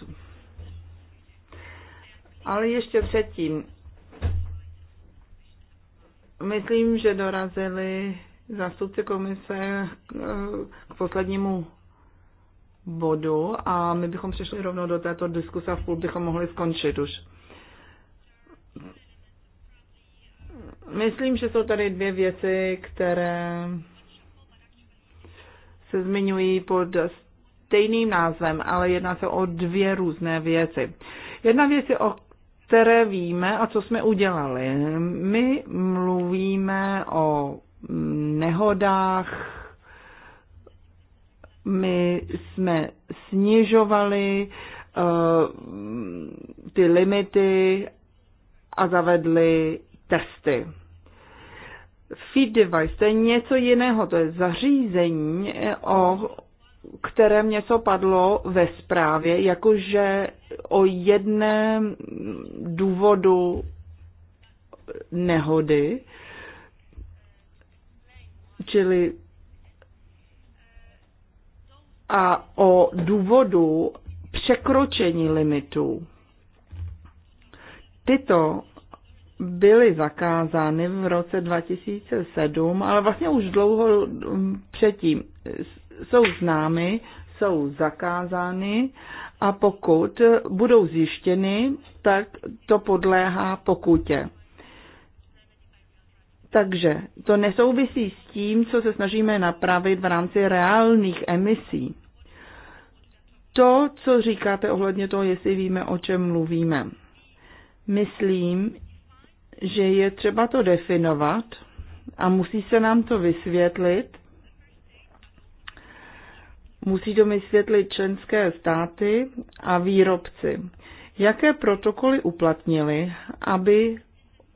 [SPEAKER 2] Ale ještě předtím, myslím, že dorazili zástupci komise eh, k poslednímu bodu a my bychom přišli rovnou do této diskuse a v půl bychom mohli skončit už. Myslím, že jsou tady dvě věci, které se zmiňují pod stejným názvem, ale jedná se o dvě různé věci. Jedna věc je, o které víme a co jsme udělali. My mluvíme o nehodách, my jsme snižovali uh, ty limity a zavedli testy feed device, to je něco jiného, to je zařízení, eh, o kterém něco padlo ve zprávě, jakože o jedném důvodu nehody, čili a o důvodu překročení limitů. Tyto byly zakázány v roce 2007, ale vlastně už dlouho mm, předtím jsou známy, jsou zakázány a pokud budou zjištěny, tak to podléhá pokutě. Takže to nesouvisí s tím, co se snažíme napravit v rámci reálných emisí. To, co říkáte ohledně toho, jestli víme, o čem mluvíme. Myslím, že je třeba to definovat a musí se nám to vysvětlit. Musí to vysvětlit členské státy a výrobci. Jaké protokoly uplatnili, aby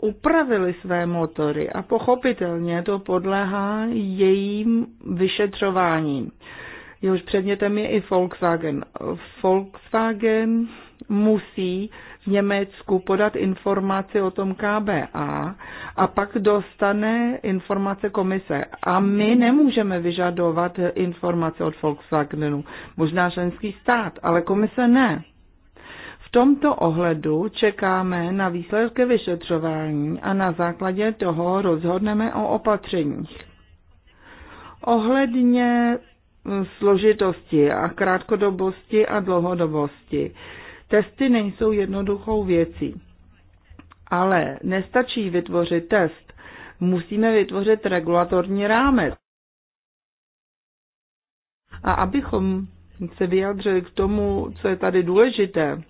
[SPEAKER 2] upravili své motory a pochopitelně to podléhá jejím vyšetřováním. Jehož předmětem je i Volkswagen. Volkswagen musí Německu podat informaci o tom KBA a pak dostane informace komise. A my nemůžeme vyžadovat informace od Volkswagenu, možná ženský stát, ale komise ne. V tomto ohledu čekáme na výsledky vyšetřování a na základě toho rozhodneme o opatřeních. Ohledně složitosti a krátkodobosti a dlouhodobosti. Testy nejsou jednoduchou věcí, ale nestačí vytvořit test. Musíme vytvořit regulatorní rámec. A abychom se vyjádřili k tomu, co je tady důležité,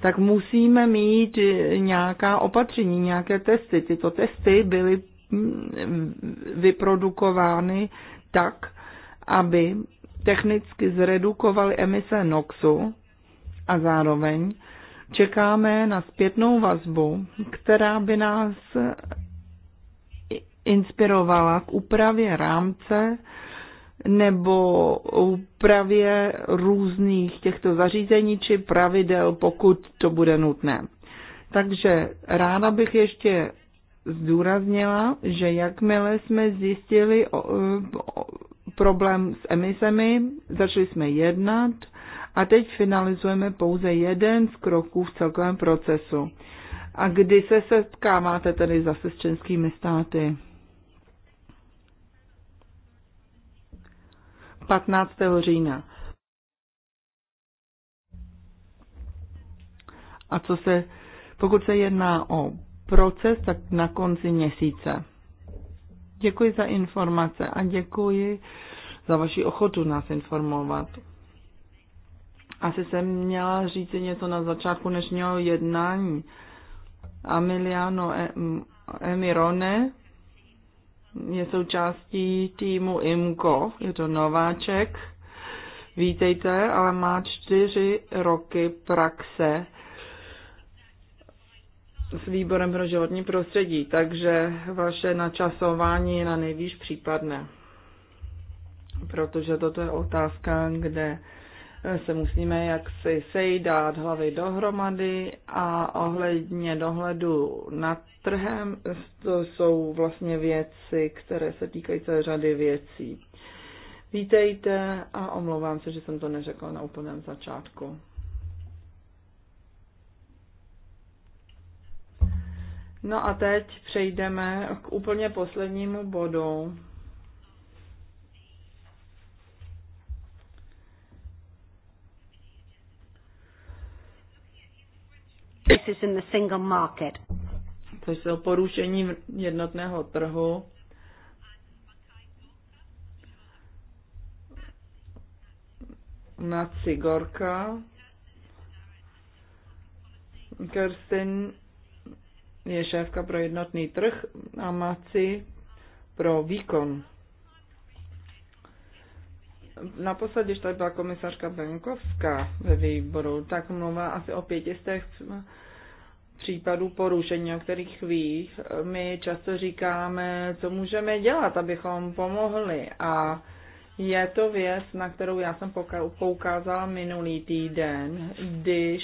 [SPEAKER 2] tak musíme mít nějaká opatření, nějaké testy. Tyto testy byly mm, vyprodukovány tak, aby technicky zredukovaly emise NOXu a zároveň čekáme na zpětnou vazbu, která by nás inspirovala k úpravě rámce nebo úpravě různých těchto zařízení či pravidel, pokud to bude nutné. Takže ráda bych ještě zdůraznila, že jakmile jsme zjistili o, o, problém s emisemi, začali jsme jednat a teď finalizujeme pouze jeden z kroků v celkovém procesu. A kdy se setkáváte tedy zase s českými státy? 15. října. A co se, pokud se jedná o proces, tak na konci měsíce. Děkuji za informace a děkuji za vaši ochotu nás informovat. Asi jsem měla říct něco na začátku dnešního jednání. Emiliano Emirone je součástí týmu IMCO, je to nováček. Vítejte, ale má čtyři roky praxe s výborem pro životní prostředí, takže vaše načasování je na nejvýš případné. Protože toto je otázka, kde se musíme jaksi sejdat hlavy dohromady a ohledně dohledu nad trhem, to jsou vlastně věci, které se týkají celé řady věcí. Vítejte a omlouvám se, že jsem to neřekla na úplném začátku. No a teď přejdeme k úplně poslednímu bodu
[SPEAKER 3] This is in the single market. To o porušení jednotného trhu.
[SPEAKER 2] Na Gorka. Kerstin je šéfka pro jednotný trh a Maci pro výkon. Naposled, když tady byla komisařka Benkovská ve výboru, tak mluvila asi o pětistech případů porušení, o kterých ví. My často říkáme, co můžeme dělat, abychom pomohli. A je to věc, na kterou já jsem poukázala minulý týden, když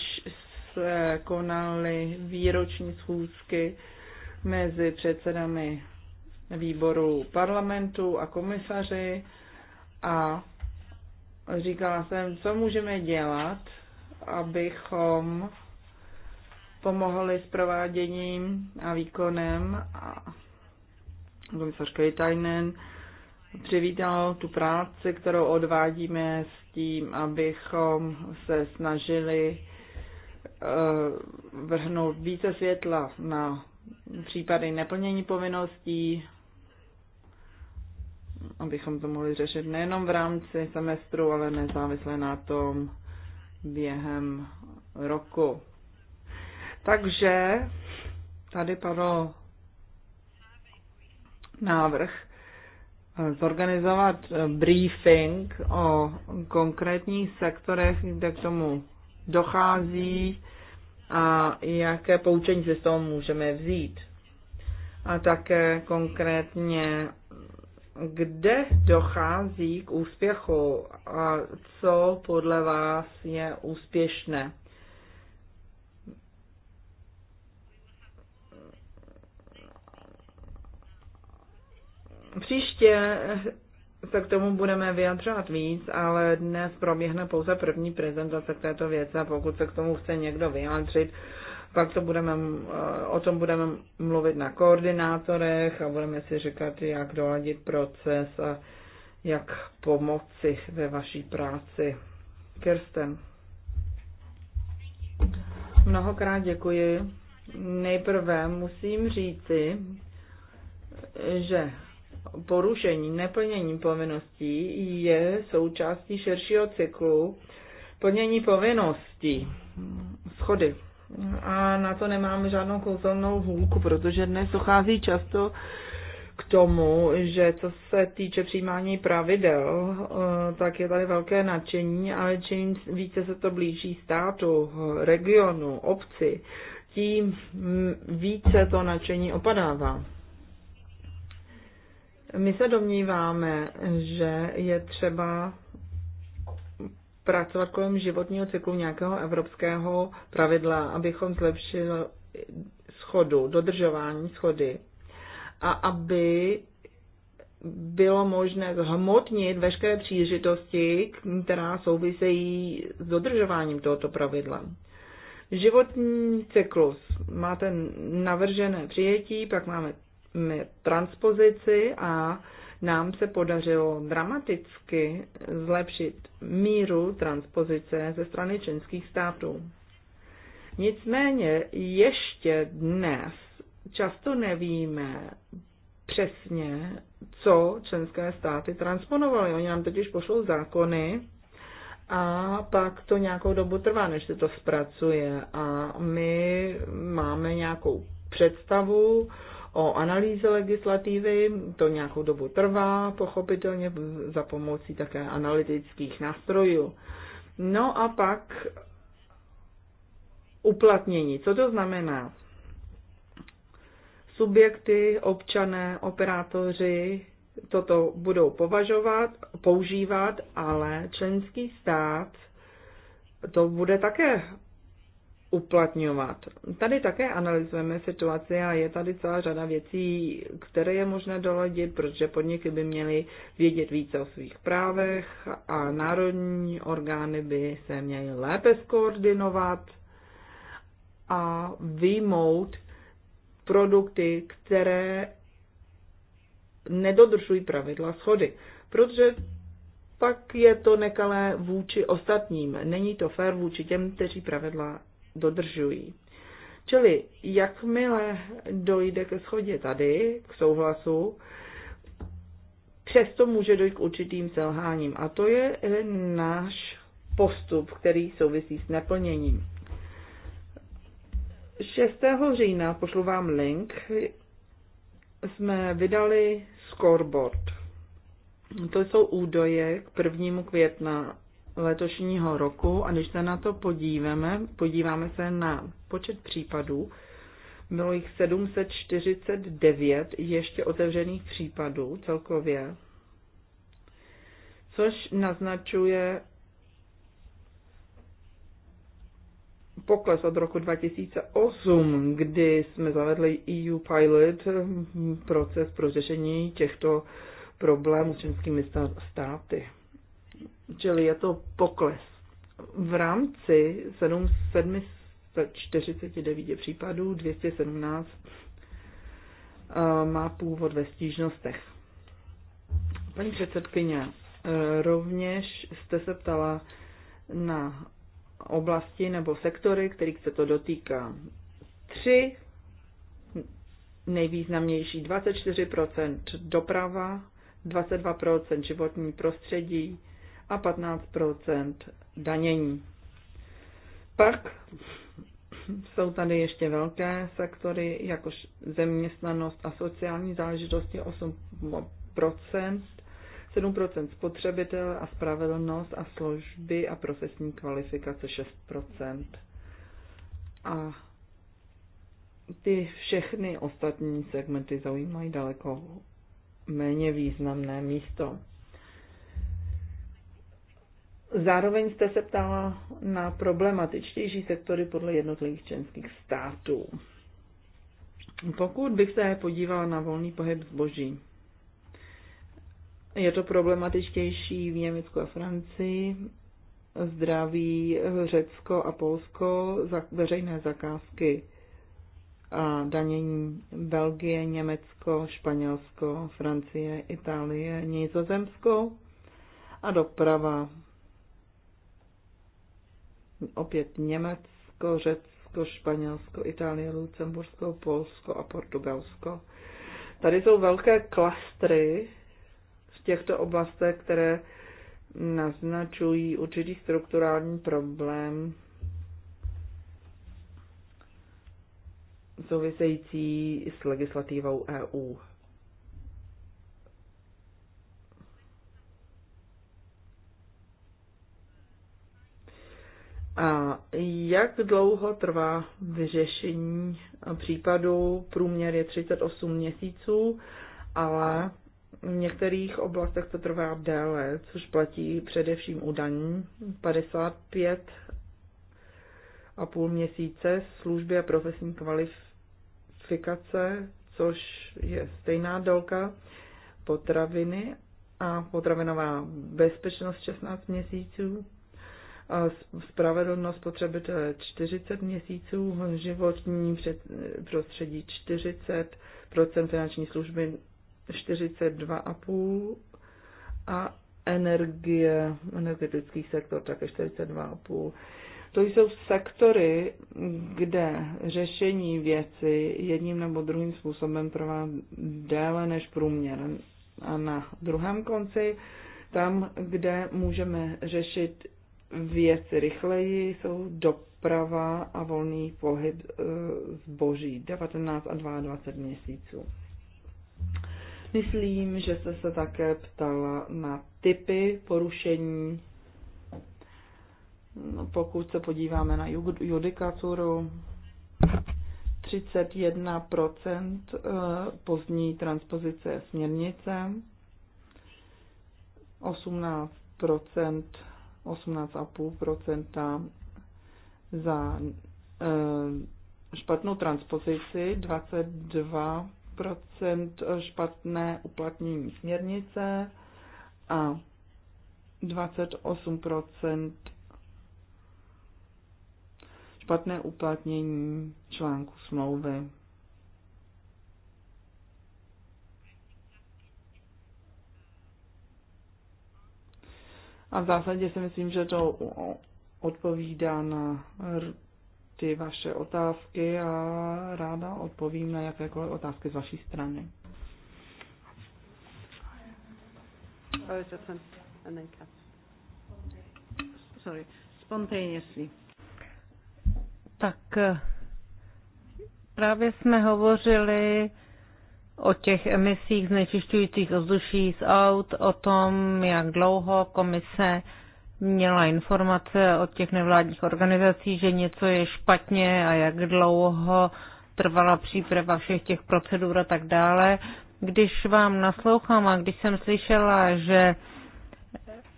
[SPEAKER 2] se konaly výroční schůzky mezi předsedami výboru parlamentu a komisaři a Říkala jsem, co můžeme dělat, abychom pomohli s prováděním a výkonem a komisař Kejtajnen přivítal tu práci, kterou odvádíme s tím, abychom se snažili eh, vrhnout více světla na případy neplnění povinností, abychom to mohli řešit nejenom v rámci semestru, ale nezávisle na tom během roku. Takže tady padl návrh zorganizovat briefing o konkrétních sektorech, kde k tomu dochází a jaké poučení si z toho můžeme vzít. A také konkrétně kde dochází k úspěchu a co podle vás je úspěšné. Příště se k tomu budeme vyjadřovat víc, ale dnes proběhne pouze první prezentace k této věci a pokud se k tomu chce někdo vyjádřit, pak to budeme, eh, o tom budeme mluvit na koordinátorech a budeme si říkat, jak doladit proces a jak pomoci ve vaší práci. Kirsten. Mnohokrát děkuji. Nejprve musím říci, že porušení, neplnění povinností je součástí širšího cyklu plnění povinností. Schody a na to nemáme žádnou kouzelnou hůlku, protože dnes dochází často k tomu, že co se týče přijímání pravidel, eh, tak je tady velké nadšení, ale čím více se to blíží státu, regionu, obci, tím více to nadšení opadává. My se domníváme, že je třeba pracovat kolem životního cyklu nějakého evropského pravidla, abychom zlepšili schodu, dodržování schody a aby bylo možné zhmotnit veškeré příležitosti, která souvisejí s dodržováním tohoto pravidla. Životní cyklus. Máte navržené přijetí, pak máme transpozici a nám se podařilo dramaticky zlepšit míru transpozice ze strany čínských států. Nicméně ještě dnes často nevíme přesně, co členské státy transponovaly. Oni nám totiž pošlou zákony a pak to nějakou dobu trvá, než se to zpracuje. A my máme nějakou představu, o analýze legislativy, to nějakou dobu trvá, pochopitelně za pomocí také analytických nástrojů. No a pak uplatnění. Co to znamená? Subjekty, občané, operátoři toto budou považovat, používat, ale členský stát to bude také uplatňovat. Tady také analyzujeme situaci a je tady celá řada věcí, které je možné doladit, protože podniky by měly vědět více o svých právech a národní orgány by se měly lépe skoordinovat a vyjmout produkty, které nedodržují pravidla schody. Protože pak je to nekalé vůči ostatním. Není to fér vůči těm, kteří pravidla dodržují. Čili jakmile dojde ke schodě tady, k souhlasu, přesto může dojít k určitým selháním. A to je eh, náš postup, který souvisí s neplněním. 6. října, pošlu vám link, jsme vydali scoreboard. To jsou údoje k 1. května letošního roku a když se na to podíváme, podíváme se na počet případů, bylo jich 749 ještě otevřených případů celkově, což naznačuje pokles od roku 2008, kdy jsme zavedli EU Pilot, mm, proces pro řešení těchto problémů s členskými státy čili je to pokles. V rámci 7, 749 případů 217 eh, má původ ve stížnostech. Paní předsedkyně, eh, rovněž jste se ptala na oblasti nebo sektory, kterých se to dotýká. Tři nejvýznamnější 24% doprava, 22% životní prostředí, a 15 danění. Pak jsou tady ještě velké sektory, jako zeměstnanost a sociální záležitosti 8 7 spotřebitel a spravedlnost a služby a profesní kvalifikace 6 A ty všechny ostatní segmenty zaujímají daleko méně významné místo. Zároveň jste se ptala na problematičtější sektory podle jednotlivých členských států. Pokud bych se podívala na volný pohyb zboží, je to problematičtější v Německu a Francii, zdraví Řecko a Polsko, veřejné zakázky a danění Belgie, Německo, Španělsko, Francie, Itálie, Nizozemsko a doprava opět Německo, Řecko, Španělsko, Itálie, Lucembursko, Polsko a Portugalsko. Tady jsou velké klastry v těchto oblastech, které naznačují určitý strukturální problém související s legislativou EU. A jak dlouho trvá vyřešení případu? Průměr je 38 měsíců, ale v některých oblastech to trvá déle, což platí především u daní 55 a půl měsíce služby a profesní kvalifikace, což je stejná délka potraviny a potravinová bezpečnost 16 měsíců a spravedlnost spotřebitele 40 měsíců, životní prostředí 40 finanční služby 42,5 a energie, energetický sektor také 42,5. To jsou sektory, kde řešení věci jedním nebo druhým způsobem trvá déle než průměr. A na druhém konci, tam, kde můžeme řešit věc rychleji, jsou doprava a volný pohyb e, zboží 19 a 22 měsíců. Myslím, že jste se také ptala na typy porušení. No, pokud se podíváme na judikaturu, 31% e, pozdní transpozice směrnice, 18% 18,5 za eh, špatnou transpozici, 22 špatné uplatnění směrnice a 28 špatné uplatnění článku smlouvy. A v zásadě si myslím, že to odpovídá na ty vaše otázky a ráda odpovím na jakékoliv otázky z vaší strany.
[SPEAKER 3] Sorry, si. Tak eh,
[SPEAKER 5] právě jsme hovořili o těch emisích znečišťujících ovzduší z aut, o tom, jak dlouho komise měla informace od těch nevládních organizací, že něco je špatně a jak dlouho trvala příprava všech těch procedur a tak dále. Když vám naslouchám a když jsem slyšela, že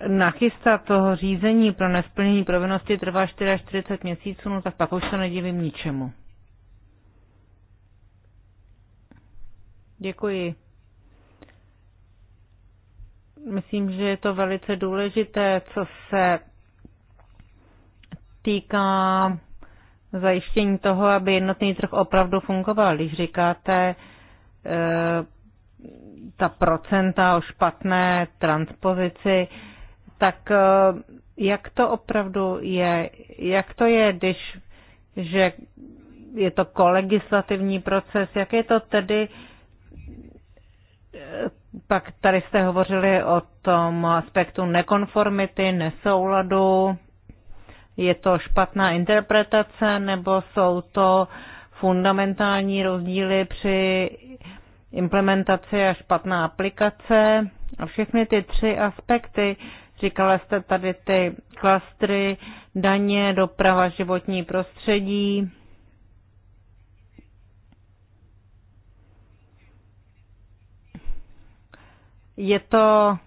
[SPEAKER 5] nachystat toho řízení pro nesplnění provinnosti trvá 44 měsíců, no tak pak už se nedivím ničemu. Děkuji. Myslím, že je to velice důležité, co se týká zajištění toho, aby jednotný trh opravdu fungoval. Když říkáte eh, ta procenta o špatné transpozici, tak eh, jak to opravdu je, jak to je, když že je to kolegislativní proces, jak je to tedy pak tady jste hovořili o tom aspektu nekonformity, nesouladu. Je to špatná interpretace nebo jsou to fundamentální rozdíly při implementaci a špatná aplikace? A všechny ty tři aspekty, říkala jste tady ty klastry, daně, doprava, životní prostředí, Je to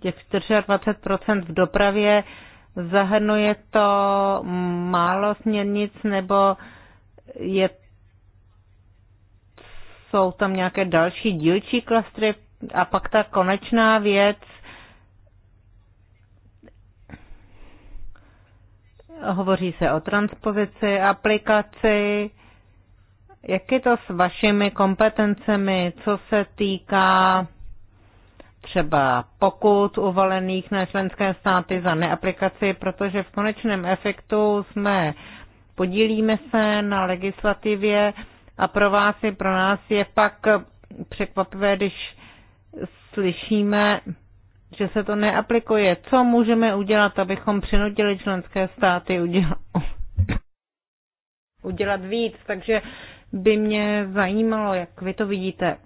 [SPEAKER 5] těch 24% v dopravě, zahrnuje to málo směrnic nebo je, jsou tam nějaké další dílčí klastry a pak ta konečná věc, hovoří se o transpozici, aplikaci, jak je to s vašimi kompetencemi, co se týká třeba pokut uvalených na členské státy za neaplikaci, protože v konečném efektu jsme podílíme se na legislativě a pro vás i pro nás je pak překvapivé, když slyšíme, že se to neaplikuje. Co můžeme udělat, abychom přinutili členské státy udělat, udělat víc? Takže
[SPEAKER 6] by mě zajímalo, jak vy to vidíte.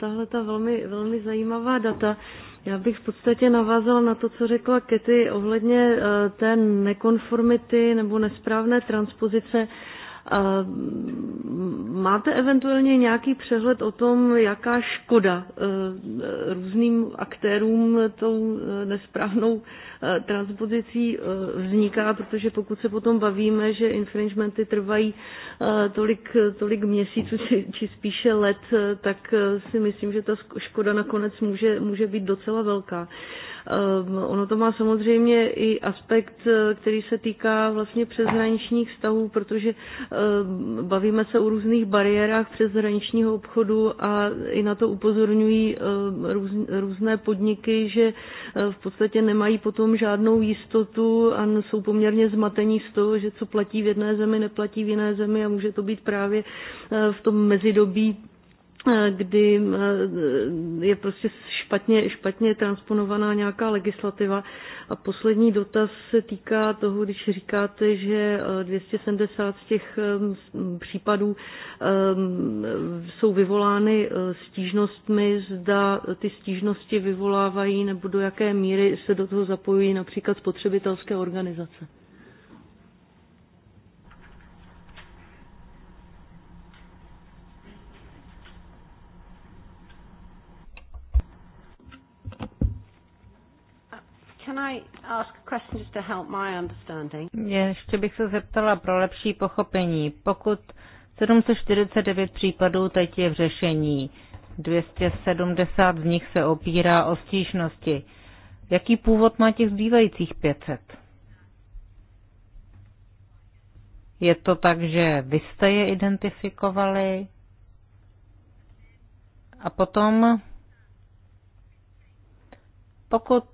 [SPEAKER 6] tahle ta velmi, velmi zajímavá data. Já bych v podstatě navázala na to, co řekla Kety ohledně eh, té nekonformity nebo nesprávné transpozice Máte eventuálně nějaký přehled o tom, jaká škoda e, různým aktérům tou e, nesprávnou e, transpozicí vzniká, protože pokud se potom bavíme, že infringementy trvají tolik, tolik měsíců či spíše let, tak si myslím, že ta škoda nakonec může, může být docela velká. Ehm, ono to má samozřejmě i aspekt, eh, který se týká vlastně přeshraničních vztahů, protože ehm, bavíme se o různých bariérách přeshraničního obchodu a i na to upozorňují ehm, různé podniky, že eh, v podstatě nemají potom žádnou jistotu a jsou poměrně zmatení z toho, že co platí v jedné zemi, neplatí v jiné zemi a může to být právě eh, v tom mezidobí Eh, kdy eh, je prostě špatně, špatně transponovaná nějaká legislativa. A poslední dotaz se týká toho, když říkáte, že 270 eh, z těch případů jsou vyvolány stížnostmi, zda ty stížnosti vyvolávají nebo do jaké míry se do toho zapojují například spotřebitelské organizace.
[SPEAKER 3] Can I ask just to help my understanding?
[SPEAKER 5] Ještě bych se zeptala pro lepší pochopení. Pokud 749 případů teď je v řešení, 270 z nich se opírá o stížnosti. Jaký původ má těch zbývajících 500? Je to tak, že vy jste je identifikovali a potom, pokud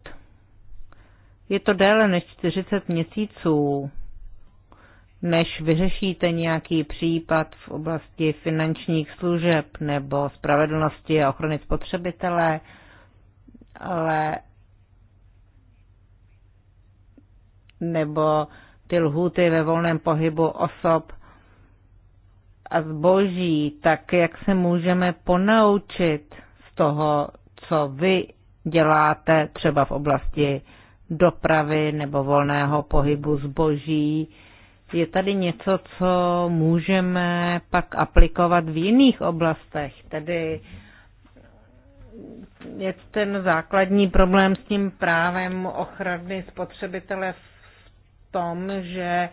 [SPEAKER 5] je to déle než 40 měsíců, než vyřešíte nějaký případ v oblasti finančních služeb nebo spravedlnosti a ochrany spotřebitele, ale nebo ty lhůty ve volném pohybu osob a zboží, tak jak se můžeme ponaučit z toho, co vy děláte třeba v oblasti dopravy nebo volného pohybu zboží. Je tady něco, co můžeme pak aplikovat v jiných oblastech, tedy je ten základní problém s tím právem ochrany spotřebitele v tom, že e,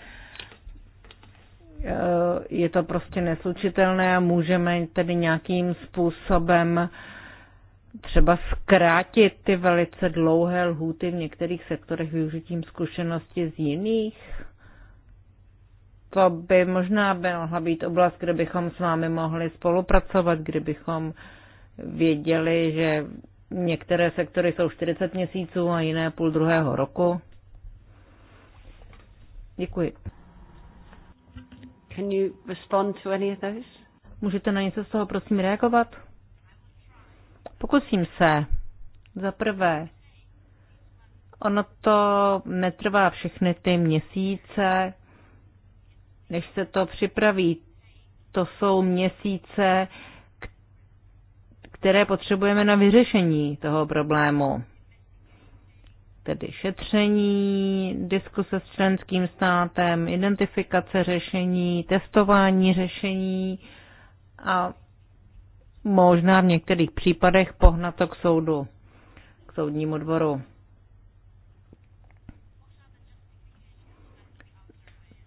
[SPEAKER 5] je to prostě neslučitelné a můžeme tedy nějakým způsobem třeba zkrátit ty velice dlouhé lhůty v některých sektorech využitím zkušenosti z jiných? To by možná mohla být oblast, kde bychom s vámi mohli spolupracovat, kdybychom věděli, že některé sektory jsou 40 měsíců a jiné půl druhého roku.
[SPEAKER 3] Děkuji. Can you respond to any of those?
[SPEAKER 5] Můžete na něco z toho prosím reagovat? Pokusím se. Za prvé, ono to netrvá všechny ty měsíce, než se to připraví. To jsou měsíce, které potřebujeme na vyřešení toho problému. Tedy šetření, diskuse s členským státem, identifikace řešení, testování řešení a možná v některých případech pohnat to k soudu, k soudnímu dvoru.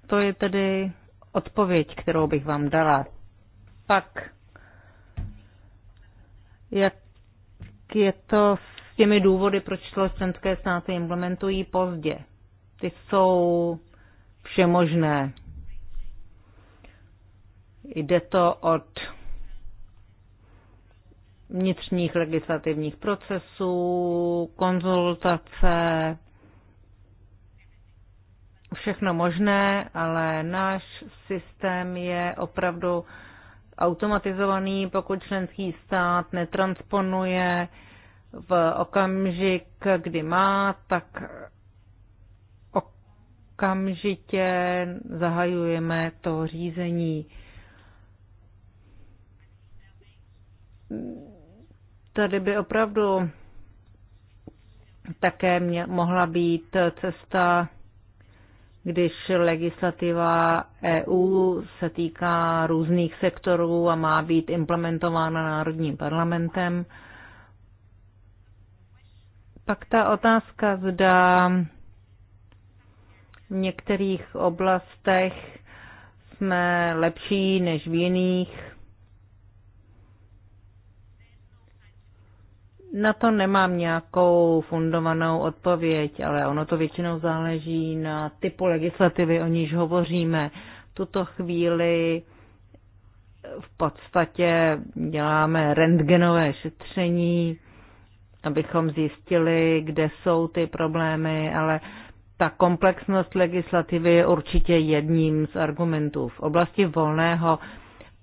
[SPEAKER 5] To je tedy odpověď, kterou bych vám dala. Pak, jak je to s těmi důvody, proč členské státy implementují pozdě? Ty jsou všemožné. Jde to od vnitřních legislativních procesů, konzultace, všechno možné, ale náš systém je opravdu automatizovaný, pokud členský stát netransponuje v okamžik, kdy má, tak okamžitě zahajujeme to řízení Tady by opravdu také mě, mohla být cesta, když legislativa EU se týká různých sektorů a má být implementována Národním parlamentem. Pak ta otázka, zda v některých oblastech jsme lepší než v jiných. Na to nemám nějakou fundovanou odpověď, ale ono to většinou záleží na typu legislativy, o níž hovoříme. V tuto chvíli v podstatě děláme rentgenové šetření, abychom zjistili, kde jsou ty problémy, ale ta komplexnost legislativy je určitě jedním z argumentů. V oblasti volného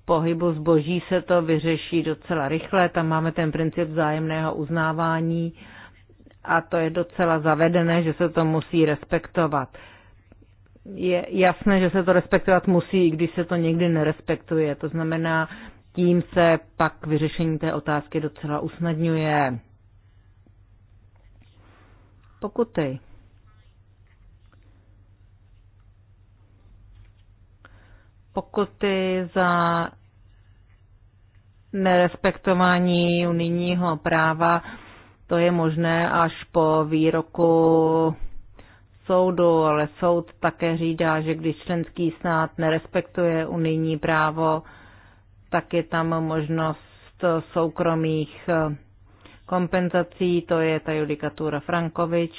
[SPEAKER 5] pohybu zboží se to vyřeší docela rychle, tam máme ten princip vzájemného uznávání a to je docela zavedené, že se to musí respektovat. Je jasné, že se to respektovat musí, i když se to někdy nerespektuje. To znamená, tím se pak vyřešení té otázky docela usnadňuje. Pokuty. pokuty za nerespektování unijního práva, to je možné až po výroku soudu, ale soud také řídá, že když členský stát nerespektuje unijní právo, tak je tam možnost soukromých kompenzací, to je ta judikatura Frankovič.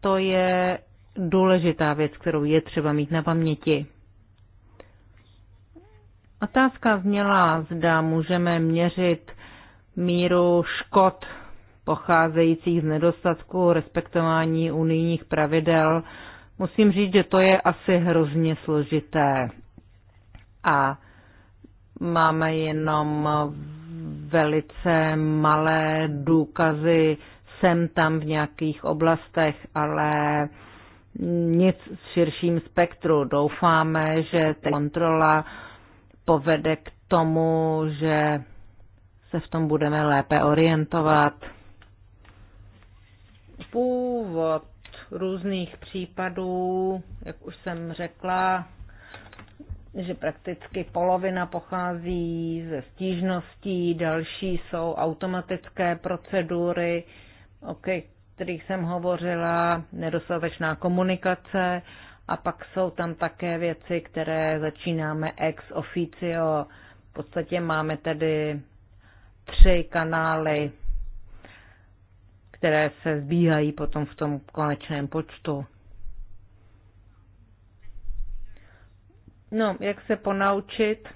[SPEAKER 5] To je důležitá věc, kterou je třeba mít na paměti. Otázka zněla, zda můžeme měřit míru škod pocházejících z nedostatku respektování unijních pravidel. Musím říct, že to je asi hrozně složité. A máme jenom velice malé důkazy sem tam v nějakých oblastech, ale nic v širším spektru. Doufáme, že kontrola povede k tomu, že se v tom budeme lépe orientovat. Původ různých případů, jak už jsem řekla, že prakticky polovina pochází ze stížností, další jsou automatické procedury, o kterých jsem hovořila, nedostatečná komunikace a pak jsou tam také věci, které začínáme ex officio. V podstatě máme tedy tři kanály, které se zbíhají potom v tom konečném počtu. No, jak se ponaučit?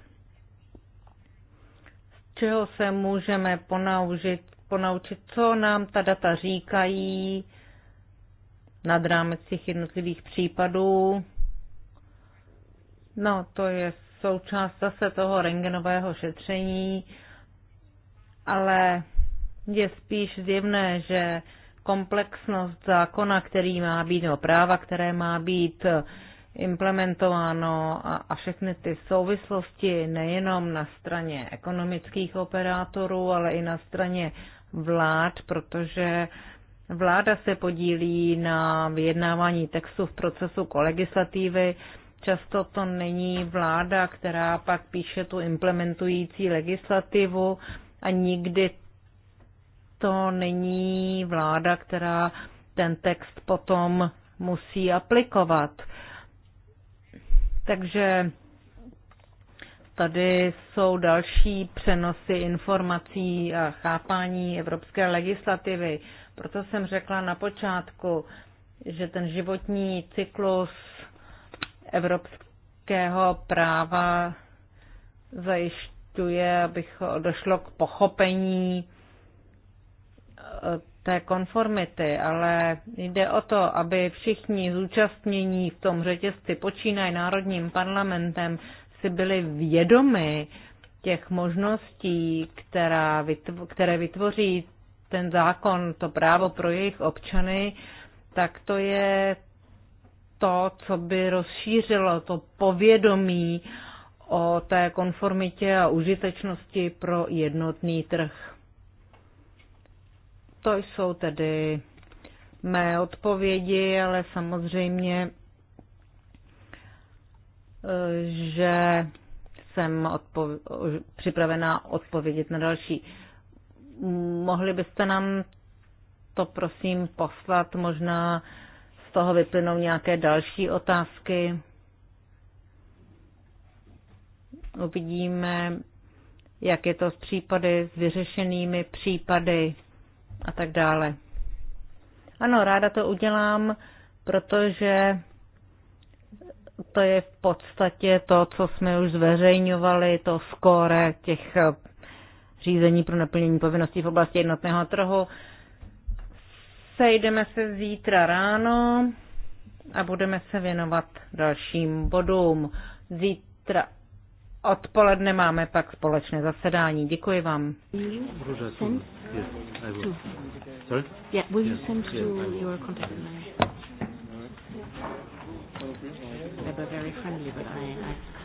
[SPEAKER 5] Z čeho se můžeme ponaučit? ponaučit, co nám ta data říkají, nad rámec těch jednotlivých případů. No, to je součást zase toho rengenového šetření, ale je spíš zjevné, že komplexnost zákona, který má být, nebo práva, které má být eh, implementováno a, a všechny ty souvislosti nejenom na straně ekonomických operátorů, ale i na straně vlád, protože Vláda se podílí na vyjednávání textu v procesu kolegislativy. Často to není vláda, která pak píše tu implementující legislativu a nikdy to není vláda, která ten text potom musí aplikovat. Takže tady jsou další přenosy informací a chápání evropské legislativy. Proto jsem řekla na počátku, že ten životní cyklus evropského práva zajišťuje, abych došlo k pochopení eh, té konformity, ale jde o to, aby všichni zúčastnění v tom řetězci počínají národním parlamentem si byli vědomi těch možností, která, které vytvoří ten zákon, to právo pro jejich občany, tak to je to, co by rozšířilo to povědomí o té konformitě a užitečnosti pro jednotný trh. To jsou tedy mé odpovědi, ale samozřejmě, eh, že jsem odpov- připravená odpovědět na další Mohli byste nám to prosím poslat, možná z toho vyplynou nějaké další otázky. Uvidíme, jak je to s případy, s vyřešenými případy a tak dále. Ano, ráda to udělám, protože to je v podstatě to, co jsme už zveřejňovali, to skóre těch řízení pro naplnění povinností v oblasti jednotného trhu. Sejdeme se zítra ráno a budeme se věnovat dalším bodům. Zítra odpoledne máme pak společné zasedání. Děkuji vám.
[SPEAKER 1] They were very friendly, but I, I